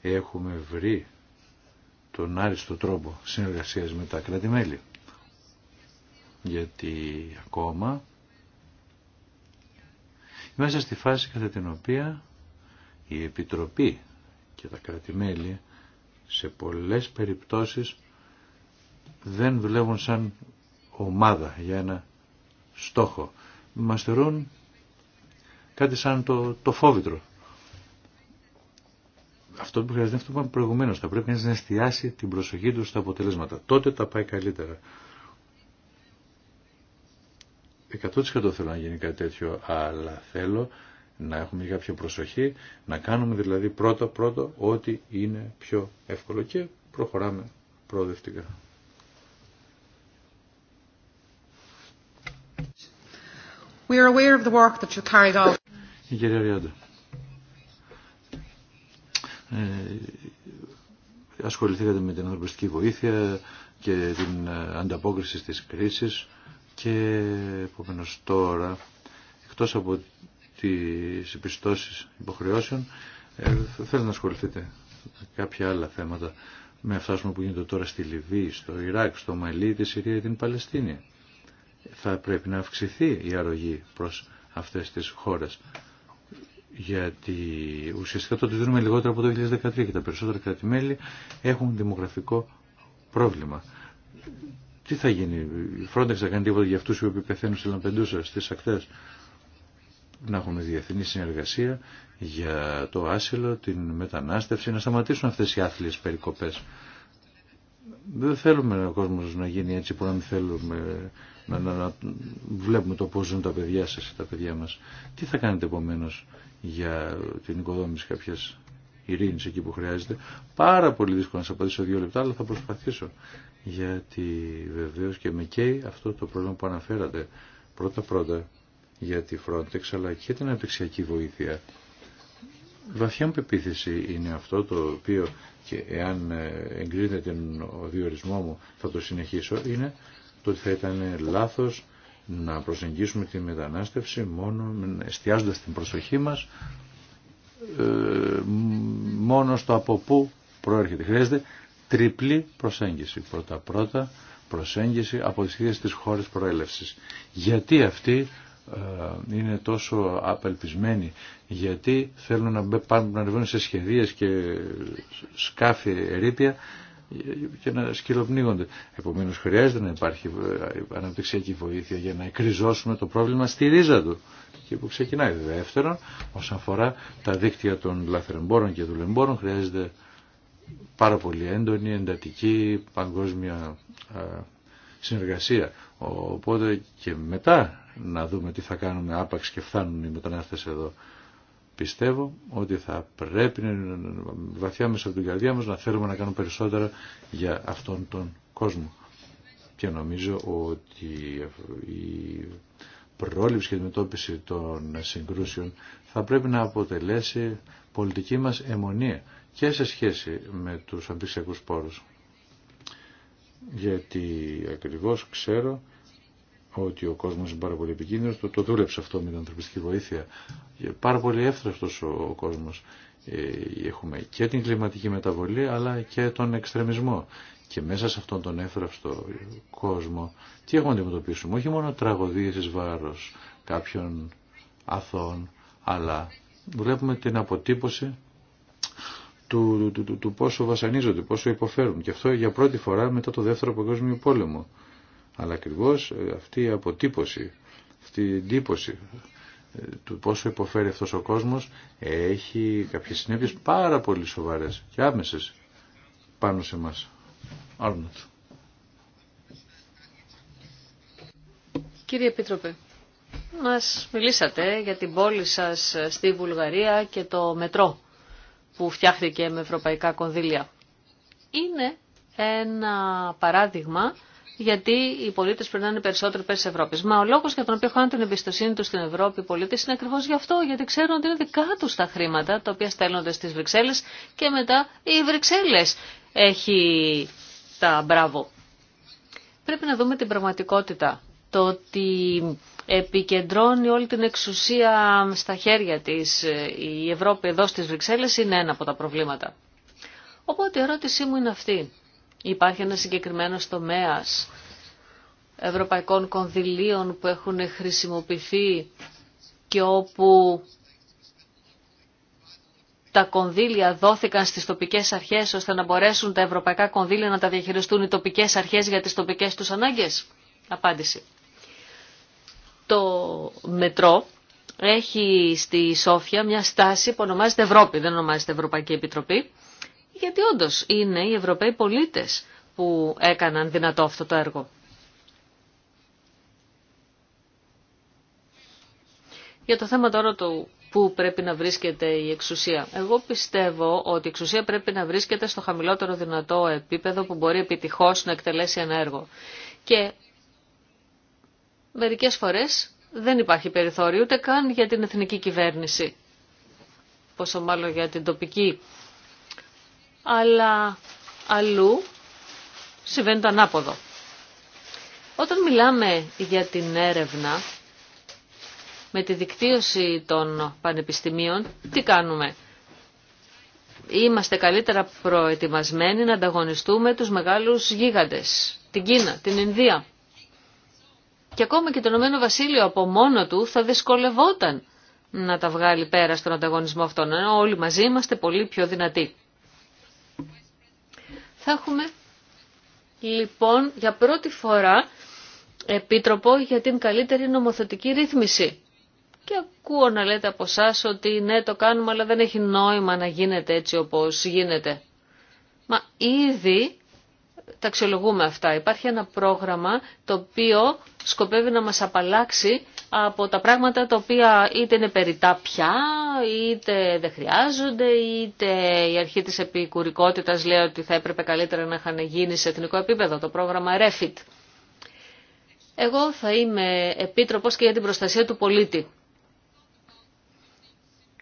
έχουμε βρει τον άριστο τρόπο συνεργασίας με τα κράτη-μέλη. Γιατί ακόμα μέσα στη φάση κατά την οποία η Επιτροπή και τα κρατημέλη σε πολλές περιπτώσεις δεν δουλεύουν σαν ομάδα για ένα στόχο. Μας θεωρούν κάτι σαν το, το φόβητρο. Αυτό που χρειάζεται είναι αυτό που προηγουμένως. Θα πρέπει να εστιάσει την προσοχή του στα αποτελέσματα. Τότε τα πάει καλύτερα. 100% θέλω να γίνει κάτι τέτοιο, αλλά θέλω να έχουμε κάποια προσοχή, να κάνουμε δηλαδή πρώτα πρώτα ό,τι είναι πιο εύκολο και προχωράμε προοδευτικά. We are aware of the work that you carried out. Ε, ασχοληθήκατε με την ανθρωπιστική βοήθεια και την ε, ανταπόκριση στις κρίσεις και επομένω τώρα, εκτός από τις επιστώσεις υποχρεώσεων, ε, θέλω να ασχοληθείτε με κάποια άλλα θέματα με αυτά που γίνεται τώρα στη Λιβύη, στο Ιράκ, στο Μαλί, τη Συρία ή την Παλαιστίνη. Θα πρέπει να αυξηθεί η αρρωγή προς αυτές τις χώρες. Γιατί ουσιαστικά το δίνουμε λιγότερο από το 2013 και τα περισσότερα κράτη-μέλη έχουν δημογραφικό πρόβλημα. Τι θα γίνει, η Frontex θα κάνει τίποτα για αυτού οι οποίοι πεθαίνουν στη Λαμπεντούσα, στι ακτέ. Να έχουμε διεθνή συνεργασία για το άσυλο, την μετανάστευση, να σταματήσουν αυτέ οι άθλιε περικοπέ. Δεν θέλουμε ο κόσμο να γίνει έτσι που να μην θέλουμε να, να, βλέπουμε το πώ ζουν τα παιδιά σα ή τα παιδιά μα. Τι θα κάνετε επομένω για την οικοδόμηση κάποια ειρήνη εκεί που χρειάζεται. Πάρα πολύ δύσκολο να σα απαντήσω δύο λεπτά, αλλά θα προσπαθήσω γιατί βεβαίως και με καίει αυτό το πρόβλημα που αναφέρατε πρώτα-πρώτα για τη Frontex αλλά και την απεξιακή βοήθεια. Βαθιά μου πεποίθηση είναι αυτό το οποίο και εάν ε, εγκρίνεται τον διορισμό μου θα το συνεχίσω είναι το ότι θα ήταν λάθος να προσεγγίσουμε τη μετανάστευση μόνο εστιάζοντας την προσοχή μας ε, μόνο στο από πού προέρχεται. Χρειάζεται τρίπλη προσέγγιση. Πρώτα-πρώτα προσέγγιση από τις ίδιες τις χώρες προέλευσης. Γιατί αυτοί ε, είναι τόσο απελπισμένοι γιατί θέλουν να πάνε να ανεβαίνουν σε σχεδίες και σκάφη ερήπια και να σκυλοπνίγονται. Επομένως χρειάζεται να υπάρχει ε, αναπτυξιακή βοήθεια για να εκριζώσουμε το πρόβλημα στη ρίζα του και που ξεκινάει. Δεύτερον, όσον αφορά τα δίκτυα των λαθρεμπόρων και δουλεμπόρων χρειάζεται πάρα πολύ έντονη, εντατική παγκόσμια ε, συνεργασία. Οπότε και μετά να δούμε τι θα κάνουμε άπαξ και φτάνουν οι μετανάστες εδώ. Πιστεύω ότι θα πρέπει βαθιά μέσα από την καρδιά μας να θέλουμε να κάνουμε περισσότερα για αυτόν τον κόσμο. Και νομίζω ότι η πρόληψη και αντιμετώπιση των συγκρούσεων θα πρέπει να αποτελέσει πολιτική μας αιμονία και σε σχέση με τους αναπτυξιακούς πόρους. Γιατί ακριβώς ξέρω ότι ο κόσμος είναι πάρα πολύ επικίνδυνος, το, δούλεψε αυτό με την ανθρωπιστική βοήθεια. Πάρα πολύ εύθραστος ο, ο κόσμος. Ε, έχουμε και την κλιματική μεταβολή αλλά και τον εξτρεμισμό. Και μέσα σε αυτόν τον εύθραυστο κόσμο τι έχουμε να αντιμετωπίσουμε. Όχι μόνο τραγωδίες εις βάρος κάποιων αθώων, αλλά βλέπουμε την αποτύπωση του, πόσο βασανίζονται, πόσο υποφέρουν. Και αυτό για πρώτη φορά μετά το Δεύτερο Παγκόσμιο Πόλεμο. Αλλά ακριβώ ε, αυτή η αποτύπωση, αυτή η εντύπωση ε, του πόσο υποφέρει αυτός ο κόσμος έχει κάποιες συνέπειες πάρα πολύ σοβαρές και άμεσες πάνω σε μας. Άρνοντ. Κύριε Επίτροπε, μας μιλήσατε για την πόλη σας στη Βουλγαρία και το μετρό που φτιάχτηκε με ευρωπαϊκά κονδύλια. Είναι ένα παράδειγμα γιατί οι πολίτες πρέπει να είναι περισσότεροι πέρα της Ευρώπης. Μα ο λόγος για τον οποίο χάνουν την εμπιστοσύνη τους στην Ευρώπη οι πολίτες είναι ακριβώς γι' αυτό, γιατί ξέρουν ότι είναι δικά τους τα χρήματα τα οποία στέλνονται στις Βρυξέλλες και μετά οι Βρυξέλλες έχει τα μπράβο. Πρέπει να δούμε την πραγματικότητα. Το ότι επικεντρώνει όλη την εξουσία στα χέρια της η Ευρώπη εδώ στις Βρυξέλλες είναι ένα από τα προβλήματα. Οπότε η ερώτησή μου είναι αυτή. Υπάρχει ένα συγκεκριμένο τομέα ευρωπαϊκών κονδυλίων που έχουν χρησιμοποιηθεί και όπου τα κονδύλια δόθηκαν στις τοπικές αρχές ώστε να μπορέσουν τα ευρωπαϊκά κονδύλια να τα διαχειριστούν οι τοπικές αρχές για τις τοπικές τους ανάγκες. Απάντηση το μετρό έχει στη Σόφια μια στάση που ονομάζεται Ευρώπη, δεν ονομάζεται Ευρωπαϊκή Επιτροπή, γιατί όντω είναι οι Ευρωπαίοι πολίτες που έκαναν δυνατό αυτό το έργο. Για το θέμα τώρα του πού πρέπει να βρίσκεται η εξουσία. Εγώ πιστεύω ότι η εξουσία πρέπει να βρίσκεται στο χαμηλότερο δυνατό επίπεδο που μπορεί επιτυχώς να εκτελέσει ένα έργο. Και μερικές φορές δεν υπάρχει περιθώριο ούτε καν για την εθνική κυβέρνηση, πόσο μάλλον για την τοπική. Αλλά αλλού συμβαίνει το ανάποδο. Όταν μιλάμε για την έρευνα, με τη δικτύωση των πανεπιστημίων, τι κάνουμε. Είμαστε καλύτερα προετοιμασμένοι να ανταγωνιστούμε τους μεγάλους γίγαντες, την Κίνα, την Ινδία. Και ακόμα και το Ηνωμένο Βασίλειο από μόνο του θα δυσκολευόταν να τα βγάλει πέρα στον ανταγωνισμό αυτόν. Ενώ όλοι μαζί είμαστε πολύ πιο δυνατοί. Θα έχουμε λοιπόν για πρώτη φορά επίτροπο για την καλύτερη νομοθετική ρύθμιση. Και ακούω να λέτε από εσά ότι ναι το κάνουμε αλλά δεν έχει νόημα να γίνεται έτσι όπως γίνεται. Μα ήδη Ταξιολογούμε αυτά. Υπάρχει ένα πρόγραμμα το οποίο σκοπεύει να μας απαλλάξει από τα πράγματα τα οποία είτε είναι περιτά πια, είτε δεν χρειάζονται, είτε η αρχή της επικουρικότητας λέει ότι θα έπρεπε καλύτερα να είχαν γίνει σε εθνικό επίπεδο, το πρόγραμμα REFIT. Εγώ θα είμαι επίτροπος και για την προστασία του πολίτη.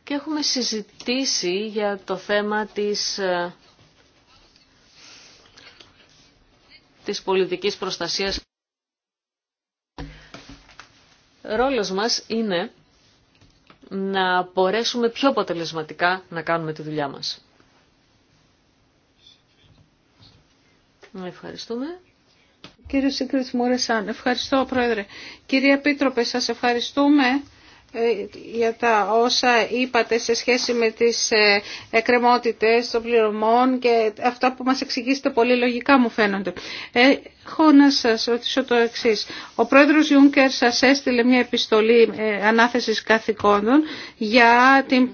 Και έχουμε συζητήσει για το θέμα της ε, της πολιτικής προστασίας. Ρόλος μας είναι να μπορέσουμε πιο αποτελεσματικά να κάνουμε τη δουλειά μας. Ευχαριστούμε. Κύριε Σύγκριτ Μουρεσάν, ευχαριστώ Πρόεδρε. Κυρία Πίτροπε, σας ευχαριστούμε ε, για τα όσα είπατε σε σχέση με τις ε, εκκρεμότητες των πληρωμών και αυτά που μας εξηγήσετε πολύ λογικά μου φαίνονται. Ε, έχω να σας ρωτήσω το εξής. Ο πρόεδρος Ιούνκερ σας έστειλε μια επιστολή ανάθεσης καθηκόντων για την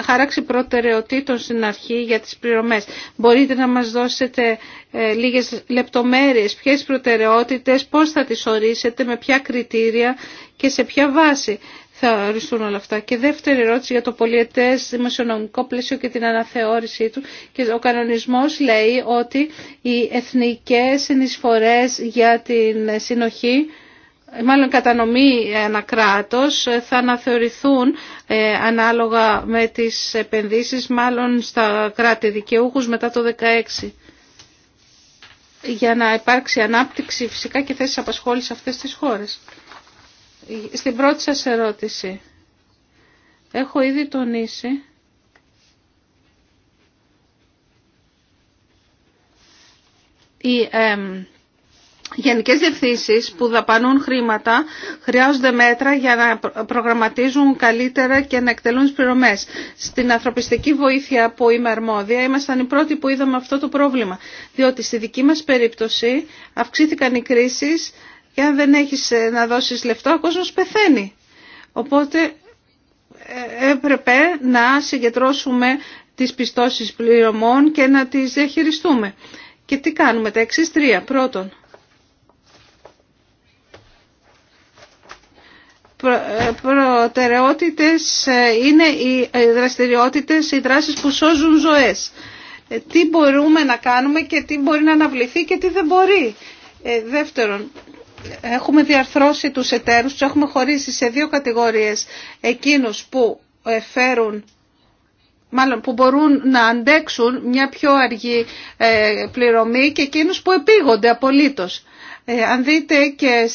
χάραξη προτεραιοτήτων στην αρχή για τις πληρωμές. Μπορείτε να μας δώσετε λίγες λεπτομέρειες, ποιες προτεραιότητες, πώς θα τις ορίσετε, με ποια κριτήρια και σε ποια βάση θα οριστούν όλα αυτά. Και δεύτερη ερώτηση για το πολιετέ δημοσιονομικό πλαίσιο και την αναθεώρησή του. Και ο κανονισμός λέει ότι οι εθνικές συνεισφορέ για την συνοχή μάλλον κατανομή ανακράτος, θα αναθεωρηθούν ε, ανάλογα με τις επενδύσεις, μάλλον στα κράτη δικαιούχους μετά το 2016. Για να υπάρξει ανάπτυξη φυσικά και θέσεις απασχόληση σε αυτές τις χώρες. Στην πρώτη σας ερώτηση. Έχω ήδη τονίσει οι ε, γενικές διευθύνσεις που δαπανούν χρήματα χρειάζονται μέτρα για να προγραμματίζουν καλύτερα και να εκτελούν τις πληρωμές. Στην ανθρωπιστική βοήθεια που είμαι αρμόδια ήμασταν οι πρώτοι που είδαμε αυτό το πρόβλημα, διότι στη δική μας περίπτωση αυξήθηκαν οι κρίσεις και αν δεν έχεις ε, να δώσεις λεφτό, ο κόσμος πεθαίνει. Οπότε ε, έπρεπε να συγκεντρώσουμε τις πιστώσεις πληρωμών και να τις διαχειριστούμε. Και τι κάνουμε, τα εξής τρία. Πρώτον, ε, προτεραιότητες είναι οι δραστηριότητες, οι δράσεις που σώζουν ζωές. Τι μπορούμε να κάνουμε και τι μπορεί να αναβληθεί και τι δεν μπορεί. δεύτερον, έχουμε διαρθρώσει τους εταίρους, τους έχουμε χωρίσει σε δύο κατηγορίες εκείνους που ε, φέρουν μάλλον που μπορούν να αντέξουν μια πιο αργή ε, πληρωμή και εκείνους που επίγονται απολύτως. Ε, αν δείτε και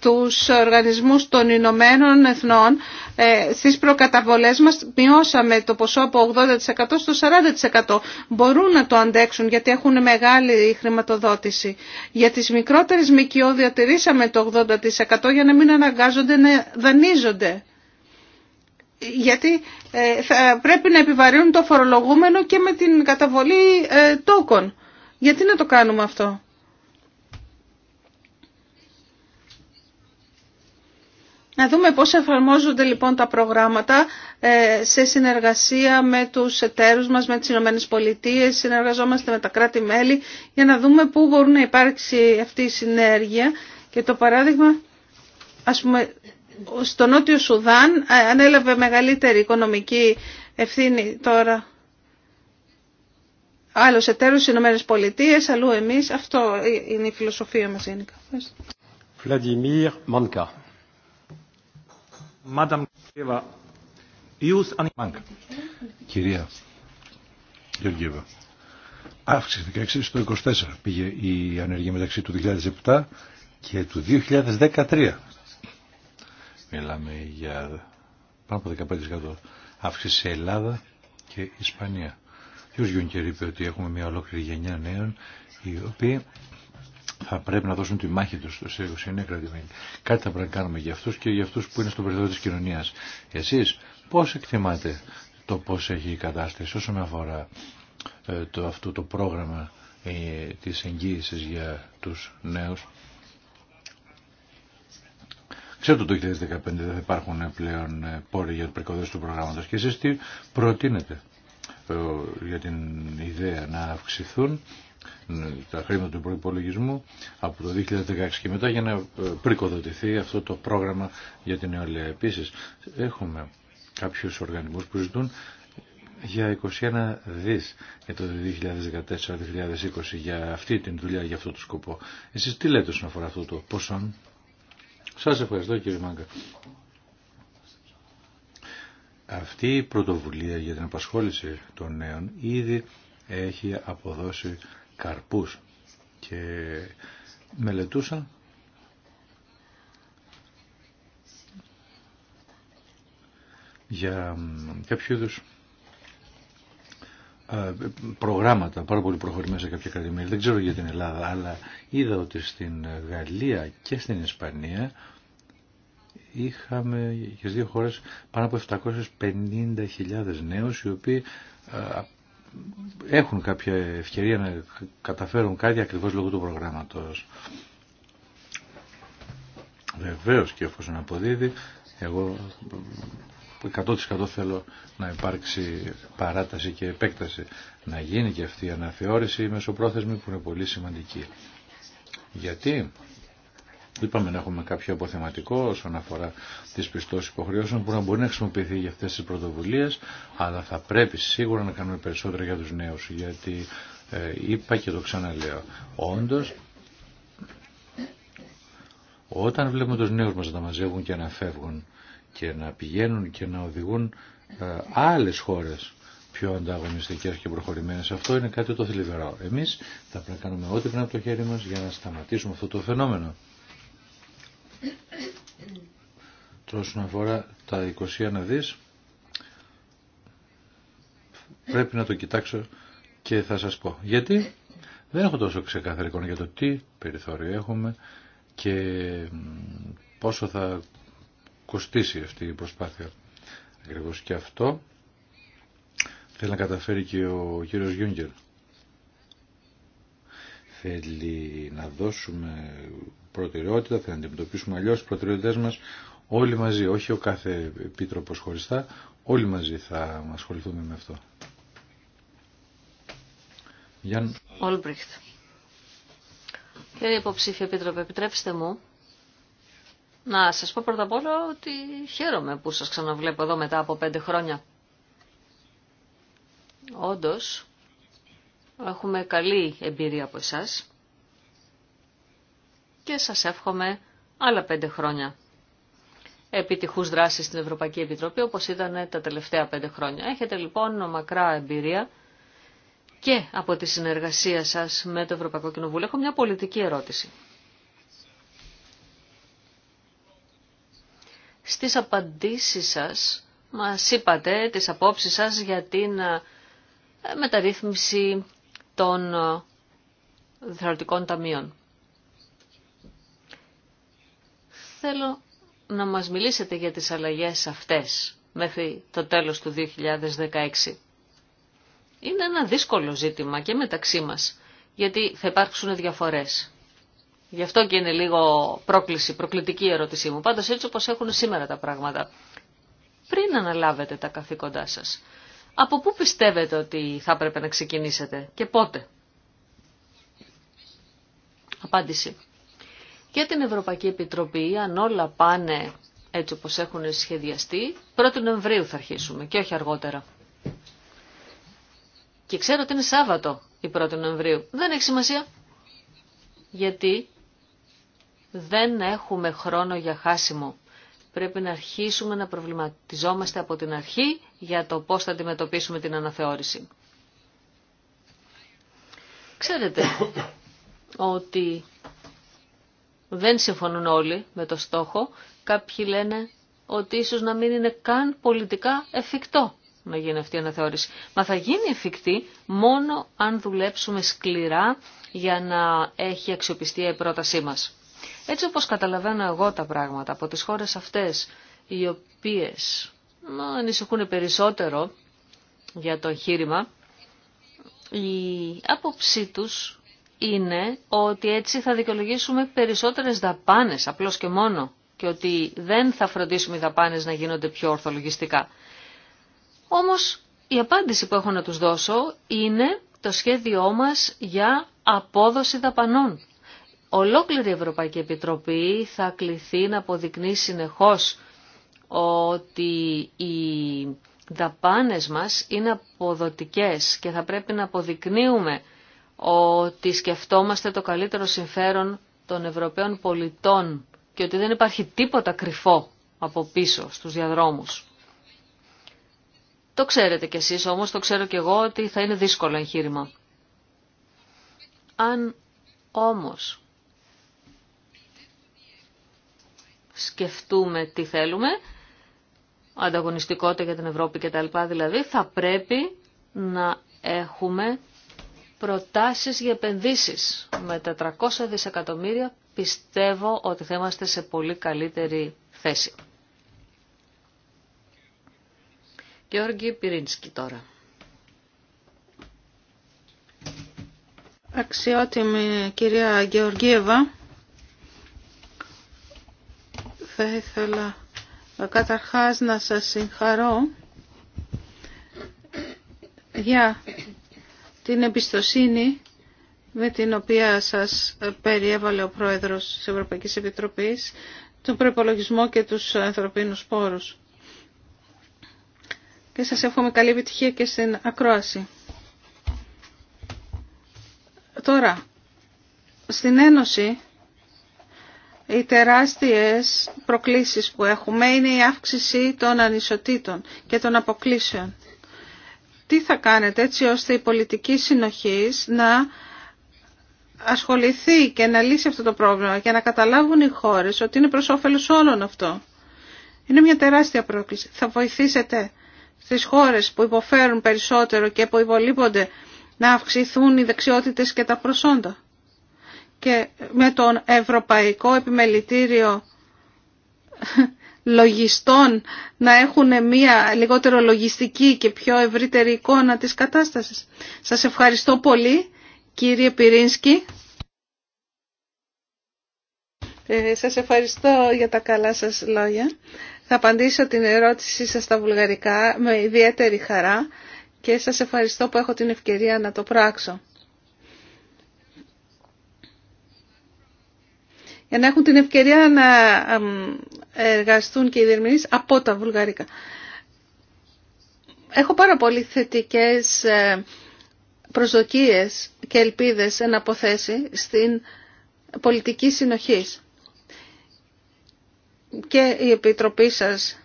τους οργανισμούς των Ηνωμένων Εθνών ε, στις προκαταβολές μας μειώσαμε το ποσό από 80% στο 40%. Μπορούν να το αντέξουν γιατί έχουν μεγάλη χρηματοδότηση. Για τις μικρότερες ΜΚΟ διατηρήσαμε το 80% για να μην αναγκάζονται να δανείζονται. Γιατί ε, θα πρέπει να επιβαρύνουν το φορολογούμενο και με την καταβολή ε, τόκων. Γιατί να το κάνουμε αυτό. Να δούμε πώς εφαρμόζονται λοιπόν τα προγράμματα ε, σε συνεργασία με τους εταίρους μας, με τις Ηνωμένες Πολιτείες, συνεργαζόμαστε με τα κράτη-μέλη για να δούμε πού μπορούν να υπάρξει αυτή η συνέργεια. Και το παράδειγμα, ας πούμε, στο Νότιο Σουδάν ε, ανέλαβε μεγαλύτερη οικονομική ευθύνη τώρα άλλος εταίρους, Ηνωμένες Πολιτείες, αλλού εμείς. Αυτό ε, είναι η φιλοσοφία μας γενικά. Κυρία Γεωργίευα, αύξηση 16 στο 24 πήγε η ανεργία μεταξύ του 2007 και του 2013. Μιλάμε για πάνω από 15% αύξηση σε Ελλάδα και Ισπανία. Ποιο είπε ότι έχουμε μια ολόκληρη γενιά νέων οι οποίοι θα πρέπει να δώσουν τη μάχη τους στους 29 κρατημένοι. Κάτι θα πρέπει να κάνουμε για αυτούς και για αυτούς που είναι στο περιθώριο της κοινωνίας. Εσείς πώς εκτιμάτε το πώς έχει η κατάσταση όσον αφορά ε, το, αυτό το πρόγραμμα ε, της εγγύησης για τους νέους. Ξέρω το 2015 δεν θα υπάρχουν πλέον ε, πόροι για το περικοδέσεις του προγράμματος και εσείς τι προτείνετε ε, για την ιδέα να αυξηθούν ναι, τα χρήματα του προϋπολογισμού από το 2016 και μετά για να ε, πρικοδοτηθεί αυτό το πρόγραμμα για την νεολαία. Επίσης έχουμε κάποιους οργανισμούς που ζητούν για 21 δις για το 2014-2020 για αυτή την δουλειά, για αυτό το σκοπό. Εσείς τι λέτε όσον αφορά αυτό το πόσον? Σας ευχαριστώ κύριε Μάγκα. Αυτή η πρωτοβουλία για την απασχόληση των νέων ήδη έχει αποδώσει καρπούς και μελετούσα για κάποιο είδους προγράμματα πάρα πολύ προχωρημένα σε κάποια κρατημέρια. Δεν ξέρω για την Ελλάδα, αλλά είδα ότι στην Γαλλία και στην Ισπανία είχαμε για δύο χώρες πάνω από 750.000 νέους οι οποίοι έχουν κάποια ευκαιρία να καταφέρουν κάτι ακριβώς λόγω του προγράμματος. Βεβαίω και εφόσον αποδίδει, εγώ 100% θέλω να υπάρξει παράταση και επέκταση. Να γίνει και αυτή η αναθεώρηση μεσοπρόθεσμη που είναι πολύ σημαντική. Γιατί Είπαμε να έχουμε κάποιο αποθεματικό όσον αφορά τις πιστώσεις υποχρεώσεων που να μπορεί να χρησιμοποιηθεί για αυτές τις πρωτοβουλίες, αλλά θα πρέπει σίγουρα να κάνουμε περισσότερα για τους νέους, γιατί ε, είπα και το ξαναλέω, όντως όταν βλέπουμε τους νέους μας να τα μαζεύουν και να φεύγουν και να πηγαίνουν και να οδηγούν ε, άλλες χώρες πιο ανταγωνιστικές και προχωρημένες. Αυτό είναι κάτι το θλιβερό. Εμείς θα πρέπει να κάνουμε ό,τι πρέπει από το χέρι μας για να σταματήσουμε αυτό το φαινόμενο. Τώρα όσον αφορά τα 21 δις, πρέπει να το κοιτάξω και θα σας πω. Γιατί δεν έχω τόσο ξεκάθαρη εικόνα για το τι περιθώριο έχουμε και πόσο θα κοστίσει αυτή η προσπάθεια. Ακριβώς και αυτό θέλει να καταφέρει και ο κύριος Γιούγκερ. Θέλει να δώσουμε προτεραιότητα, θα αντιμετωπίσουμε αλλιώ τι προτεραιότητέ μα όλοι μαζί, όχι ο κάθε επίτροπο χωριστά, όλοι μαζί θα ασχοληθούμε με αυτό. Γιάν... Ολμπριχτ. Κύριε υποψήφιο επίτροπε, επιτρέψτε μου να σας πω πρώτα απ' όλα ότι χαίρομαι που σας ξαναβλέπω εδώ μετά από πέντε χρόνια. Όντως, έχουμε καλή εμπειρία από εσάς και σας εύχομαι άλλα πέντε χρόνια επιτυχούς δράσης στην Ευρωπαϊκή Επιτροπή όπως ήταν τα τελευταία πέντε χρόνια. Έχετε λοιπόν μακρά εμπειρία και από τη συνεργασία σας με το Ευρωπαϊκό Κοινοβούλιο. Έχω μια πολιτική ερώτηση. Στις απαντήσεις σας μας είπατε τις απόψεις σας για την ε, μεταρρύθμιση των ε, ταμείων. Θέλω να μας μιλήσετε για τις αλλαγές αυτές μέχρι το τέλος του 2016. Είναι ένα δύσκολο ζήτημα και μεταξύ μας, γιατί θα υπάρξουν διαφορές. Γι' αυτό και είναι λίγο πρόκληση, προκλητική η ερώτησή μου. Πάντως έτσι όπως έχουν σήμερα τα πράγματα. Πριν αναλάβετε τα καθήκοντά σας, από πού πιστεύετε ότι θα έπρεπε να ξεκινήσετε και πότε. Απάντηση. Για την Ευρωπαϊκή Επιτροπή, αν όλα πάνε έτσι όπως έχουν σχεδιαστεί, 1η Νοεμβρίου θα αρχίσουμε και όχι αργότερα. Και ξέρω ότι είναι Σάββατο η 1η Νοεμβρίου. Δεν έχει σημασία. Γιατί δεν έχουμε χρόνο για χάσιμο. Πρέπει να αρχίσουμε να προβληματιζόμαστε από την αρχή για το πώς θα αντιμετωπίσουμε την αναθεώρηση. Ξέρετε ότι δεν συμφωνούν όλοι με το στόχο. Κάποιοι λένε ότι ίσως να μην είναι καν πολιτικά εφικτό να γίνει αυτή η αναθεώρηση. Μα θα γίνει εφικτή μόνο αν δουλέψουμε σκληρά για να έχει αξιοπιστία η πρότασή μας. Έτσι όπως καταλαβαίνω εγώ τα πράγματα από τις χώρες αυτές, οι οποίες ανησυχούν περισσότερο για το εγχείρημα, η άποψή τους είναι ότι έτσι θα δικαιολογήσουμε περισσότερες δαπάνες, απλώς και μόνο, και ότι δεν θα φροντίσουμε οι δαπάνες να γίνονται πιο ορθολογιστικά. Όμως η απάντηση που έχω να τους δώσω είναι το σχέδιό μας για απόδοση δαπανών. Ολόκληρη η Ευρωπαϊκή Επιτροπή θα κληθεί να αποδεικνύει συνεχώς ότι οι δαπάνες μας είναι αποδοτικές και θα πρέπει να αποδεικνύουμε ότι σκεφτόμαστε το καλύτερο συμφέρον των Ευρωπαίων πολιτών και ότι δεν υπάρχει τίποτα κρυφό από πίσω στους διαδρόμους. Το ξέρετε κι εσείς όμως, το ξέρω κι εγώ ότι θα είναι δύσκολο εγχείρημα. Αν όμως σκεφτούμε τι θέλουμε, ανταγωνιστικότητα για την Ευρώπη κτλ. δηλαδή, θα πρέπει να έχουμε προτάσεις για επενδύσεις με 400 δισεκατομμύρια πιστεύω ότι θα είμαστε σε πολύ καλύτερη θέση. Γιώργη Πυρίνσκι τώρα. Αξιότιμη κυρία Γεωργίευα, θα ήθελα καταρχάς να σας συγχαρώ για την εμπιστοσύνη με την οποία σας περιέβαλε ο Πρόεδρος της Ευρωπαϊκής Επιτροπής, τον προπολογισμό και τους ανθρωπίνους πόρους. Και σας εύχομαι καλή επιτυχία και στην ακρόαση. Τώρα, στην Ένωση οι τεράστιες προκλήσεις που έχουμε είναι η αύξηση των ανισοτήτων και των αποκλήσεων τι θα κάνετε έτσι ώστε η πολιτική συνοχής να ασχοληθεί και να λύσει αυτό το πρόβλημα και να καταλάβουν οι χώρες ότι είναι προς όφελος όλων αυτό. Είναι μια τεράστια πρόκληση. Θα βοηθήσετε στις χώρες που υποφέρουν περισσότερο και που υπολείπονται να αυξηθούν οι δεξιότητες και τα προσόντα. Και με τον Ευρωπαϊκό Επιμελητήριο λογιστών να έχουν μια λιγότερο λογιστική και πιο ευρύτερη εικόνα της κατάστασης. Σας ευχαριστώ πολύ κύριε Πυρίνσκι. Ε, σας ευχαριστώ για τα καλά σας λόγια. Θα απαντήσω την ερώτησή σας στα βουλγαρικά με ιδιαίτερη χαρά και σας ευχαριστώ που έχω την ευκαιρία να το πράξω. για να έχουν την ευκαιρία να εργαστούν και οι διερμηνείς από τα βουλγαρικά. Έχω πάρα πολύ θετικές ε, προσδοκίες και ελπίδες εν αποθέσει στην πολιτική συνοχής. Και η Επιτροπή σας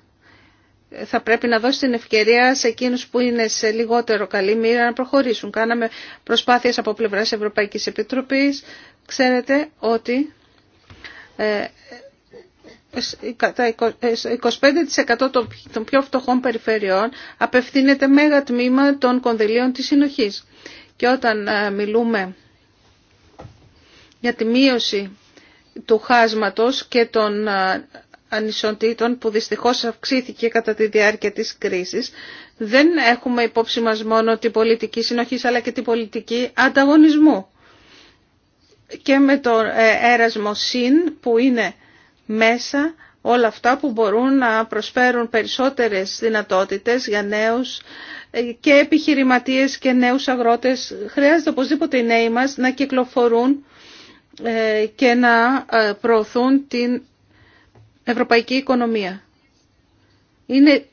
θα πρέπει να δώσει την ευκαιρία σε εκείνους που είναι σε λιγότερο καλή μοίρα να προχωρήσουν. Κάναμε προσπάθειες από πλευράς Ευρωπαϊκής Επιτροπής. Ξέρετε ότι 25% ε, ε, των πιο φτωχών περιφερειών απευθύνεται μέγα τμήμα των κονδυλίων της συνοχής. Και όταν ε, μιλούμε για τη μείωση του χάσματος και των ανισοτήτων που δυστυχώς αυξήθηκε κατά τη διάρκεια της κρίσης, δεν έχουμε υπόψη μας μόνο την πολιτική συνοχής αλλά και την πολιτική ανταγωνισμού και με το ε, έρασμο ΣΥΝ που είναι μέσα όλα αυτά που μπορούν να προσφέρουν περισσότερες δυνατότητες για νέους ε, και επιχειρηματίες και νέους αγρότες. Χρειάζεται οπωσδήποτε οι νέοι μας να κυκλοφορούν ε, και να προωθούν την ευρωπαϊκή οικονομία είναι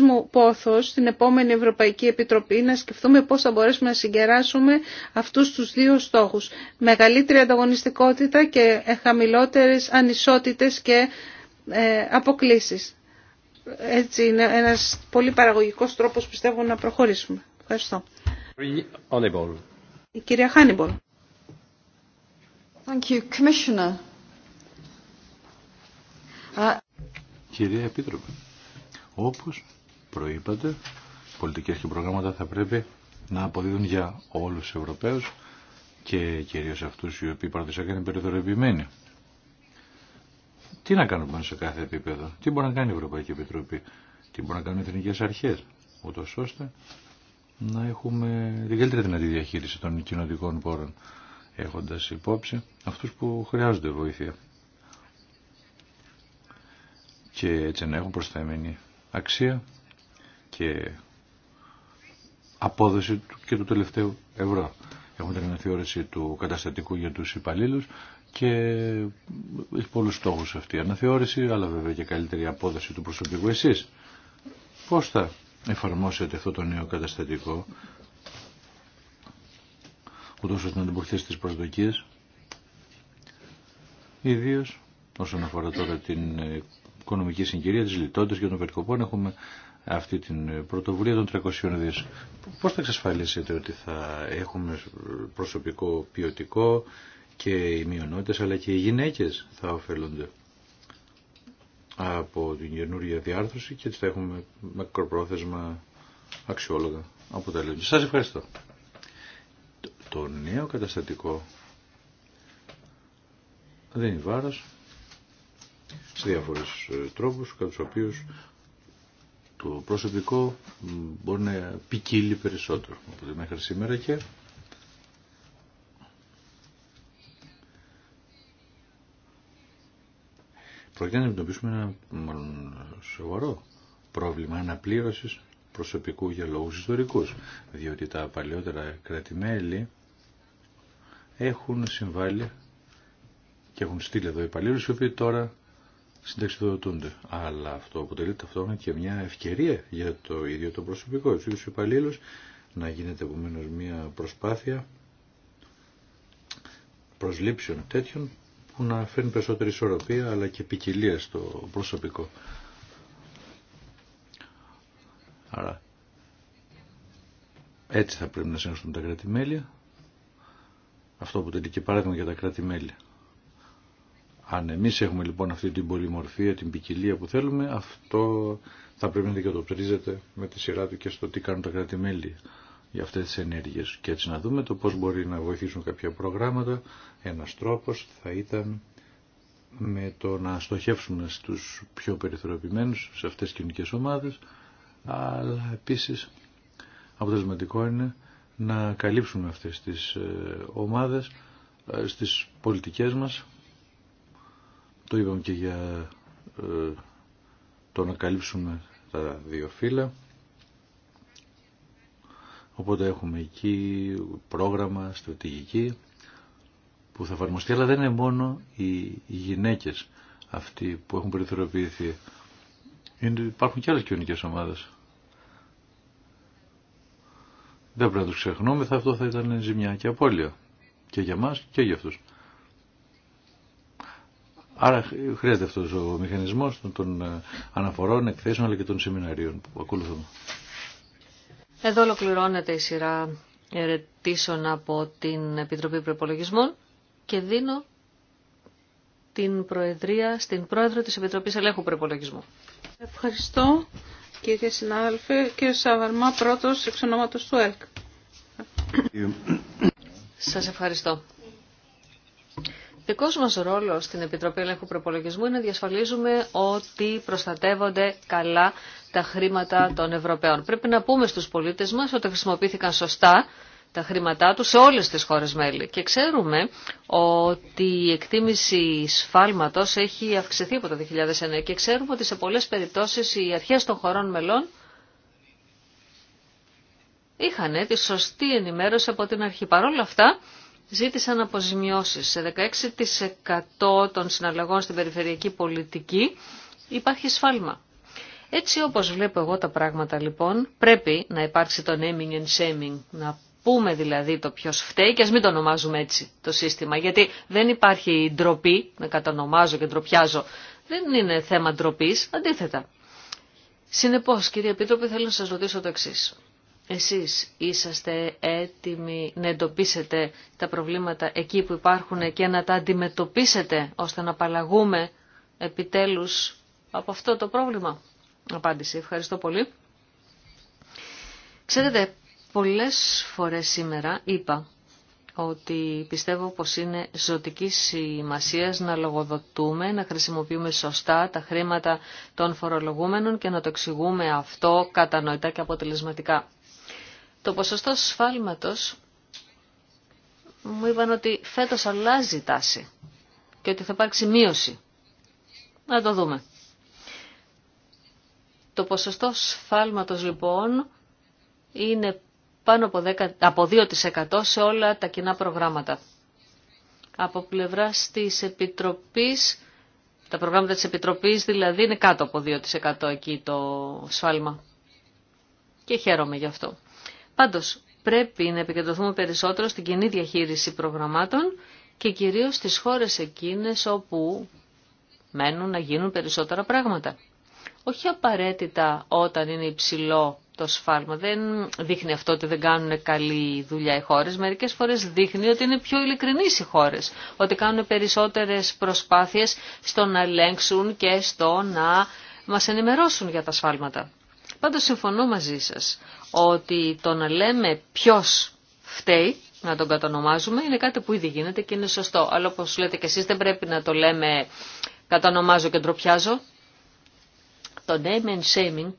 μου πόθος στην επόμενη Ευρωπαϊκή Επιτροπή να σκεφτούμε πώς θα μπορέσουμε να συγκεράσουμε αυτούς τους δύο στόχους. Μεγαλύτερη ανταγωνιστικότητα και χαμηλότερες ανισότητες και ε, αποκλήσεις. Έτσι είναι ένας πολύ παραγωγικός τρόπος πιστεύω να προχωρήσουμε. Ευχαριστώ. Η κυρία Χάνιμπολ. Κυρία Επίτροπε. Όπως προείπατε, πολιτικές και προγράμματα θα πρέπει να αποδίδουν για όλους τους Ευρωπαίους και κυρίως αυτούς οι οποίοι παραδοσιακά είναι Τι να κάνουμε σε κάθε επίπεδο, τι μπορεί να κάνει η Ευρωπαϊκή Επιτροπή, τι μπορεί να κάνουν οι εθνικές αρχές, ούτως ώστε να έχουμε την καλύτερη δυνατή διαχείριση των κοινωνικών πόρων, έχοντας υπόψη αυτούς που χρειάζονται βοήθεια. Και έτσι να έχουν προσθέμενη αξία και απόδοση και του τελευταίου ευρώ. Έχουμε την αναθεώρηση του καταστατικού για τους υπαλλήλους και έχει πολλούς στόχους αυτή η αναθεώρηση, αλλά βέβαια και καλύτερη απόδοση του προσωπικού. Εσείς πώς θα εφαρμόσετε αυτό το νέο καταστατικό, ούτως ώστε να τις προσδοκίες, ιδίως όσον αφορά τώρα την οικονομική συγκυρία, της λιτότητας και των περικοπών έχουμε αυτή την πρωτοβουλία των 300 δι. Πώς θα εξασφαλίσετε ότι θα έχουμε προσωπικό ποιοτικό και οι μειονότητε αλλά και οι γυναίκες θα ωφελούνται από την καινούργια διάρθρωση και έτσι θα έχουμε μακροπρόθεσμα αξιόλογα αποτελέσματα. Σας ευχαριστώ. Το νέο καταστατικό δεν είναι βάρος, σε διάφορους ε, τρόπους κατά τους οποίους το προσωπικό μπορεί να ποικίλει περισσότερο από μέχρι σήμερα και πρόκειται να αντιμετωπίσουμε ένα σοβαρό πρόβλημα αναπλήρωσης προσωπικού για λόγους ιστορικούς, διότι τα παλιότερα κρατημέλη έχουν συμβάλει και έχουν στείλει εδώ υπαλλήλους οι οποίοι τώρα συνταξιδοτούνται. Αλλά αυτό αποτελεί ταυτόχρονα και μια ευκαιρία για το ίδιο το προσωπικό, του ίδιου υπαλλήλου, να γίνεται επομένω μια προσπάθεια προσλήψεων τέτοιων που να φέρνει περισσότερη ισορροπία αλλά και ποικιλία στο προσωπικό. Άρα έτσι θα πρέπει να συνεχίσουμε τα κράτη-μέλη. Αυτό αποτελεί και παράδειγμα για τα κράτη-μέλη. Αν εμείς έχουμε λοιπόν αυτή την πολυμορφία, την ποικιλία που θέλουμε, αυτό θα πρέπει να δικαιοτοπτρίζεται με τη σειρά του και στο τι κάνουν τα κράτη-μέλη για αυτές τις ενέργειες. Και έτσι να δούμε το πώς μπορεί να βοηθήσουν κάποια προγράμματα. Ένας τρόπος θα ήταν με το να στοχεύσουμε στους πιο περιθωριοποιημένους, σε αυτές τις κοινωνικές ομάδες, αλλά επίσης αποτελεσματικό είναι να καλύψουμε αυτές τις ε, ομάδες ε, στις πολιτικές μας το είπαμε και για ε, το να καλύψουμε τα δύο φύλλα. Οπότε έχουμε εκεί πρόγραμμα, στρατηγική που θα εφαρμοστεί, αλλά δεν είναι μόνο οι γυναίκες αυτοί που έχουν περιθωριοποιηθεί. Είναι, υπάρχουν και άλλες κοινωνικές ομάδες. Δεν πρέπει να το ξεχνούμε, θα αυτό θα ήταν ζημιά και απώλεια. Και για μας και για αυτούς. Άρα χρειάζεται αυτός ο μηχανισμός των ε, αναφορών, εκθέσεων αλλά και των σεμιναρίων που ακολουθούμε. Εδώ ολοκληρώνεται η σειρά ερετήσεων από την Επιτροπή Προπολογισμών και δίνω την Προεδρία στην Πρόεδρο της Επιτροπής Ελέγχου Προπολογισμού. Ευχαριστώ κύριε συνάδελφε. Κύριε Σαβαρμά, πρώτος εξ ονόματος του ΕΛΚ. Σας ευχαριστώ. Δικό μα ρόλο στην Επιτροπή Ελέγχου Προπολογισμού είναι να διασφαλίζουμε ότι προστατεύονται καλά τα χρήματα των Ευρωπαίων. Πρέπει να πούμε στους πολίτες μας ότι χρησιμοποιήθηκαν σωστά τα χρήματά τους σε όλες τις χώρες μέλη. Και ξέρουμε ότι η εκτίμηση σφάλματο έχει αυξηθεί από το 2009 και ξέρουμε ότι σε πολλέ περιπτώσει οι αρχέ των χωρών μελών είχαν τη σωστή ενημέρωση από την αρχή. Παρ' αυτά, ζήτησαν αποζημιώσεις. Σε 16% των συναλλαγών στην περιφερειακή πολιτική υπάρχει σφάλμα. Έτσι όπως βλέπω εγώ τα πράγματα λοιπόν, πρέπει να υπάρξει το naming and shaming, να πούμε δηλαδή το ποιος φταίει και ας μην το ονομάζουμε έτσι το σύστημα, γιατί δεν υπάρχει ντροπή, να κατανομάζω και ντροπιάζω, δεν είναι θέμα ντροπή, αντίθετα. Συνεπώς κύριε Επίτροπε θέλω να σας ρωτήσω το εξής εσείς είσαστε έτοιμοι να εντοπίσετε τα προβλήματα εκεί που υπάρχουν και να τα αντιμετωπίσετε ώστε να απαλλαγούμε επιτέλους από αυτό το πρόβλημα. Απάντηση. Ευχαριστώ πολύ. Ξέρετε, πολλές φορές σήμερα είπα ότι πιστεύω πως είναι ζωτική σημασία να λογοδοτούμε, να χρησιμοποιούμε σωστά τα χρήματα των φορολογούμενων και να το εξηγούμε αυτό κατανοητά και αποτελεσματικά. Το ποσοστό σφάλματος μου είπαν ότι φέτος αλλάζει η τάση και ότι θα υπάρξει μείωση. Να το δούμε. Το ποσοστό σφάλματος λοιπόν είναι πάνω από, 10, από 2% σε όλα τα κοινά προγράμματα. Από πλευρά της Επιτροπής, τα προγράμματα της Επιτροπής δηλαδή είναι κάτω από 2% εκεί το σφάλμα. Και χαίρομαι γι' αυτό. Πάντως, πρέπει να επικεντρωθούμε περισσότερο στην κοινή διαχείριση προγραμμάτων και κυρίως στις χώρες εκείνες όπου μένουν να γίνουν περισσότερα πράγματα. Όχι απαραίτητα όταν είναι υψηλό το σφάλμα. Δεν δείχνει αυτό ότι δεν κάνουν καλή δουλειά οι χώρε. Μερικέ φορές δείχνει ότι είναι πιο ειλικρινεί οι χώρε, Ότι κάνουν περισσότερε προσπάθειε στο να ελέγξουν και στο να μα ενημερώσουν για τα σφάλματα. Πάντως συμφωνώ μαζί σας ότι το να λέμε ποιος φταίει, να τον κατανομάζουμε, είναι κάτι που ήδη γίνεται και είναι σωστό. Αλλά όπως λέτε και εσείς δεν πρέπει να το λέμε κατανομάζω και ντροπιάζω. Το name and shaming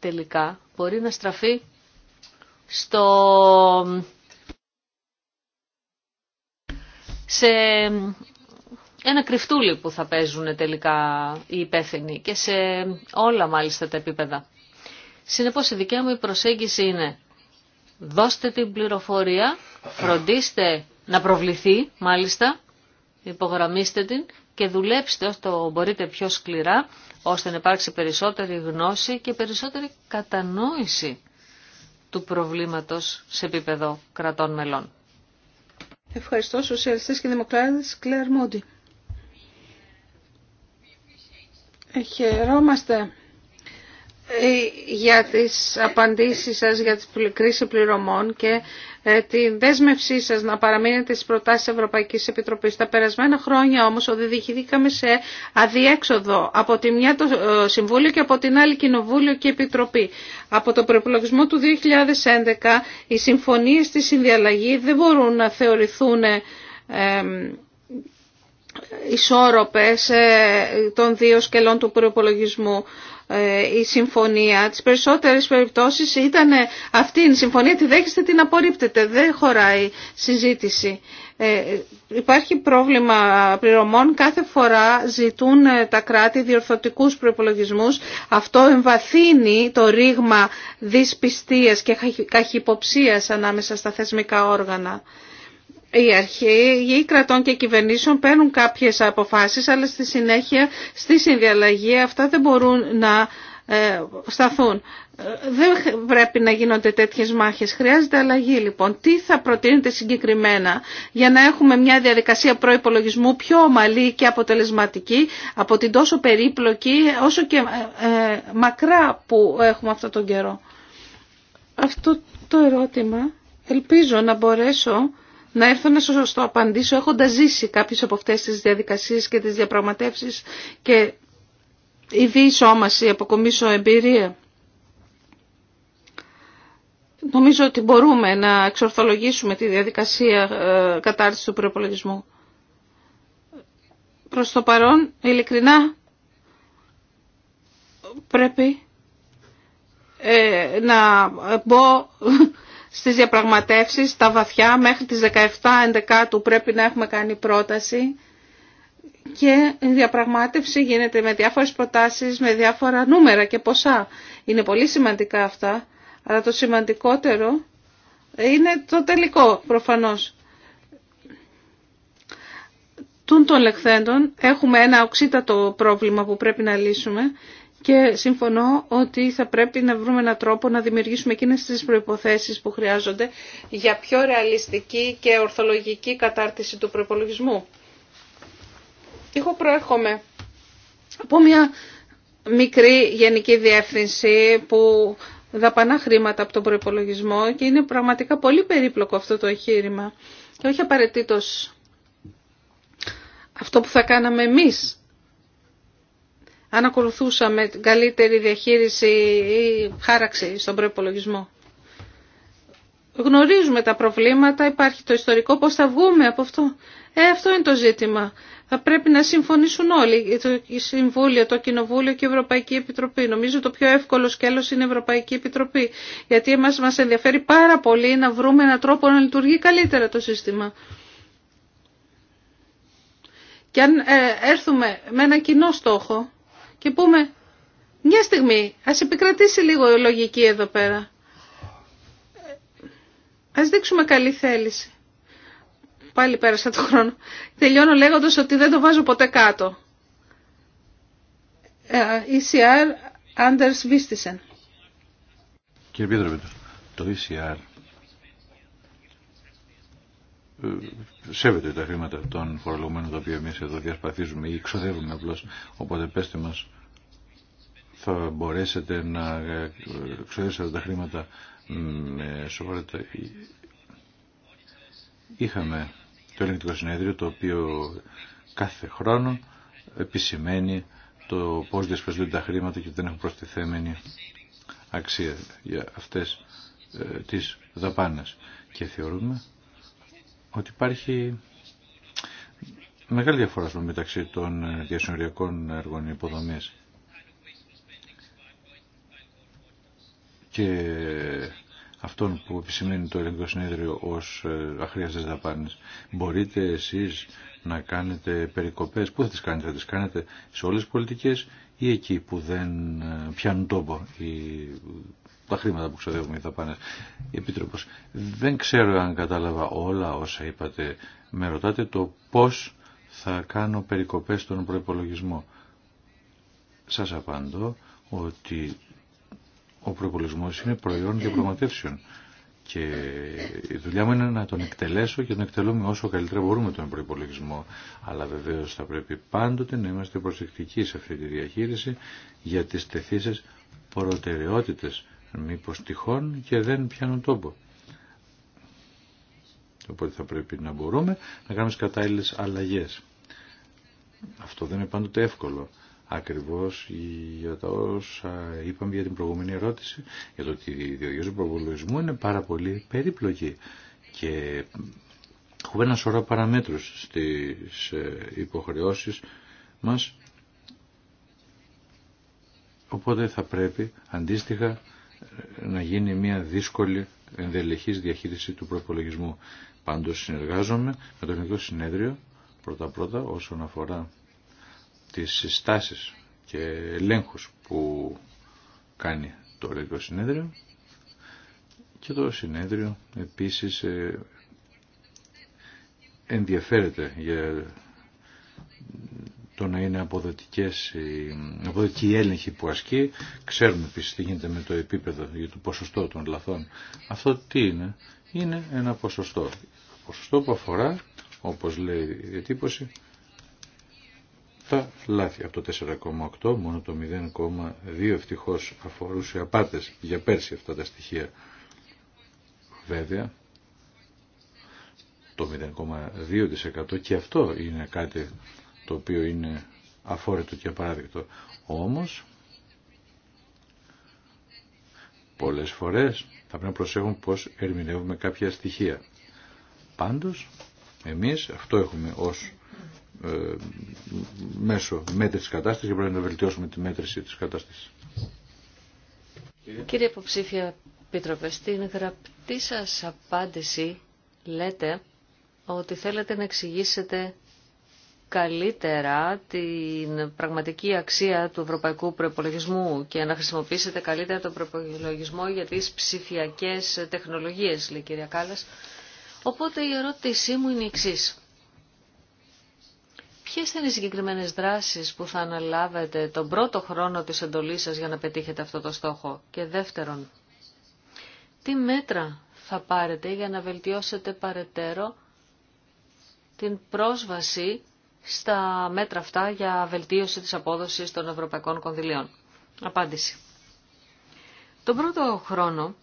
τελικά μπορεί να στραφεί στο... σε ένα κρυφτούλι που θα παίζουν τελικά οι υπεύθυνοι και σε όλα μάλιστα τα επίπεδα. Συνεπώς η δικιά μου προσέγγιση είναι δώστε την πληροφορία, φροντίστε να προβληθεί μάλιστα, υπογραμμίστε την και δουλέψτε ώστε μπορείτε πιο σκληρά ώστε να υπάρξει περισσότερη γνώση και περισσότερη κατανόηση του προβλήματος σε επίπεδο κρατών μελών. Ευχαριστώ Σοσιαλιστές και Δημοκράτες Κλέρ Μόντι. Χαιρόμαστε ε, για τις απαντήσεις σας για την κρίση πληρωμών και ε, την δέσμευσή σας να παραμείνετε στις προτάσεις Ευρωπαϊκής Επιτροπής. Τα περασμένα χρόνια όμως οδηγηθήκαμε σε αδιέξοδο από τη μια το ε, Συμβούλιο και από την άλλη Κοινοβούλιο και Επιτροπή. Από το προπολογισμό του 2011 οι συμφωνίες στη συνδιαλλαγή δεν μπορούν να θεωρηθούν ισόρροπες των δύο σκελών του προπολογισμού. Ε, η συμφωνία. Τις περισσότερες περιπτώσεις ήταν αυτή η συμφωνία, τη δέχεστε, την απορρίπτετε. Δεν χωράει συζήτηση. Ε, υπάρχει πρόβλημα πληρωμών. Κάθε φορά ζητούν ε, τα κράτη διορθωτικούς προϋπολογισμούς. Αυτό εμβαθύνει το ρήγμα δυσπιστίας και καχυποψίας ανάμεσα στα θεσμικά όργανα οι αρχαίοι κρατών και κυβερνήσεων παίρνουν κάποιες αποφάσεις, αλλά στη συνέχεια στη συνδιαλλαγή αυτά δεν μπορούν να ε, σταθούν. Δεν πρέπει να γίνονται τέτοιες μάχες. Χρειάζεται αλλαγή λοιπόν. Τι θα προτείνετε συγκεκριμένα για να έχουμε μια διαδικασία προϋπολογισμού πιο ομαλή και αποτελεσματική από την τόσο περίπλοκη όσο και ε, ε, μακρά που έχουμε αυτόν τον καιρό. Αυτό το ερώτημα ελπίζω να μπορέσω να έρθω να σας το απαντήσω έχοντας ζήσει κάποιες από αυτές τις διαδικασίες και τις διαπραγματεύσεις και η η αποκομίσω εμπειρία. Νομίζω ότι μπορούμε να εξορθολογήσουμε τη διαδικασία ε, κατάρτισης του προπολογισμού. Προς το παρόν, ειλικρινά, πρέπει ε, να μπω στις διαπραγματεύσεις, τα βαθιά, μέχρι τις 17-11 του πρέπει να έχουμε κάνει πρόταση και η διαπραγμάτευση γίνεται με διάφορες προτάσεις, με διάφορα νούμερα και ποσά. Είναι πολύ σημαντικά αυτά, αλλά το σημαντικότερο είναι το τελικό προφανώς. Τούν των λεχθέντων έχουμε ένα οξύτατο πρόβλημα που πρέπει να λύσουμε και συμφωνώ ότι θα πρέπει να βρούμε έναν τρόπο να δημιουργήσουμε εκείνες τις προϋποθέσεις που χρειάζονται για πιο ρεαλιστική και ορθολογική κατάρτιση του προϋπολογισμού. Εγώ προέρχομαι από μια μικρή γενική διεύθυνση που δαπανά χρήματα από τον προϋπολογισμό και είναι πραγματικά πολύ περίπλοκο αυτό το εγχείρημα και όχι απαραίτητο αυτό που θα κάναμε εμείς αν ακολουθούσαμε καλύτερη διαχείριση ή χάραξη στον προπολογισμό. Γνωρίζουμε τα προβλήματα, υπάρχει το ιστορικό, πώς θα βγούμε από αυτό. Ε, αυτό είναι το ζήτημα. Θα πρέπει να συμφωνήσουν όλοι, το Συμβούλιο, το Κοινοβούλιο και η Ευρωπαϊκή Επιτροπή. Νομίζω το πιο εύκολο σκέλος είναι η Ευρωπαϊκή Επιτροπή, γιατί εμάς μας ενδιαφέρει πάρα πολύ να βρούμε έναν τρόπο να λειτουργεί καλύτερα το σύστημα. Και αν ε, έρθουμε με ένα κοινό στόχο, και πούμε μια στιγμή ας επικρατήσει λίγο η λογική εδώ πέρα. Ας δείξουμε καλή θέληση. Πάλι πέρασα το χρόνο. Τελειώνω λέγοντας ότι δεν το βάζω ποτέ κάτω. Ε, ECR Anders Vistisen. Κύριε το ECR ε, σέβεται τα χρήματα των φορολογουμένων τα οποία εμείς εδώ διασπαθίζουμε ή ξοδεύουμε απλώς οπότε πέστε μας θα μπορέσετε να ε, ξοδεύσετε τα χρήματα με σοβαρότητα είχαμε το ελληνικό συνέδριο το οποίο κάθε χρόνο επισημαίνει το πώς διασπαζούνται τα χρήματα και δεν έχουν προστιθέμενη αξία για αυτές ε, τις δαπάνες και θεωρούμε ότι υπάρχει μεγάλη διαφορά μεταξύ των διασυνοριακών έργων υποδομής. και αυτόν που επισημαίνει το ελληνικό συνέδριο ως ε, αχρίαστες δαπάνες. Μπορείτε εσείς να κάνετε περικοπές, πού θα τις κάνετε, θα τις κάνετε σε όλες τις πολιτικές ή εκεί που δεν ε, πιάνουν τόπο τα χρήματα που ξοδεύουμε θα πάνε Επίτροπος, δεν ξέρω αν κατάλαβα όλα όσα είπατε. Με ρωτάτε το πώς θα κάνω περικοπές στον προπολογισμό. Σας απαντώ ότι ο προϋπολογισμός είναι προϊόν διαπραγματεύσεων. Και η δουλειά μου είναι να τον εκτελέσω και τον εκτελούμε όσο καλύτερα μπορούμε τον προπολογισμό. Αλλά βεβαίω θα πρέπει πάντοτε να είμαστε προσεκτικοί σε αυτή τη διαχείριση για τι τεθήσει προτεραιότητες μήπως τυχόν και δεν πιάνουν τόπο. Οπότε θα πρέπει να μπορούμε να κάνουμε τις κατάλληλες αλλαγές. Αυτό δεν είναι πάντοτε εύκολο. Ακριβώς για τα όσα είπαμε για την προηγούμενη ερώτηση, για το ότι η του προβολισμού είναι πάρα πολύ περίπλοκη και έχουμε ένα σωρό παραμέτρους στις ε, υποχρεώσεις μας, οπότε θα πρέπει αντίστοιχα να γίνει μια δύσκολη ενδελεχής διαχείριση του προπολογισμού. Πάντως συνεργάζομαι με το Εθνικό Συνέδριο πρώτα-πρώτα όσον αφορά τις συστάσεις και ελέγχους που κάνει το Εθνικό Συνέδριο και το Συνέδριο επίσης ε, ενδιαφέρεται για το να είναι αποδοτικές, αποδοτική η έλεγχη που ασκεί. Ξέρουμε επίση τι γίνεται με το επίπεδο για το ποσοστό των λαθών. Αυτό τι είναι. Είναι ένα ποσοστό. Ποσοστό που αφορά, όπως λέει η διατύπωση, τα λάθη. Από το 4,8 μόνο το 0,2 ευτυχώ αφορούσε απάτες για πέρσι αυτά τα στοιχεία. Βέβαια, το 0,2% και αυτό είναι κάτι το οποίο είναι αφόρετο και απαράδεκτο. Όμως, πολλές φορές θα πρέπει να προσέχουμε πώς ερμηνεύουμε κάποια στοιχεία. Πάντως, εμείς αυτό έχουμε ως ε, μέσο μέτρησης κατάστασης και πρέπει να βελτιώσουμε τη μέτρηση της κατάστασης. Κύριε Υποψήφια Πίτροπε, στην γραπτή σας απάντηση λέτε ότι θέλετε να εξηγήσετε καλύτερα την πραγματική αξία του ευρωπαϊκού προπολογισμού και να χρησιμοποιήσετε καλύτερα τον προπολογισμό για τις ψηφιακές τεχνολογίες, λέει η κυρία Κάλλας. Οπότε η ερώτησή μου είναι η εξής. Ποιες θα είναι οι συγκεκριμένες δράσεις που θα αναλάβετε τον πρώτο χρόνο της εντολής σας για να πετύχετε αυτό το στόχο. Και δεύτερον, τι μέτρα θα πάρετε για να βελτιώσετε παρετέρω την πρόσβαση στα μέτρα αυτά για βελτίωση της απόδοσης των ευρωπαϊκών κονδυλίων. Απάντηση. Τον πρώτο χρόνο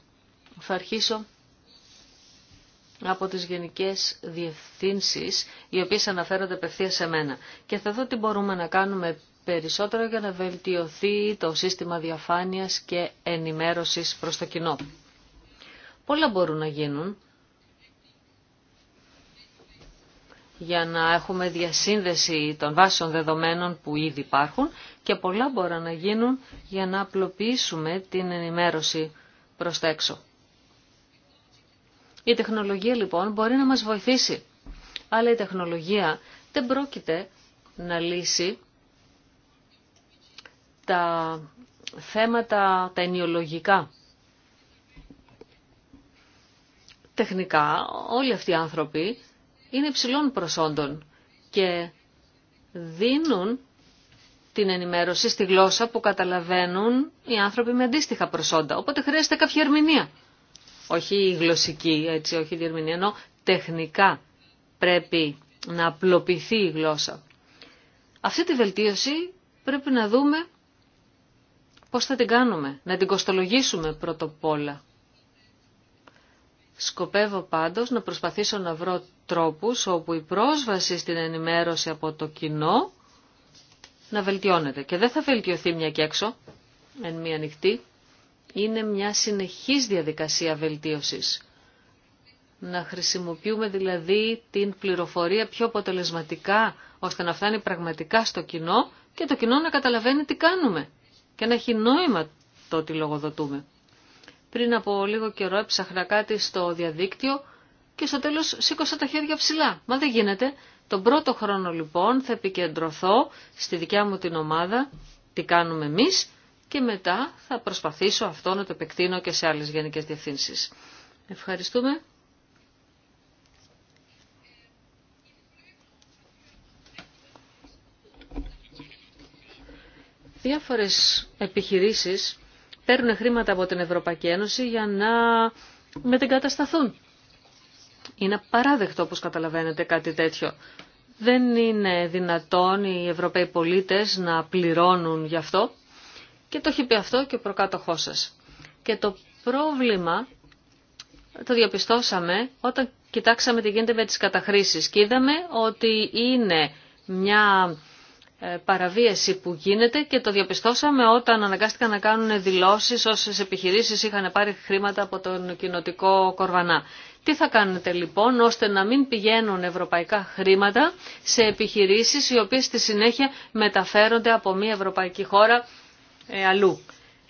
θα αρχίσω από τις γενικές διευθύνσεις, οι οποίες αναφέρονται απευθεία σε μένα. Και θα δω τι μπορούμε να κάνουμε περισσότερο για να βελτιωθεί το σύστημα διαφάνειας και ενημέρωσης προς το κοινό. Πολλά μπορούν να γίνουν για να έχουμε διασύνδεση των βάσεων δεδομένων που ήδη υπάρχουν και πολλά μπορούν να γίνουν για να απλοποιήσουμε την ενημέρωση προς τα έξω. Η τεχνολογία λοιπόν μπορεί να μας βοηθήσει, αλλά η τεχνολογία δεν πρόκειται να λύσει τα θέματα τα ενιολογικά. Τεχνικά όλοι αυτοί οι άνθρωποι είναι υψηλών προσόντων και δίνουν την ενημέρωση στη γλώσσα που καταλαβαίνουν οι άνθρωποι με αντίστοιχα προσόντα. Οπότε χρειάζεται κάποια ερμηνεία. Όχι η γλωσσική, έτσι, όχι ερμηνεία, ενώ τεχνικά πρέπει να απλοποιηθεί η γλώσσα. Αυτή τη βελτίωση πρέπει να δούμε πώς θα την κάνουμε, να την κοστολογήσουμε πρώτα απ' όλα. Σκοπεύω πάντως να προσπαθήσω να βρω τρόπους όπου η πρόσβαση στην ενημέρωση από το κοινό να βελτιώνεται. Και δεν θα βελτιωθεί μια και έξω, εν μία νυχτή. Είναι μια ανοιχτή. ειναι διαδικασία βελτίωσης. Να χρησιμοποιούμε δηλαδή την πληροφορία πιο αποτελεσματικά, ώστε να φτάνει πραγματικά στο κοινό και το κοινό να καταλαβαίνει τι κάνουμε και να έχει νόημα το ότι λογοδοτούμε. Πριν από λίγο καιρό έψαχνα κάτι στο διαδίκτυο και στο τέλος σήκωσα τα χέρια ψηλά. Μα δεν γίνεται. Τον πρώτο χρόνο λοιπόν θα επικεντρωθώ στη δικιά μου την ομάδα, τι κάνουμε εμείς και μετά θα προσπαθήσω αυτό να το επεκτείνω και σε άλλες γενικές διευθύνσεις. Ευχαριστούμε. Διάφορες επιχειρήσεις παίρνουν χρήματα από την Ευρωπαϊκή Ένωση για να μετεγκατασταθούν. Είναι απαράδεκτο όπως καταλαβαίνετε κάτι τέτοιο. Δεν είναι δυνατόν οι Ευρωπαίοι πολίτες να πληρώνουν γι' αυτό και το έχει πει αυτό και ο προκάτοχός Και το πρόβλημα το διαπιστώσαμε όταν κοιτάξαμε τι γίνεται με τις καταχρήσεις και είδαμε ότι είναι μια ε, παραβίαση που γίνεται και το διαπιστώσαμε όταν αναγκάστηκαν να κάνουν δηλώσεις όσες επιχειρήσεις είχαν πάρει χρήματα από τον κοινοτικό κορβανά. Τι θα κάνετε λοιπόν ώστε να μην πηγαίνουν ευρωπαϊκά χρήματα σε επιχειρήσεις οι οποίες στη συνέχεια μεταφέρονται από μια ευρωπαϊκή χώρα ε, αλλού.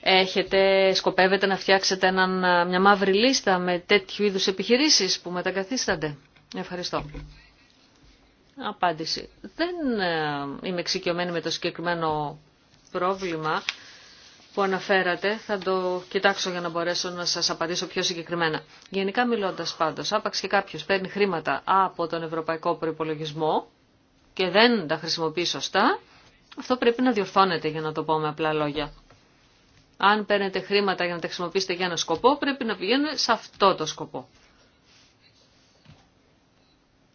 Έχετε, σκοπεύετε να φτιάξετε μια μαύρη λίστα με τέτοιου είδους επιχειρήσεις που μετακαθίστανται. Ευχαριστώ. Απάντηση. Δεν ε, είμαι εξοικειωμένη με το συγκεκριμένο πρόβλημα, που αναφέρατε, θα το κοιτάξω για να μπορέσω να σας απαντήσω πιο συγκεκριμένα. Γενικά μιλώντας πάντως, άπαξ και κάποιος παίρνει χρήματα από τον ευρωπαϊκό προϋπολογισμό και δεν τα χρησιμοποιεί σωστά, αυτό πρέπει να διορθώνεται για να το πω με απλά λόγια. Αν παίρνετε χρήματα για να τα χρησιμοποιήσετε για ένα σκοπό, πρέπει να πηγαίνουν σε αυτό το σκοπό.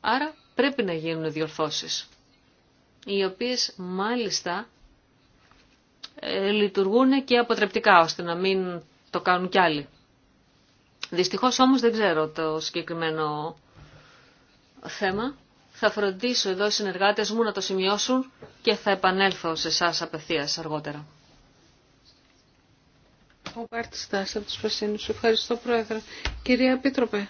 Άρα πρέπει να γίνουν διορθώσεις, οι οποίες μάλιστα ε, λειτουργούν και αποτρεπτικά ώστε να μην το κάνουν κι άλλοι. Δυστυχώς όμως δεν ξέρω το συγκεκριμένο θέμα. Θα φροντίσω εδώ οι συνεργάτες μου να το σημειώσουν και θα επανέλθω σε εσά απευθείας αργότερα. Ο Μπάρτης από τους Ευχαριστώ Πρόεδρε. Κυρία Επίτροπε,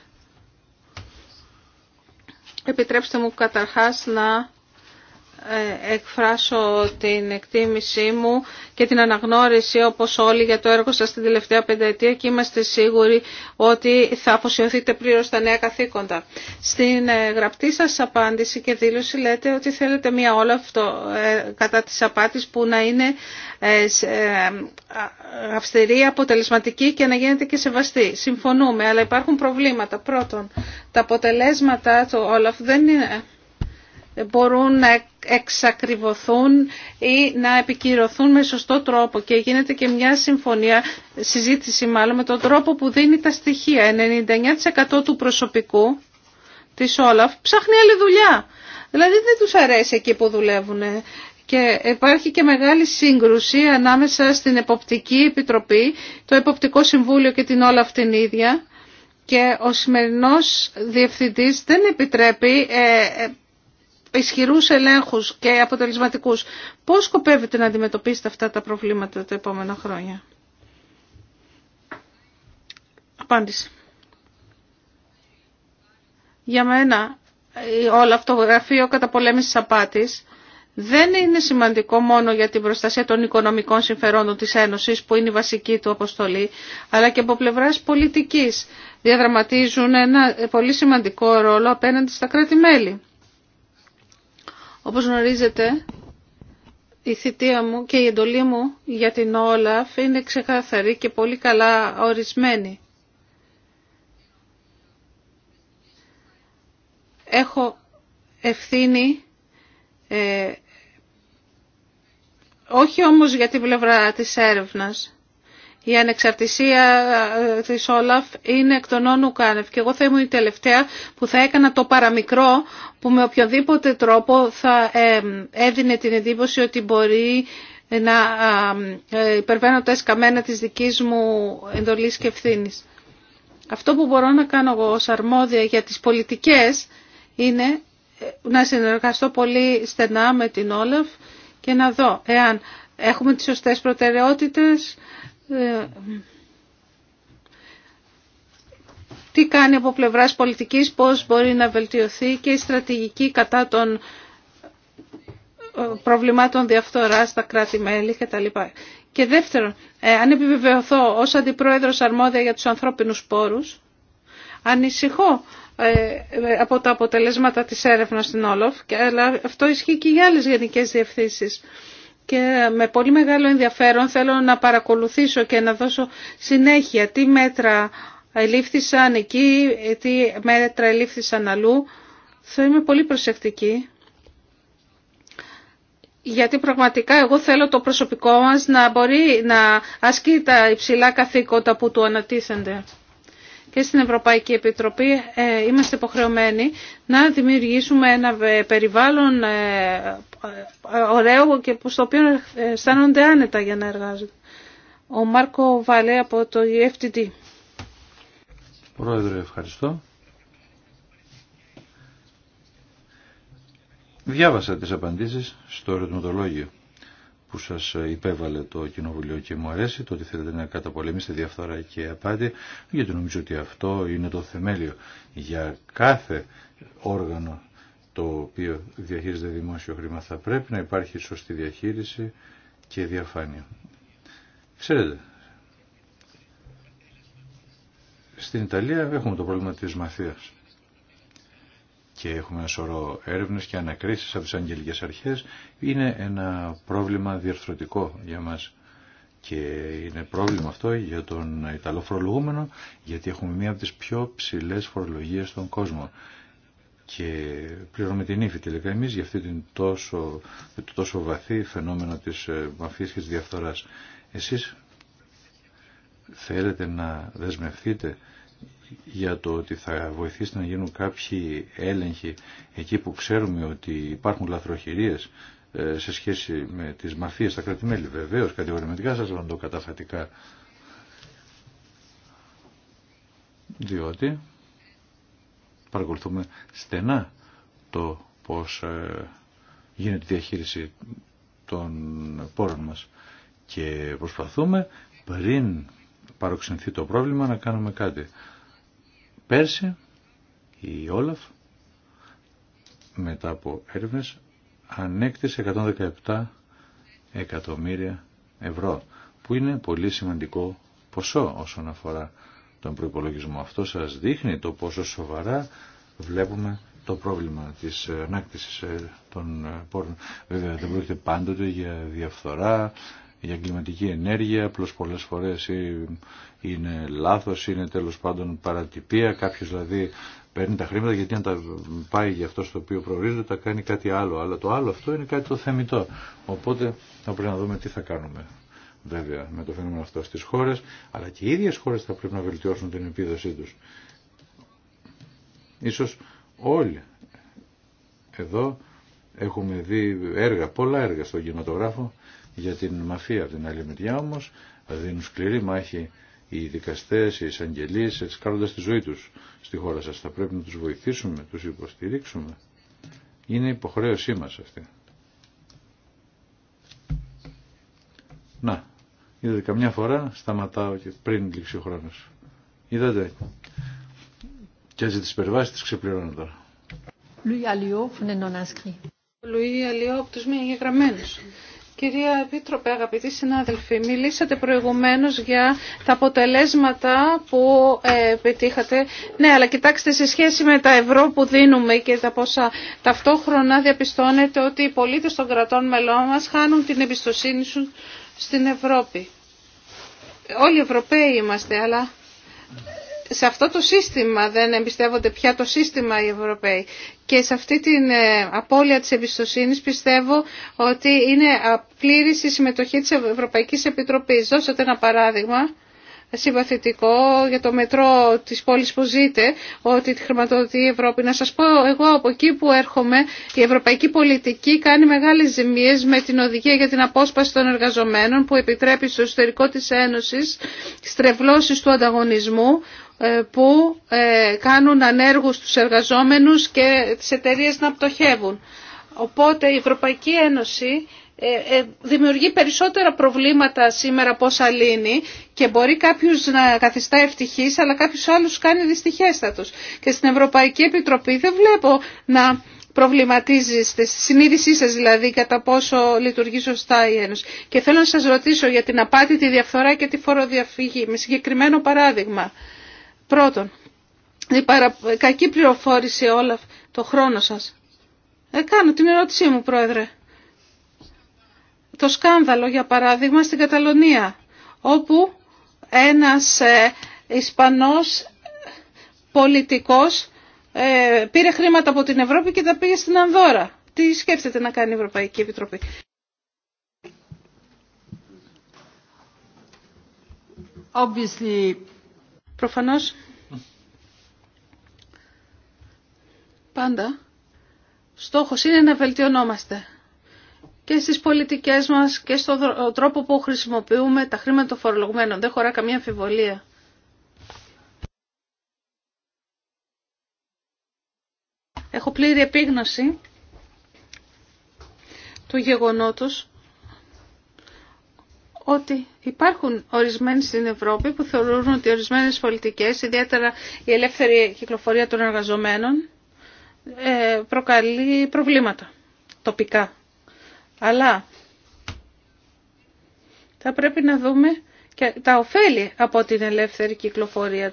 επιτρέψτε μου καταρχάς να ε, εκφράσω την εκτίμησή μου και την αναγνώριση όπως όλοι για το έργο σας την τελευταία πενταετία και είμαστε σίγουροι ότι θα αποσιωθείτε πλήρως στα νέα καθήκοντα. Στην ε, γραπτή σας απάντηση και δήλωση λέτε ότι θέλετε μία όλα αυτό ε, κατά της απάτης που να είναι αυστηρή, αποτελεσματική και να γίνεται και σεβαστή. Συμφωνούμε, αλλά υπάρχουν προβλήματα. Πρώτον, τα αποτελέσματα του Όλαφ δεν είναι μπορούν να εξακριβωθούν ή να επικυρωθούν με σωστό τρόπο και γίνεται και μια συμφωνία, συζήτηση μάλλον, με τον τρόπο που δίνει τα στοιχεία. 99% του προσωπικού της Όλαφ ψάχνει άλλη δουλειά. Δηλαδή δεν τους αρέσει εκεί που δουλεύουν. Και υπάρχει και μεγάλη σύγκρουση ανάμεσα στην Εποπτική Επιτροπή, το Εποπτικό Συμβούλιο και την Όλαφ την ίδια. Και ο σημερινός διευθυντής δεν επιτρέπει ε, ισχυρούς ελέγχους και αποτελεσματικούς. Πώς σκοπεύετε να αντιμετωπίσετε αυτά τα προβλήματα τα επόμενα χρόνια. Απάντηση. Για μένα όλο αυτό το γραφείο κατά πολέμησης απάτης δεν είναι σημαντικό μόνο για την προστασία των οικονομικών συμφερόντων της Ένωσης που είναι η βασική του αποστολή, αλλά και από πλευράς πολιτικής διαδραματίζουν ένα πολύ σημαντικό ρόλο απέναντι στα κράτη-μέλη. Όπως γνωρίζετε, η θητεία μου και η εντολή μου για την Όλαφ είναι ξεκάθαρη και πολύ καλά ορισμένη. Έχω ευθύνη ε, όχι όμως για την πλευρά της έρευνας. Η ανεξαρτησία ε, της Όλαφ είναι εκ των όνου κάνευ και εγώ θα ήμουν η τελευταία που θα έκανα το παραμικρό που με οποιοδήποτε τρόπο θα ε, έδινε την εντύπωση ότι μπορεί να ε, υπερβαίνω τα εσκαμμένα της δικής μου εντολής και ευθύνη. Αυτό που μπορώ να κάνω εγώ ως αρμόδια για τις πολιτικές είναι να συνεργαστώ πολύ στενά με την Όλαφ και να δω εάν έχουμε τις σωστές προτεραιότητες, ε, τι κάνει από πλευράς πολιτικής, πώς μπορεί να βελτιωθεί και η στρατηγική κατά των ε, προβλημάτων διαφθοράς στα κράτη-μέλη κτλ. Και δεύτερον, ε, αν επιβεβαιωθώ ως αντιπρόεδρος αρμόδια για τους ανθρώπινους πόρους, ανησυχώ από τα αποτελέσματα της έρευνας στην Όλοφ, αλλά αυτό ισχύει και για άλλες γενικές διευθύνσεις και με πολύ μεγάλο ενδιαφέρον θέλω να παρακολουθήσω και να δώσω συνέχεια τι μέτρα ελήφθησαν εκεί, τι μέτρα ελήφθησαν αλλού. Θα είμαι πολύ προσεκτική. Γιατί πραγματικά εγώ θέλω το προσωπικό μας να μπορεί να ασκεί τα υψηλά καθήκοντα που του ανατίθενται και στην Ευρωπαϊκή Επιτροπή ε, είμαστε υποχρεωμένοι να δημιουργήσουμε ένα ε, περιβάλλον ε, ωραίο και στο οποίο αισθάνονται άνετα για να εργάζονται. Ο Μάρκο Βαλέ από το UFTD. E Πρόεδρε, ευχαριστώ. Διάβασα τις απαντήσεις στο ερωτηματολόγιο που σας υπέβαλε το Κοινοβουλίο και μου αρέσει το ότι θέλετε να καταπολεμήσετε διαφθορά και απάτη γιατί νομίζω ότι αυτό είναι το θεμέλιο για κάθε όργανο το οποίο διαχείριζεται δημόσιο χρήμα θα πρέπει να υπάρχει σωστή διαχείριση και διαφάνεια. Ξέρετε, στην Ιταλία έχουμε το πρόβλημα της μαθίας και έχουμε ένα σωρό έρευνες και ανακρίσεις από τις αγγελικές αρχές είναι ένα πρόβλημα διαρθρωτικό για μας και είναι πρόβλημα αυτό για τον Ιταλό φορολογούμενο γιατί έχουμε μία από τις πιο ψηλές φορολογίες στον κόσμο και πληρώνουμε την ύφη τελικά εμείς για αυτή την το τόσο βαθύ φαινόμενο της ε, μαφίας και της διαφθοράς. Εσείς θέλετε να δεσμευτείτε για το ότι θα βοηθήσει να γίνουν κάποιοι έλεγχοι εκεί που ξέρουμε ότι υπάρχουν λαθροχειρίες ε, σε σχέση με τις μαφίες στα κρατημέλη. Βεβαίως, κατηγορηματικά σας βαντώ καταφατικά. Διότι παρακολουθούμε στενά το πώς ε, γίνεται η διαχείριση των πόρων μας και προσπαθούμε πριν παροξενθεί το πρόβλημα να κάνουμε κάτι. Πέρσι η Όλαφ μετά από έρευνες ανέκτησε 117 εκατομμύρια ευρώ που είναι πολύ σημαντικό ποσό όσον αφορά τον προϋπολογισμό. Αυτό σας δείχνει το πόσο σοβαρά βλέπουμε το πρόβλημα της ανάκτησης ε, των ε, πόρων. Βέβαια δεν πρόκειται πάντοτε για διαφθορά, για εγκληματική ενέργεια, απλώ πολλές φορές είναι λάθος, είναι τέλος πάντων παρατυπία, κάποιος δηλαδή παίρνει τα χρήματα γιατί αν τα πάει για αυτό στο οποίο προορίζεται τα κάνει κάτι άλλο, αλλά το άλλο αυτό είναι κάτι το θεμητό. Οπότε θα πρέπει να δούμε τι θα κάνουμε βέβαια με το φαινόμενο αυτό στις χώρες, αλλά και οι ίδιες χώρες θα πρέπει να βελτιώσουν την επίδοσή τους. Ίσως όλοι εδώ έχουμε δει έργα, πολλά έργα στον κινηματογράφο για την μαφία. Από την άλλη μεριά όμως δίνουν σκληρή μάχη οι δικαστές, οι εισαγγελίες, κάνοντας τη ζωή τους στη χώρα σας. Θα πρέπει να τους βοηθήσουμε, τους υποστηρίξουμε. Είναι υποχρέωσή μας αυτή. Να, είδατε καμιά φορά σταματάω και πριν λήξει ο χρόνος. Είδατε. Και έτσι τις περιβάσεις τις ξεπληρώνω τώρα. Λουί Αλιό, φωνενόν Λουί Αλιό από τους Κυρία Επίτροπε, αγαπητοί συνάδελφοι, μιλήσατε προηγουμένως για τα αποτελέσματα που ε, πετύχατε. Ναι, αλλά κοιτάξτε, σε σχέση με τα ευρώ που δίνουμε και τα πόσα ταυτόχρονα διαπιστώνεται ότι οι πολίτες των κρατών μελών μας χάνουν την εμπιστοσύνη σου στην Ευρώπη. Όλοι Ευρωπαίοι είμαστε, αλλά σε αυτό το σύστημα δεν εμπιστεύονται πια το σύστημα οι Ευρωπαίοι. Και σε αυτή την ε, απώλεια της εμπιστοσύνης πιστεύω ότι είναι πλήρης η συμμετοχή της Ευρωπαϊκής Επιτροπής. Δώσατε ένα παράδειγμα συμπαθητικό για το μετρό της πόλης που ζείτε, ότι τη χρηματοδοτεί η Ευρώπη. Να σας πω, εγώ από εκεί που έρχομαι, η ευρωπαϊκή πολιτική κάνει μεγάλες ζημίες με την οδηγία για την απόσπαση των εργαζομένων που επιτρέπει στο εσωτερικό της Ένωσης στρεβλώσεις του ανταγωνισμού, ε, που ε, κάνουν ανέργους τους εργαζόμενους και τις εταιρείες να πτωχεύουν. Οπότε η Ευρωπαϊκή Ένωση ε, δημιουργεί περισσότερα προβλήματα σήμερα από όσα λύνει και μπορεί κάποιους να καθιστά ευτυχείς αλλά κάποιους άλλους κάνει δυστυχέστατος. Και στην Ευρωπαϊκή Επιτροπή δεν βλέπω να προβληματίζεστε, στη συνείδησή σας δηλαδή κατά πόσο λειτουργεί σωστά η Ένωση. Και θέλω να σας ρωτήσω για την απάτη, τη διαφθορά και τη φοροδιαφυγή με συγκεκριμένο παράδειγμα. Πρώτον, η κακή πληροφόρηση όλα το χρόνο σας. Ε, κάνω την ερώτησή μου, Πρόεδρε. Το σκάνδαλο, για παράδειγμα, στην Καταλωνία, όπου ένας ε, Ισπανός ε, πολιτικός ε, πήρε χρήματα από την Ευρώπη και τα πήγε στην Ανδόρα. Τι σκέφτεται να κάνει η Ευρωπαϊκή Επιτροπή. Obviously, Προφανώς πάντα στόχος είναι να βελτιωνόμαστε και στις πολιτικές μας και στον τρόπο που χρησιμοποιούμε τα χρήματα των φορολογουμένων. Δεν χωρά καμία αμφιβολία. Έχω πλήρη επίγνωση του γεγονότος ότι υπάρχουν ορισμένοι στην Ευρώπη που θεωρούν ότι ορισμένες πολιτικές, ιδιαίτερα η ελεύθερη κυκλοφορία των εργαζομένων, ε, προκαλεί προβλήματα τοπικά. Αλλά θα πρέπει να δούμε και τα ωφέλη από την ελεύθερη κυκλοφορία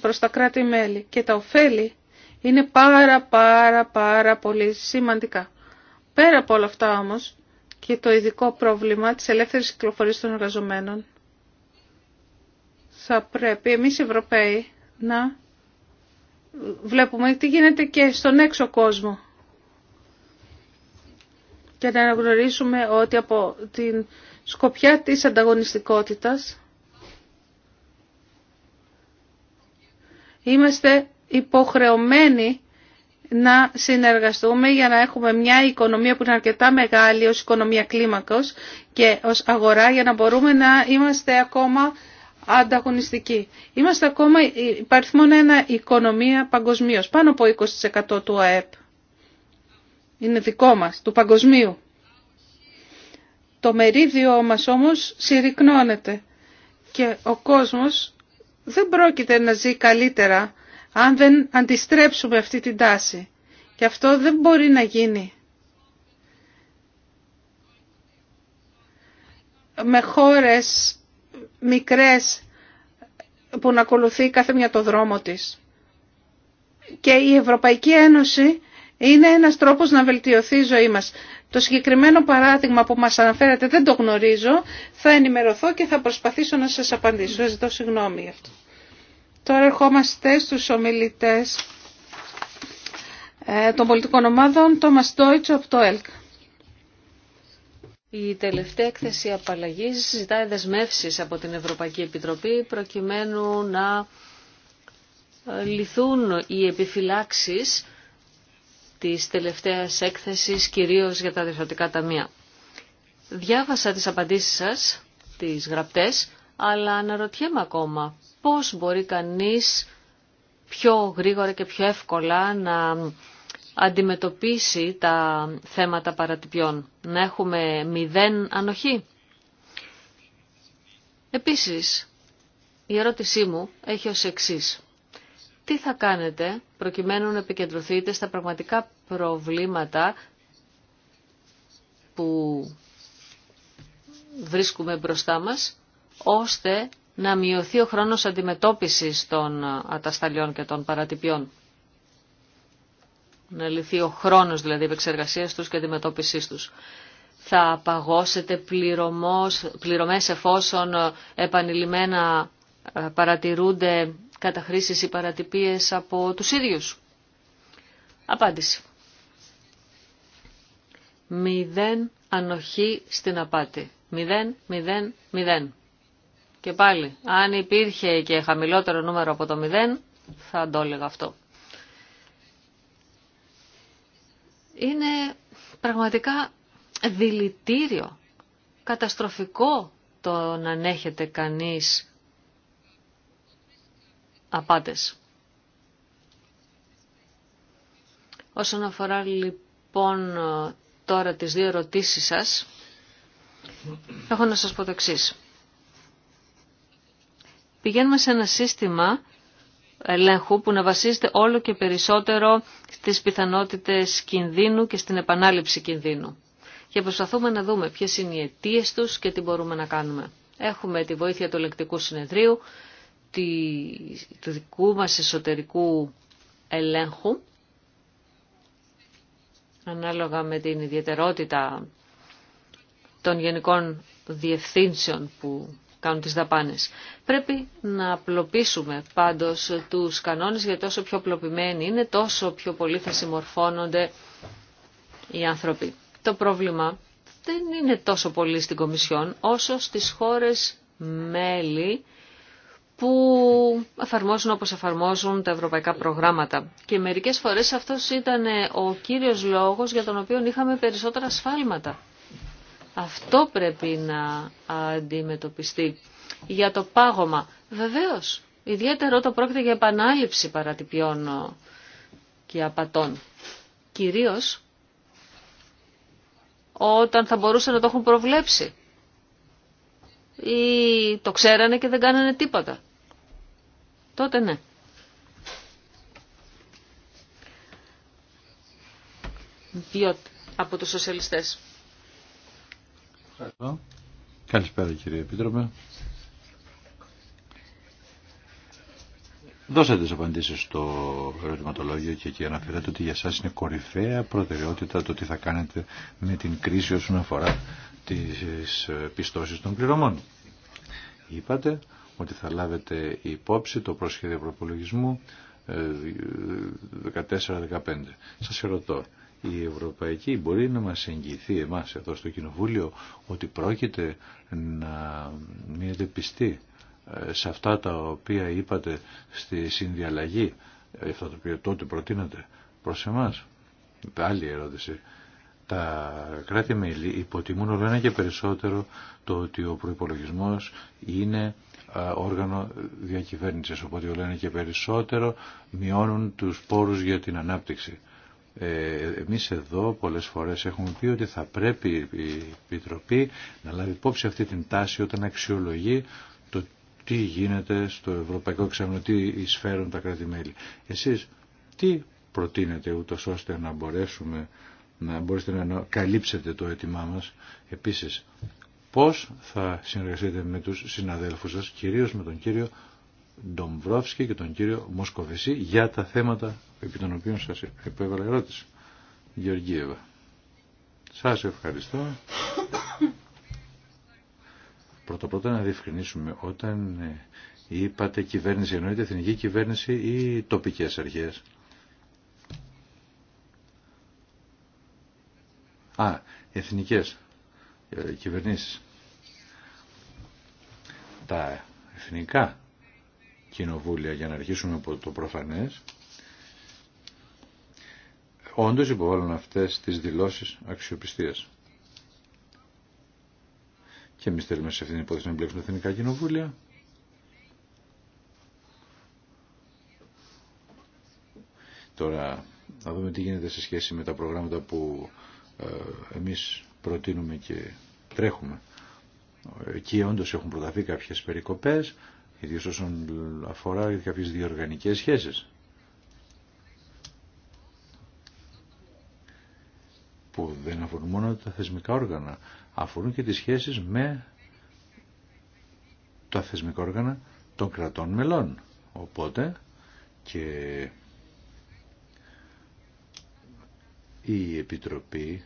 προς τα κράτη-μέλη και τα ωφέλη είναι πάρα πάρα πάρα πολύ σημαντικά. Πέρα από όλα αυτά όμως, και το ειδικό πρόβλημα της ελεύθερης κυκλοφορίας των εργαζομένων. Θα πρέπει εμείς οι Ευρωπαίοι να βλέπουμε τι γίνεται και στον έξω κόσμο και να αναγνωρίσουμε ότι από την σκοπιά της ανταγωνιστικότητας είμαστε υποχρεωμένοι να συνεργαστούμε για να έχουμε μια οικονομία που είναι αρκετά μεγάλη ως οικονομία κλίμακος και ως αγορά για να μπορούμε να είμαστε ακόμα ανταγωνιστικοί. Είμαστε ακόμα υπαριθμόν ένα οικονομία παγκοσμίω, πάνω από 20% του ΑΕΠ. Είναι δικό μας, του παγκοσμίου. Το μερίδιο μας όμως συρρυκνώνεται και ο κόσμος δεν πρόκειται να ζει καλύτερα αν δεν αντιστρέψουμε αυτή την τάση. Και αυτό δεν μπορεί να γίνει. Με χώρες μικρές που να ακολουθεί κάθε μια το δρόμο της. Και η Ευρωπαϊκή Ένωση είναι ένας τρόπος να βελτιωθεί η ζωή μας. Το συγκεκριμένο παράδειγμα που μας αναφέρατε δεν το γνωρίζω. Θα ενημερωθώ και θα προσπαθήσω να σας απαντήσω. Ζητώ συγγνώμη γι' αυτό. Τώρα ερχόμαστε στους ομιλητές ε, των πολιτικών ομάδων, Τόμας από το ΕΛΚ. Η τελευταία έκθεση απαλλαγή ζητάει δεσμεύσει από την Ευρωπαϊκή Επιτροπή προκειμένου να ε, λυθούν οι επιφυλάξεις της τελευταίας έκθεσης, κυρίως για τα διευθυντικά ταμεία. Διάβασα τις απαντήσεις σας, τις γραπτές, αλλά αναρωτιέμαι ακόμα πώς μπορεί κανείς πιο γρήγορα και πιο εύκολα να αντιμετωπίσει τα θέματα παρατυπιών. Να έχουμε μηδέν ανοχή. Επίσης, η ερώτησή μου έχει ως εξής. Τι θα κάνετε προκειμένου να επικεντρωθείτε στα πραγματικά προβλήματα που βρίσκουμε μπροστά μας, ώστε να μειωθεί ο χρόνος αντιμετώπισης των ατασταλιών και των παρατυπιών. Να λυθεί ο χρόνος δηλαδή επεξεργασίας τους και αντιμετώπισης τους. Θα παγώσετε πληρωμός, πληρωμές εφόσον επανειλημμένα ε, παρατηρούνται καταχρήσεις ή παρατυπίες από τους ίδιους. Απάντηση. Μηδέν ανοχή στην απάτη. Μηδέν, μηδέν, μηδέν. Και πάλι, αν υπήρχε και χαμηλότερο νούμερο από το 0, θα το αυτό. Είναι πραγματικά δηλητήριο, καταστροφικό το να ανέχεται κανείς απάτες. Όσον αφορά λοιπόν τώρα τις δύο ερωτήσεις σας, έχω να σας πω το εξής πηγαίνουμε σε ένα σύστημα ελέγχου που να βασίζεται όλο και περισσότερο στις πιθανότητες κινδύνου και στην επανάληψη κινδύνου. Και προσπαθούμε να δούμε ποιες είναι οι αιτίε τους και τι μπορούμε να κάνουμε. Έχουμε τη βοήθεια του ελεκτικού συνεδρίου, του δικού μας εσωτερικού ελέγχου, ανάλογα με την ιδιαιτερότητα των γενικών διευθύνσεων που κάνουν τις δαπάνες. Πρέπει να απλοποιήσουμε πάντως τους κανόνες γιατί όσο πιο απλοποιημένοι είναι, τόσο πιο πολύ θα συμμορφώνονται οι άνθρωποι. Το πρόβλημα δεν είναι τόσο πολύ στην Κομισιόν όσο στις χώρες μέλη που εφαρμόζουν όπως εφαρμόζουν τα ευρωπαϊκά προγράμματα. Και μερικές φορές αυτός ήταν ο κύριος λόγος για τον οποίο είχαμε περισσότερα σφάλματα. Αυτό πρέπει να αντιμετωπιστεί. Για το πάγωμα, βεβαίως, ιδιαίτερο όταν πρόκειται για επανάληψη παρατυπιών ε, και απατών. Κυρίως όταν θα μπορούσαν να το έχουν προβλέψει ή το ξέρανε και δεν κάνανε τίποτα. Τότε ναι. Διότι από τους σοσιαλιστές. Ευχαριστώ. Καλησπέρα κύριε Επίτροπε. Δώσατε τις απαντήσεις στο ερωτηματολόγιο και εκεί αναφέρατε ότι για σας είναι κορυφαία προτεραιότητα το τι θα κάνετε με την κρίση όσον αφορά τις ε, πιστώσεις των πληρωμών. Είπατε ότι θα λάβετε υπόψη το προσχέδιο προπολογισμού 14-15. Ε, ε, σας ερωτώ, η Ευρωπαϊκή μπορεί να μας εγγυηθεί εμάς εδώ στο Κοινοβούλιο ότι πρόκειται να μείνετε πιστοί ε, σε αυτά τα οποία είπατε στη συνδιαλλαγή, ε, αυτά τα οποία τότε προτείνατε προς εμάς. Άλλη ερώτηση. Τα κράτη-μέλη υποτιμούν όλο και περισσότερο το ότι ο προϋπολογισμός είναι ε, όργανο διακυβέρνησης, οπότε όλο και περισσότερο μειώνουν τους πόρους για την ανάπτυξη. Ε, εμείς εδώ πολλές φορές έχουμε πει ότι θα πρέπει η Επιτροπή να λάβει υπόψη αυτή την τάση όταν αξιολογεί το τι γίνεται στο Ευρωπαϊκό Εξάμεινο, τι εισφέρουν τα κράτη-μέλη. Εσείς τι προτείνετε ούτω ώστε να μπορέσουμε να μπορέσετε να καλύψετε το αίτημά μας. Επίσης, πώς θα συνεργαστείτε με τους συναδέλφους σας, κυρίως με τον κύριο Ντομβρόφσκι και τον κύριο Μοσκοβεσί για τα θέματα επί των οποίων σας επέβαλα ερώτηση. Γεωργίευα. Σας ευχαριστώ. Πρώτα πρώτα να διευκρινίσουμε όταν ε, είπατε κυβέρνηση εννοείται εθνική κυβέρνηση ή τοπικές αρχές. Α, εθνικές ε, κυβερνήσεις. Τα εθνικά κοινοβούλια για να αρχίσουμε από το προφανές όντως υποβάλλουν αυτές τις δηλώσεις αξιοπιστίας. Και εμεί θέλουμε σε αυτήν την υπόθεση να εμπλέξουμε εθνικά κοινοβούλια. Τώρα, να δούμε τι γίνεται σε σχέση με τα προγράμματα που ε, εμείς προτείνουμε και τρέχουμε. Εκεί όντως έχουν προταθεί κάποιες περικοπές, ιδίως όσον αφορά κάποιες διοργανικές σχέσεις. που δεν αφορούν μόνο τα θεσμικά όργανα, αφορούν και τις σχέσεις με τα θεσμικά όργανα των κρατών μελών. Οπότε και η Επιτροπή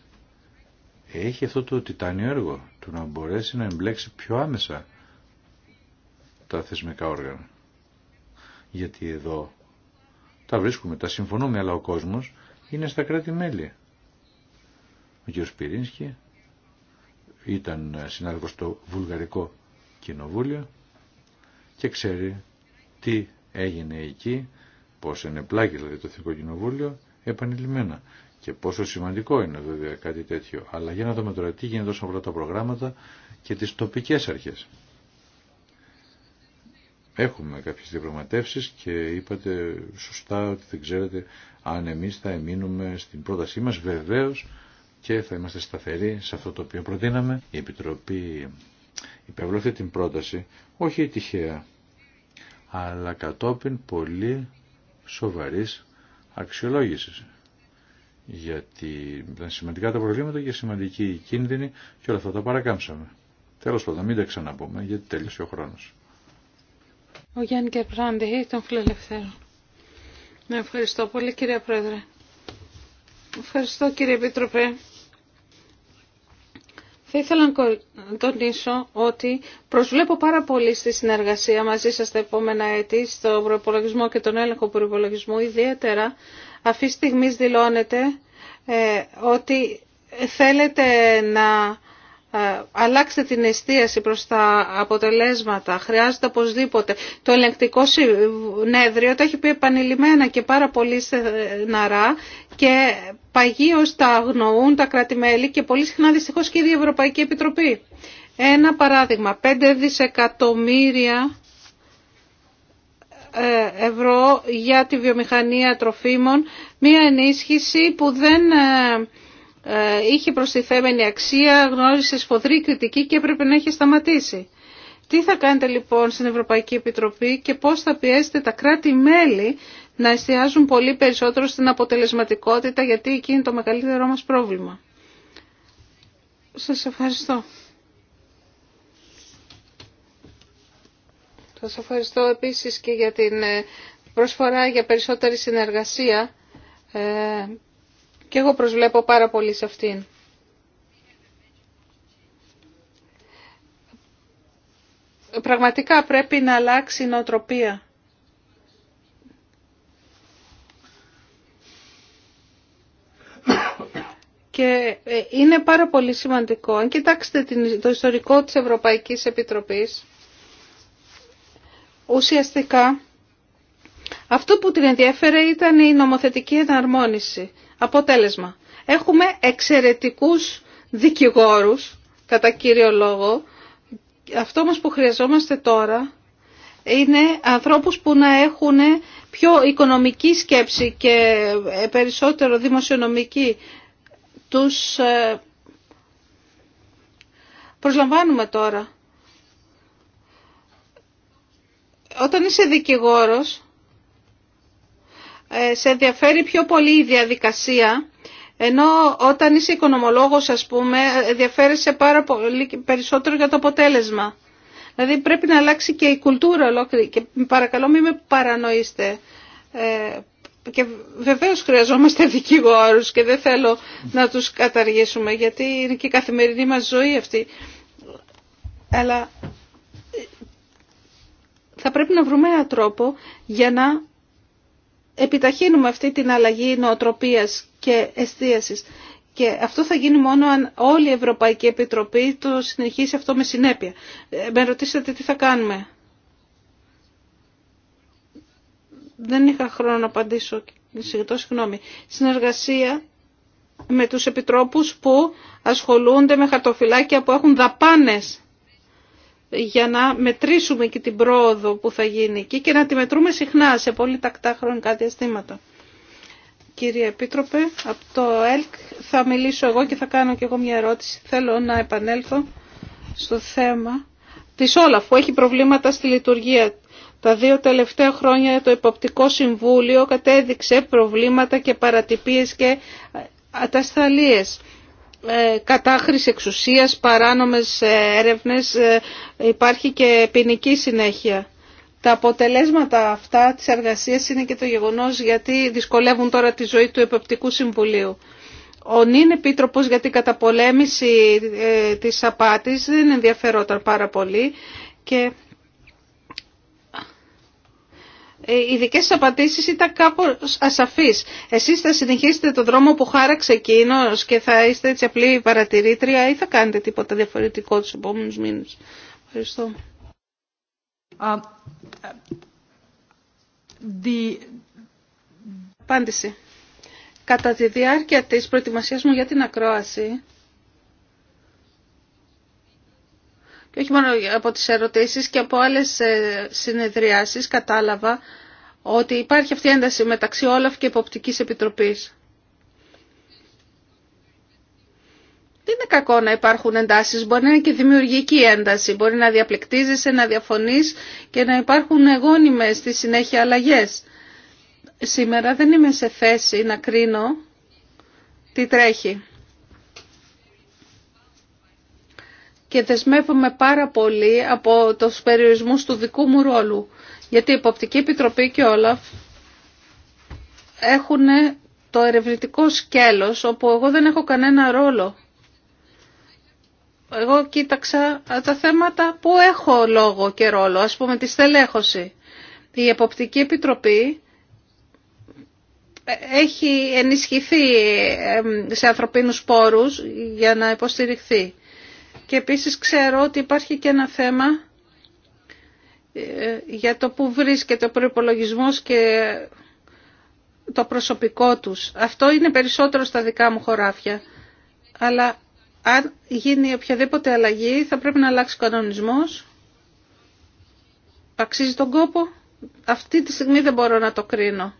έχει αυτό το τιτάνιο έργο του να μπορέσει να εμπλέξει πιο άμεσα τα θεσμικά όργανα. Γιατί εδώ τα βρίσκουμε, τα συμφωνούμε, αλλά ο κόσμος είναι στα κράτη-μέλη. Ο κ. Σπυρίνσκι ήταν συνάδελφος στο Βουλγαρικό Κοινοβούλιο και ξέρει τι έγινε εκεί, πώς ενεπλάγει δηλαδή το Εθνικό Κοινοβούλιο επανειλημμένα και πόσο σημαντικό είναι βέβαια κάτι τέτοιο. Αλλά για να δούμε τώρα τι γίνεται όσον αφορά τα προγράμματα και τις τοπικές αρχές. Έχουμε κάποιες διαπραγματεύσεις και είπατε σωστά ότι δεν ξέρετε αν εμείς θα εμείνουμε στην πρότασή μας βεβαίως και θα είμαστε σταθεροί σε αυτό το οποίο προτείναμε. Η Επιτροπή υπευλώθηκε την πρόταση, όχι τυχαία, αλλά κατόπιν πολύ σοβαρής αξιολόγησης. Γιατί ήταν σημαντικά τα προβλήματα και σημαντική η κίνδυνη και όλα αυτά τα παρακάμψαμε. Τέλος πάντων, μην τα ξαναπούμε, γιατί τέλειωσε ο χρόνος. Ο Γιάννη Κερπράντη, τον ευχαριστώ πολύ Πρόεδρε. Ευχαριστώ κύριε Επίτροπε. Θα ήθελα να τονίσω ότι προσβλέπω πάρα πολύ στη συνεργασία μαζί σας τα επόμενα έτη στο προπολογισμό και τον έλεγχο προπολογισμού. Ιδιαίτερα αυτή τη στιγμή δηλώνεται ε, ότι θέλετε να ε, αλλάξτε την εστίαση προς τα αποτελέσματα. Χρειάζεται οπωσδήποτε. Το ελεγκτικό συνέδριο το έχει πει επανειλημμένα και πάρα πολύ στεναρά και παγίως τα αγνοούν τα κρατη και πολύ συχνά δυστυχώς και η Ευρωπαϊκή Επιτροπή. Ένα παράδειγμα, 5 δισεκατομμύρια ε, ευρώ για τη βιομηχανία τροφίμων, μία ενίσχυση που δεν ε, ε, είχε προστιθέμενη αξία, γνώρισε σφοδρή κριτική και έπρεπε να έχει σταματήσει. Τι θα κάνετε λοιπόν στην Ευρωπαϊκή Επιτροπή και πώς θα πιέσετε τα κράτη-μέλη να εστιάζουν πολύ περισσότερο στην αποτελεσματικότητα γιατί εκεί είναι το μεγαλύτερό μας πρόβλημα. Σας ευχαριστώ. Σας ευχαριστώ επίσης και για την ε, προσφορά για περισσότερη συνεργασία ε, και εγώ προσβλέπω πάρα πολύ σε αυτήν. Πραγματικά πρέπει να αλλάξει η νοοτροπία. Και ε, είναι πάρα πολύ σημαντικό. Αν κοιτάξετε το ιστορικό της Ευρωπαϊκής Επιτροπής, ουσιαστικά αυτό που την ενδιέφερε ήταν η νομοθετική εναρμόνιση. Αποτέλεσμα. Έχουμε εξαιρετικούς δικηγόρους, κατά κύριο λόγο. Αυτό μας που χρειαζόμαστε τώρα είναι ανθρώπους που να έχουν πιο οικονομική σκέψη και ε, περισσότερο δημοσιονομική. Τους ε, προσλαμβάνουμε τώρα. Όταν είσαι δικηγόρος, ε, σε ενδιαφέρει πιο πολύ η διαδικασία, ενώ όταν είσαι οικονομολόγος, ας πούμε, ενδιαφέρεσαι πάρα πολύ περισσότερο για το αποτέλεσμα. Δηλαδή πρέπει να αλλάξει και η κουλτούρα ολόκληρη και παρακαλώ μην με παρανοείστε. Ε, και βεβαίως χρειαζόμαστε δικηγόρους και δεν θέλω να τους καταργήσουμε γιατί είναι και η καθημερινή μας ζωή αυτή. Αλλά ε, θα πρέπει να βρούμε έναν τρόπο για να επιταχύνουμε αυτή την αλλαγή νοοτροπίας και εστίασης. Και αυτό θα γίνει μόνο αν όλη η Ευρωπαϊκή Επιτροπή το συνεχίσει αυτό με συνέπεια. Ε, με ρωτήσατε τι θα κάνουμε. Δεν είχα χρόνο να απαντήσω, ζητώ συγγνώμη. Συνεργασία με τους επιτρόπους που ασχολούνται με χαρτοφυλάκια που έχουν δαπάνες για να μετρήσουμε και την πρόοδο που θα γίνει εκεί και να τη μετρούμε συχνά σε πολύ τακτά χρονικά διαστήματα. Κύριε Επίτροπε, από το ΕΛΚ θα μιλήσω εγώ και θα κάνω και εγώ μια ερώτηση. Θέλω να επανέλθω στο θέμα της όλα που έχει προβλήματα στη λειτουργία. Τα δύο τελευταία χρόνια το Εποπτικό Συμβούλιο κατέδειξε προβλήματα και παρατυπίες και ατασταλίες. Ε, κατάχρηση εξουσίας, παράνομες ε, έρευνες, ε, υπάρχει και ποινική συνέχεια. Τα αποτελέσματα αυτά της εργασίας είναι και το γεγονός γιατί δυσκολεύουν τώρα τη ζωή του Επιπτικού Συμβουλίου. Ο νυν επίτροπος για την καταπολέμηση της απάτης δεν ενδιαφερόταν πάρα πολύ και ε, οι δικές σας απαντήσεις ήταν κάπως ασαφείς. Εσείς θα συνεχίσετε τον δρόμο που χάραξε εκείνο και θα είστε έτσι απλή παρατηρήτρια ή θα κάνετε τίποτα διαφορετικό τους επόμενους μήνες. Ευχαριστώ. Uh, the... Απάντηση. Κατά τη διάρκεια της προετοιμασίας μου για την ακρόαση, και όχι μόνο από τις ερωτήσεις και από άλλες ε, συνεδριάσεις κατάλαβα ότι υπάρχει αυτή η ένταση μεταξύ Όλαφ και Εποπτικής Επιτροπής. Δεν είναι κακό να υπάρχουν εντάσεις, μπορεί να είναι και δημιουργική ένταση, μπορεί να διαπληκτίζεσαι, να διαφωνείς και να υπάρχουν γόνιμες στη συνέχεια αλλαγές. Σήμερα δεν είμαι σε θέση να κρίνω τι τρέχει. και δεσμεύομαι πάρα πολύ από τους περιορισμούς του δικού μου ρόλου. Γιατί η Εποπτική Επιτροπή και όλα έχουν το ερευνητικό σκέλος όπου εγώ δεν έχω κανένα ρόλο. Εγώ κοίταξα τα θέματα που έχω λόγο και ρόλο, ας πούμε τη στελέχωση. Η Εποπτική Επιτροπή έχει ενισχυθεί σε ανθρωπίνους πόρους για να υποστηριχθεί. Και επίσης ξέρω ότι υπάρχει και ένα θέμα ε, για το που βρίσκεται ο προϋπολογισμός και το προσωπικό τους. Αυτό είναι περισσότερο στα δικά μου χωράφια. Αλλά αν γίνει οποιαδήποτε αλλαγή θα πρέπει να αλλάξει ο κανονισμός. Αξίζει τον κόπο. Αυτή τη στιγμή δεν μπορώ να το κρίνω.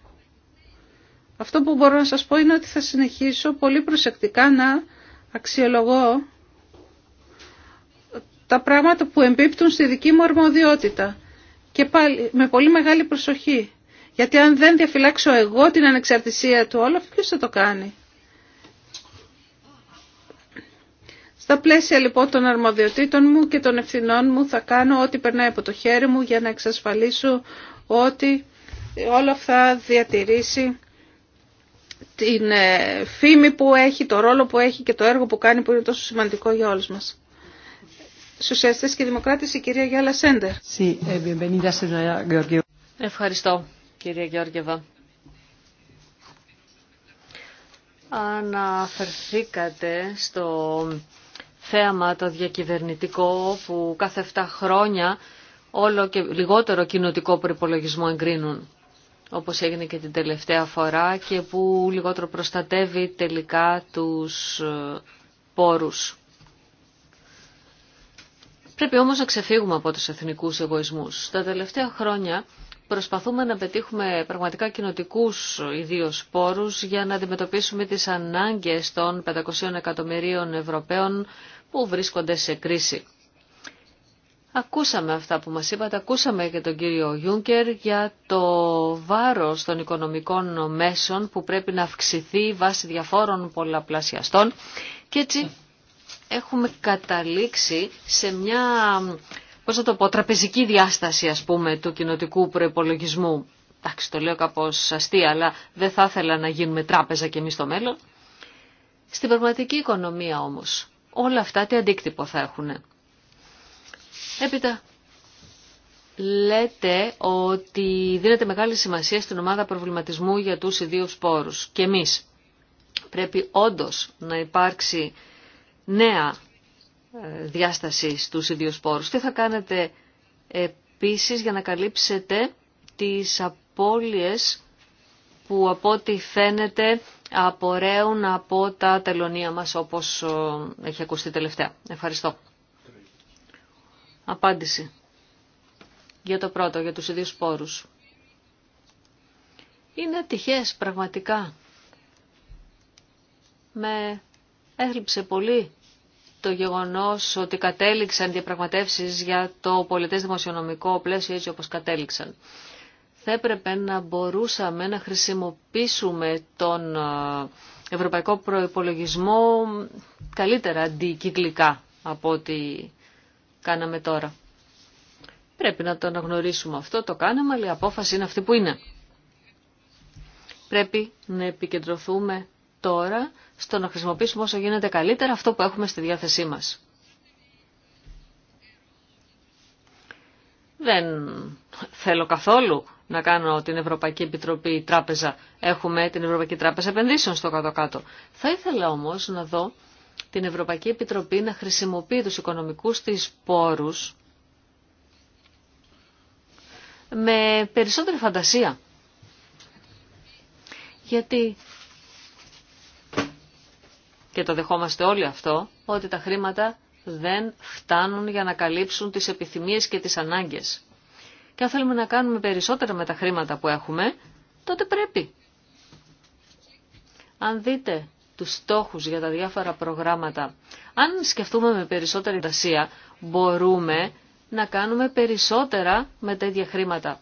Αυτό που μπορώ να σας πω είναι ότι θα συνεχίσω πολύ προσεκτικά να αξιολογώ τα πράγματα που εμπίπτουν στη δική μου αρμοδιότητα. Και πάλι με πολύ μεγάλη προσοχή. Γιατί αν δεν διαφυλάξω εγώ την ανεξαρτησία του όλα, ποιος θα το κάνει. Στα πλαίσια λοιπόν των αρμοδιοτήτων μου και των ευθυνών μου θα κάνω ό,τι περνάει από το χέρι μου για να εξασφαλίσω ότι όλα αυτά διατηρήσει την ε, φήμη που έχει, το ρόλο που έχει και το έργο που κάνει που είναι τόσο σημαντικό για όλους μας. Σοσιαλιστές και Δημοκράτες, η κυρία Γιάλα Σέντερ. Eh, Ευχαριστώ, κυρία Γεώργεβα. Αναφερθήκατε στο θέαμα το διακυβερνητικό που κάθε 7 χρόνια όλο και λιγότερο κοινοτικό προπολογισμό εγκρίνουν όπως έγινε και την τελευταία φορά και που λιγότερο προστατεύει τελικά τους ε, πόρους. Πρέπει όμως να ξεφύγουμε από τους εθνικούς εγωισμούς. Τα τελευταία χρόνια προσπαθούμε να πετύχουμε πραγματικά κοινοτικού ιδίω πόρους για να αντιμετωπίσουμε τις ανάγκες των 500 εκατομμυρίων Ευρωπαίων που βρίσκονται σε κρίση. Ακούσαμε αυτά που μας είπατε, ακούσαμε και τον κύριο Γιούνκερ για το βάρος των οικονομικών μέσων που πρέπει να αυξηθεί βάσει διαφόρων πολλαπλασιαστών και έχουμε καταλήξει σε μια, πώς το τραπεζική διάσταση ας πούμε του κοινοτικού προπολογισμού. Εντάξει, το λέω κάπως αστεία, αλλά δεν θα ήθελα να γίνουμε τράπεζα και εμείς στο μέλλον. Στην πραγματική οικονομία όμως, όλα αυτά τι αντίκτυπο θα έχουν. Έπειτα, λέτε ότι δίνεται μεγάλη σημασία στην ομάδα προβληματισμού για τους ιδίους πόρους. Και εμείς πρέπει όντως να υπάρξει νέα ε, διάσταση στους ιδιοσπόρους. Τι θα κάνετε επίσης για να καλύψετε τις απώλειες που από ό,τι φαίνεται απορρέουν από τα τελωνία μας όπως ε, έχει ακουστεί τελευταία. Ευχαριστώ. Απάντηση. Για το πρώτο, για τους ίδιους πόρους. Είναι τυχές πραγματικά. Με έθλιψε πολύ το γεγονός ότι κατέληξαν διαπραγματεύσεις για το πολιτές δημοσιονομικό πλαίσιο έτσι όπως κατέληξαν. Θα έπρεπε να μπορούσαμε να χρησιμοποιήσουμε τον ευρωπαϊκό προϋπολογισμό καλύτερα αντικυκλικά από ό,τι κάναμε τώρα. Πρέπει να το αναγνωρίσουμε αυτό, το κάναμε, αλλά η απόφαση είναι αυτή που είναι. Πρέπει να επικεντρωθούμε τώρα στο να χρησιμοποιήσουμε όσο γίνεται καλύτερα αυτό που έχουμε στη διάθεσή μας. Δεν θέλω καθόλου να κάνω την Ευρωπαϊκή Επιτροπή Τράπεζα. Έχουμε την Ευρωπαϊκή Τράπεζα Επενδύσεων στο κάτω-κάτω. Θα ήθελα όμως να δω την Ευρωπαϊκή Επιτροπή να χρησιμοποιεί τους οικονομικούς της πόρους με περισσότερη φαντασία. Γιατί και το δεχόμαστε όλοι αυτό, ότι τα χρήματα δεν φτάνουν για να καλύψουν τις επιθυμίες και τις ανάγκες. Και αν θέλουμε να κάνουμε περισσότερα με τα χρήματα που έχουμε, τότε πρέπει. Αν δείτε τους στόχους για τα διάφορα προγράμματα, αν σκεφτούμε με περισσότερη εργασία, μπορούμε να κάνουμε περισσότερα με τέτοια χρήματα.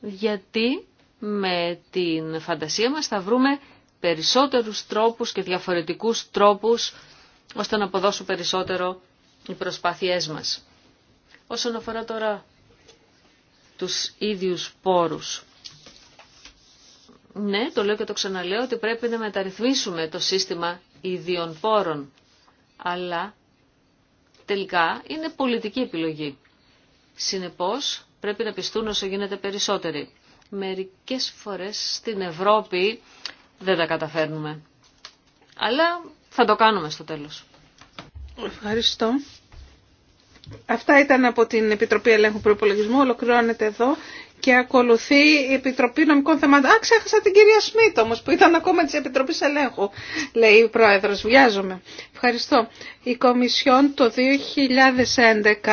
Γιατί με την φαντασία μας θα βρούμε περισσότερους τρόπους και διαφορετικούς τρόπους ώστε να αποδώσουν περισσότερο οι προσπάθειές μας. Όσον αφορά τώρα τους ίδιους πόρους. Ναι, το λέω και το ξαναλέω ότι πρέπει να μεταρρυθμίσουμε το σύστημα ίδιων πόρων. Αλλά τελικά είναι πολιτική επιλογή. Συνεπώς πρέπει να πιστούν όσο γίνεται περισσότεροι. Μερικές φορές στην Ευρώπη δεν τα καταφέρνουμε. Αλλά θα το κάνουμε στο τέλος. Ευχαριστώ. Αυτά ήταν από την Επιτροπή Ελέγχου Προπολογισμού. Ολοκληρώνεται εδώ και ακολουθεί η Επιτροπή Νομικών Θεμάτων. Α, ξέχασα την κυρία Σμίτ όμω που ήταν ακόμα τη Επιτροπή Ελέγχου, λέει η Πρόεδρο. Βιάζομαι. Ευχαριστώ. Η Κομισιόν το 2011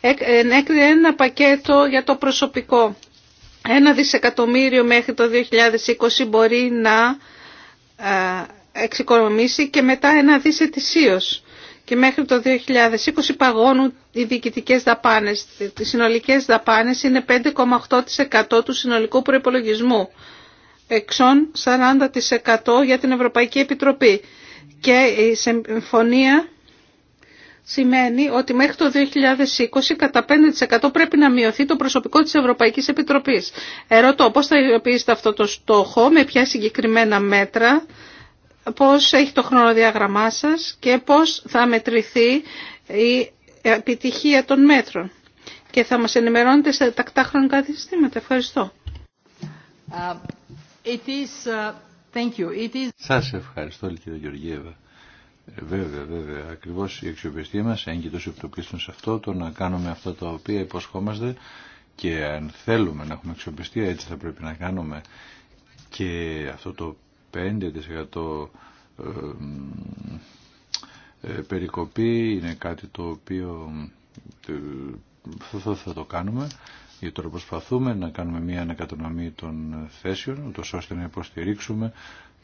έκρινε ένα πακέτο για το προσωπικό. Ένα δισεκατομμύριο μέχρι το 2020 μπορεί να εξοικονομήσει και μετά ένα δις Και μέχρι το 2020 παγώνουν οι διοικητικές δαπάνες. Οι συνολικές δαπάνες είναι 5,8% του συνολικού προϋπολογισμού. Εξών 40% για την Ευρωπαϊκή Επιτροπή. Και η συμφωνία σημαίνει ότι μέχρι το 2020 κατά 5% πρέπει να μειωθεί το προσωπικό της Ευρωπαϊκής Επιτροπής. Ερώτω πώς θα υλοποιήσετε αυτό το στόχο, με ποια συγκεκριμένα μέτρα, πώς έχει το χρονοδιάγραμμά σας και πώς θα μετρηθεί η επιτυχία των μέτρων. Και θα μας ενημερώνετε σε τακτά χρονικά διαστήματα. Ευχαριστώ. Uh, it is, uh, thank you. It is... Σας ευχαριστώ κύριε Γεωργίευα. Βέβαια, βέβαια. Ακριβώς η αξιοπιστία μας το πλήστον σε αυτό, το να κάνουμε αυτά τα οποία υποσχόμαστε και αν θέλουμε να έχουμε αξιοπιστία έτσι θα πρέπει να κάνουμε και αυτό το 5% ε, ε, περικοπή είναι κάτι το οποίο ε, θα το κάνουμε για τώρα προσπαθούμε να κάνουμε μια ανακατονομή των θέσεων ούτως ώστε να υποστηρίξουμε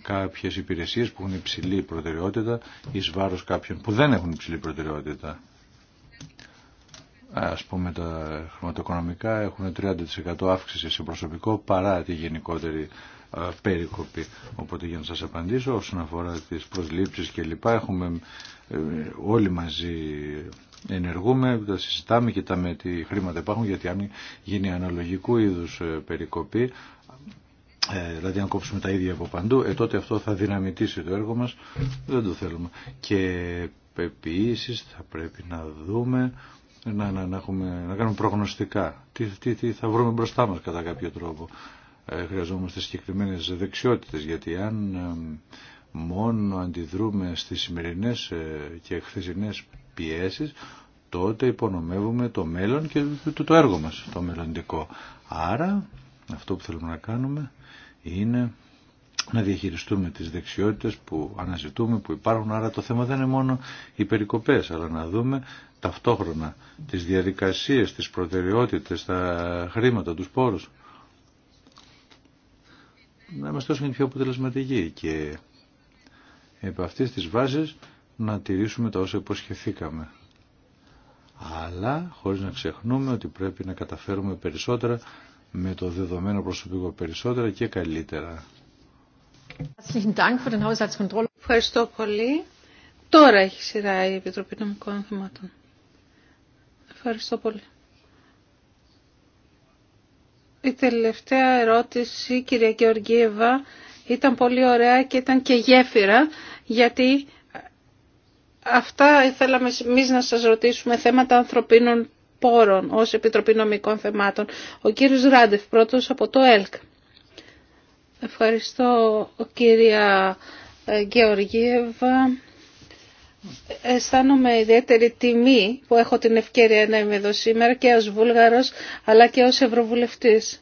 κάποιες υπηρεσίες που έχουν υψηλή προτεραιότητα εις βάρος κάποιων που δεν έχουν υψηλή προτεραιότητα. Ας πούμε τα χρηματοοικονομικά έχουν 30% αύξηση σε προσωπικό παρά τη γενικότερη περικοπή. Οπότε για να σας απαντήσω όσον αφορά τις προσλήψεις και λοιπά έχουμε ε, όλοι μαζί ενεργούμε, τα συζητάμε, κοιτάμε τι χρήματα υπάρχουν γιατί αν γίνει αναλογικού είδους ε, περικοπή ε, δηλαδή αν κόψουμε τα ίδια από παντού, ε, τότε αυτό θα δυναμητήσει το έργο μας, δεν το θέλουμε. Και επίση θα πρέπει να δούμε, να, να, να, έχουμε, να κάνουμε προγνωστικά, τι, τι, θα βρούμε μπροστά μας κατά κάποιο τρόπο. Ε, χρειαζόμαστε συγκεκριμένε δεξιότητες, γιατί αν μόνο αντιδρούμε στις σημερινές ε, και χθεσινές πιέσεις, τότε υπονομεύουμε το μέλλον και το, το, το έργο μας, το μελλοντικό. Άρα αυτό που θέλουμε να κάνουμε είναι να διαχειριστούμε τις δεξιότητες που αναζητούμε, που υπάρχουν. Άρα το θέμα δεν είναι μόνο οι περικοπές, αλλά να δούμε ταυτόχρονα τις διαδικασίες, τις προτεραιότητες, τα χρήματα, τους πόρους. Να είμαστε όσο είναι πιο αποτελεσματικοί και επ' αυτής της βάσης να τηρήσουμε τα όσα υποσχεθήκαμε. Αλλά χωρίς να ξεχνούμε ότι πρέπει να καταφέρουμε περισσότερα με το δεδομένο προσωπικό περισσότερα και καλύτερα. Ευχαριστώ πολύ. Τώρα έχει σειρά η Επιτροπή Νομικών Θεμάτων. Ευχαριστώ πολύ. Η τελευταία ερώτηση, κυρία Γεωργίευα, ήταν πολύ ωραία και ήταν και γέφυρα, γιατί αυτά θέλαμε εμεί να σας ρωτήσουμε θέματα ανθρωπίνων πόρων ως Επιτροπή Νομικών Θεμάτων. Ο κύριος Ράντεφ, πρώτος από το ΕΛΚ. Ευχαριστώ κυρία ε, Γεωργίευα. Αισθάνομαι ιδιαίτερη τιμή που έχω την ευκαιρία να είμαι εδώ σήμερα και ως Βούλγαρος αλλά και ως Ευρωβουλευτής.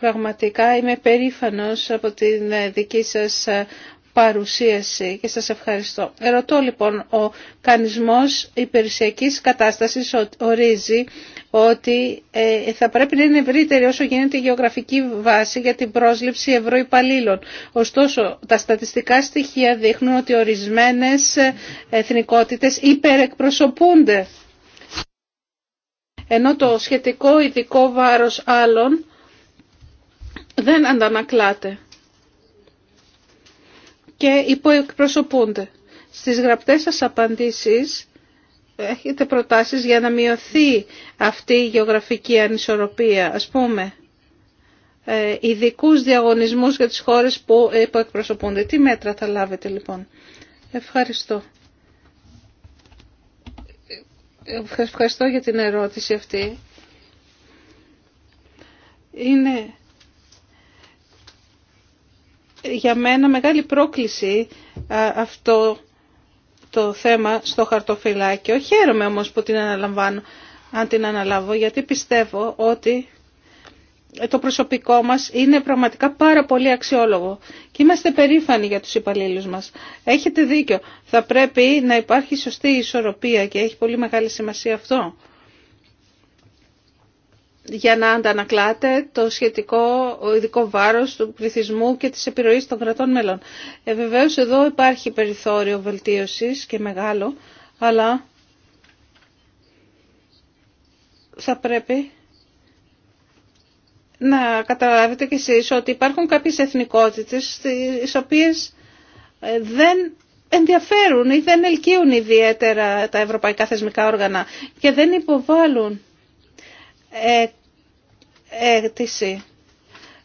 Πραγματικά είμαι περήφανος από την ε, δική σας ε, παρουσίαση και σας ευχαριστώ. Ερωτώ λοιπόν, ο κανισμός υπηρεσιακής κατάστασης ορίζει ότι ε, θα πρέπει να είναι ευρύτερη όσο γίνεται η γεωγραφική βάση για την πρόσληψη ευρωϊπαλλήλων. Ωστόσο, τα στατιστικά στοιχεία δείχνουν ότι ορισμένες ε, εθνικότητες υπερεκπροσωπούνται. Ενώ το σχετικό ειδικό βάρος άλλων δεν αντανακλάται και υποεκπροσωπούνται. Στις γραπτές σας απαντήσεις έχετε προτάσεις για να μειωθεί αυτή η γεωγραφική ανισορροπία, ας πούμε, ε, ειδικού διαγωνισμούς για τις χώρες που υποεκπροσωπούνται. Τι μέτρα θα λάβετε λοιπόν. Ευχαριστώ. Ευχαριστώ για την ερώτηση αυτή. Είναι για μένα μεγάλη πρόκληση αυτό το θέμα στο χαρτοφυλάκιο. Χαίρομαι όμως που την αναλαμβάνω, αν την αναλάβω, γιατί πιστεύω ότι το προσωπικό μας είναι πραγματικά πάρα πολύ αξιόλογο και είμαστε περήφανοι για τους υπαλλήλους μας. Έχετε δίκιο. Θα πρέπει να υπάρχει σωστή ισορροπία και έχει πολύ μεγάλη σημασία αυτό για να αντανακλάτε το σχετικό ειδικό βάρος του πληθυσμού και της επιρροής των κρατών μέλων. Ε, εδώ υπάρχει περιθώριο βελτίωσης και μεγάλο, αλλά θα πρέπει να καταλάβετε κι εσείς ότι υπάρχουν κάποιες εθνικότητες στις οποίες ε, δεν ενδιαφέρουν ή δεν ελκύουν ιδιαίτερα τα ευρωπαϊκά θεσμικά όργανα και δεν υποβάλλουν αίτηση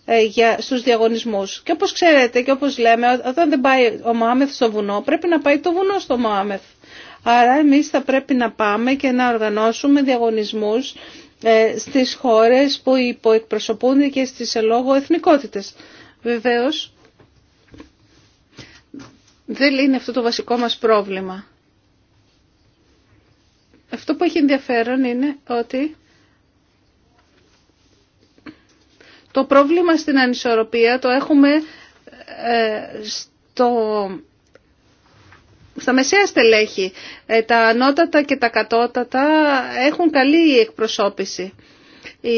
ε, για, στους διαγωνισμούς. Και όπως ξέρετε και όπως λέμε, όταν δεν πάει ο Μωάμεθ στο βουνό, πρέπει να πάει το βουνό στο Μωάμεθ. Άρα εμείς θα πρέπει να πάμε και να οργανώσουμε διαγωνισμούς ε, στις χώρες που υποεκπροσωπούν και στις ελόγω εθνικότητες. Βεβαίως, δεν είναι αυτό το βασικό μας πρόβλημα. Αυτό που έχει ενδιαφέρον είναι ότι Το πρόβλημα στην ανισορροπία το έχουμε ε, Στα μεσαία στελέχη, ε, τα ανώτατα και τα κατώτατα έχουν καλή εκπροσώπηση. Οι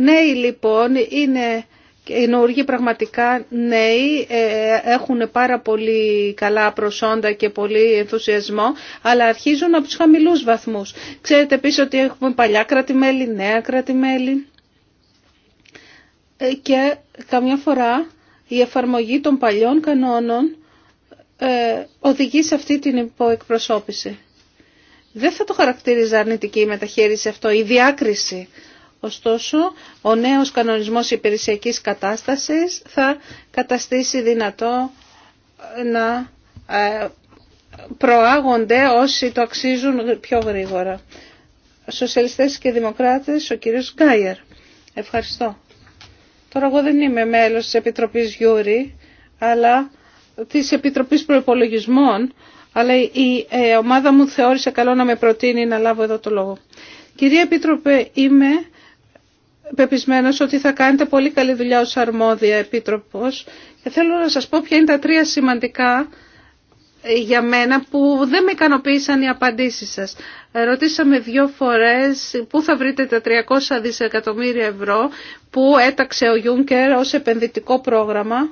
νέοι λοιπόν είναι καινούργοι, πραγματικά νέοι, ε, έχουν πάρα πολύ καλά προσόντα και πολύ ενθουσιασμό, αλλά αρχίζουν από τους χαμηλούς βαθμούς. Ξέρετε επίσης ότι έχουμε παλιά κρατημέλη, νέα κρατημέλη. Ε, και καμιά φορά η εφαρμογή των παλιών κανόνων ε, οδηγεί σε αυτή την υποεκπροσώπηση. Δεν θα το χαρακτηρίζει αρνητική η μεταχείριση αυτό, η διάκριση. Ωστόσο, ο νέος κανονισμός υπηρεσιακής κατάστασης θα καταστήσει δυνατό να ε, προάγονται όσοι το αξίζουν πιο γρήγορα. Σοσιαλιστές και Δημοκράτες, ο κύριος Γκάιερ. Ευχαριστώ. Τώρα εγώ δεν είμαι μέλος της Επιτροπής Γιούρη, αλλά της Επιτροπής Προπολογισμών, αλλά η ε, ομάδα μου θεώρησε καλό να με προτείνει να λάβω εδώ το λόγο. Κυρία Επίτροπε, είμαι πεπισμένος ότι θα κάνετε πολύ καλή δουλειά ως αρμόδια Επίτροπος και θέλω να σας πω ποια είναι τα τρία σημαντικά για μένα που δεν με ικανοποίησαν οι απαντήσεις σας. Ρωτήσαμε δύο φορές πού θα βρείτε τα 300 δισεκατομμύρια ευρώ που έταξε ο Γιούνκερ ως επενδυτικό πρόγραμμα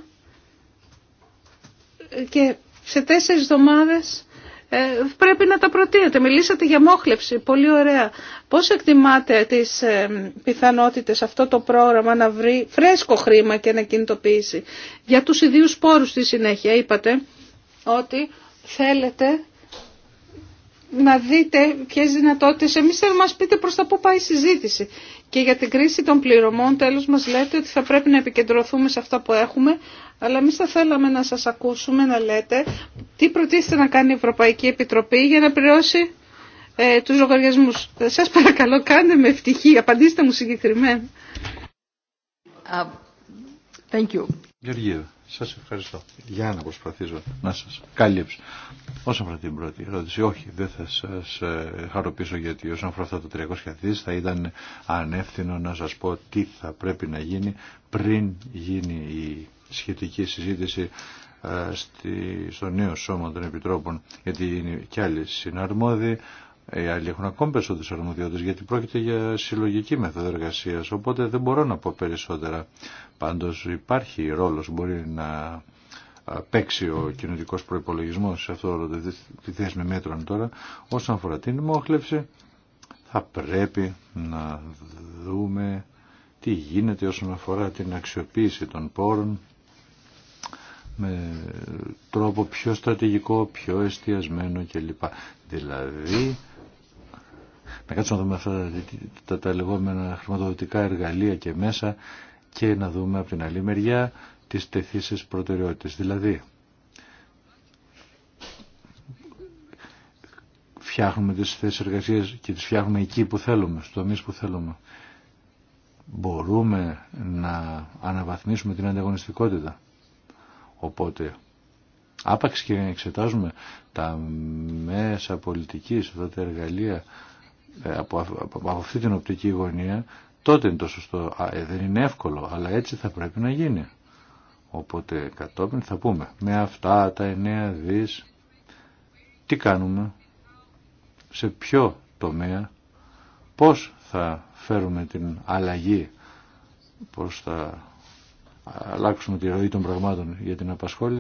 και σε τέσσερις εβδομάδες ε, πρέπει να τα προτείνετε. Μιλήσατε για μόχλευση, πολύ ωραία. Πώς εκτιμάτε τις ε, πιθανότητες αυτό το πρόγραμμα να βρει φρέσκο χρήμα και να κινητοποιήσει για τους ιδίους πόρους στη συνέχεια, είπατε ότι θέλετε να δείτε ποιε δυνατότητε εμεί θέλουμε να μας πείτε προς τα πού πάει η συζήτηση. Και για την κρίση των πληρωμών τέλος μας λέτε ότι θα πρέπει να επικεντρωθούμε σε αυτά που έχουμε, αλλά εμεί θα θέλαμε να σας ακούσουμε να λέτε τι προτίθεται να κάνει η Ευρωπαϊκή Επιτροπή για να πληρώσει ε, τους λογαριασμούς. Σας παρακαλώ κάντε με ευτυχή, απαντήστε μου συγκεκριμένα. Uh, thank you. Σας ευχαριστώ για να προσπαθήσω να σας κάλυψω. Όσον αφορά την πρώτη ερώτηση, όχι, δεν θα σας ε, χαροποιήσω γιατί όσον αφορά αυτά τα 300 δις θα ήταν ανεύθυνο να σας πω τι θα πρέπει να γίνει πριν γίνει η σχετική συζήτηση ε, στο νέο σώμα των επιτρόπων γιατί είναι και άλλοι συναρμόδιοι ε, οι άλλοι έχουν ακόμη περισσότερες αρμοδιότητες γιατί πρόκειται για συλλογική μέθοδο εργασία, οπότε δεν μπορώ να πω περισσότερα. Πάντως υπάρχει ρόλος, μπορεί να παίξει ο κοινωνικός προϋπολογισμός σε αυτό τη θέση με μέτρων τώρα. Όσον αφορά την μόχλευση θα πρέπει να δούμε τι γίνεται όσον αφορά την αξιοποίηση των πόρων με τρόπο πιο στρατηγικό, πιο εστιασμένο κλπ. Δηλαδή να κάτσουμε να δούμε αυτά τα, λεγόμενα χρηματοδοτικά εργαλεία και μέσα και να δούμε από την άλλη μεριά τις τεθήσεις προτεραιότητες. Δηλαδή, φτιάχνουμε τις θέσεις εργασίας και τις φτιάχνουμε εκεί που θέλουμε, στο τομείς που θέλουμε. Μπορούμε να αναβαθμίσουμε την ανταγωνιστικότητα. Οπότε, άπαξ και εξετάζουμε τα μέσα πολιτικής, αυτά τα εργαλεία ε, από, από, αυτή την οπτική γωνία, τότε είναι το σωστό. Ε, δεν είναι εύκολο, αλλά έτσι θα πρέπει να γίνει. Οπότε κατόπιν θα πούμε, με αυτά τα εννέα δις, τι κάνουμε, σε ποιο τομέα, πώς θα φέρουμε την αλλαγή, πώς θα αλλάξουμε τη ροή των πραγμάτων για την απασχόληση.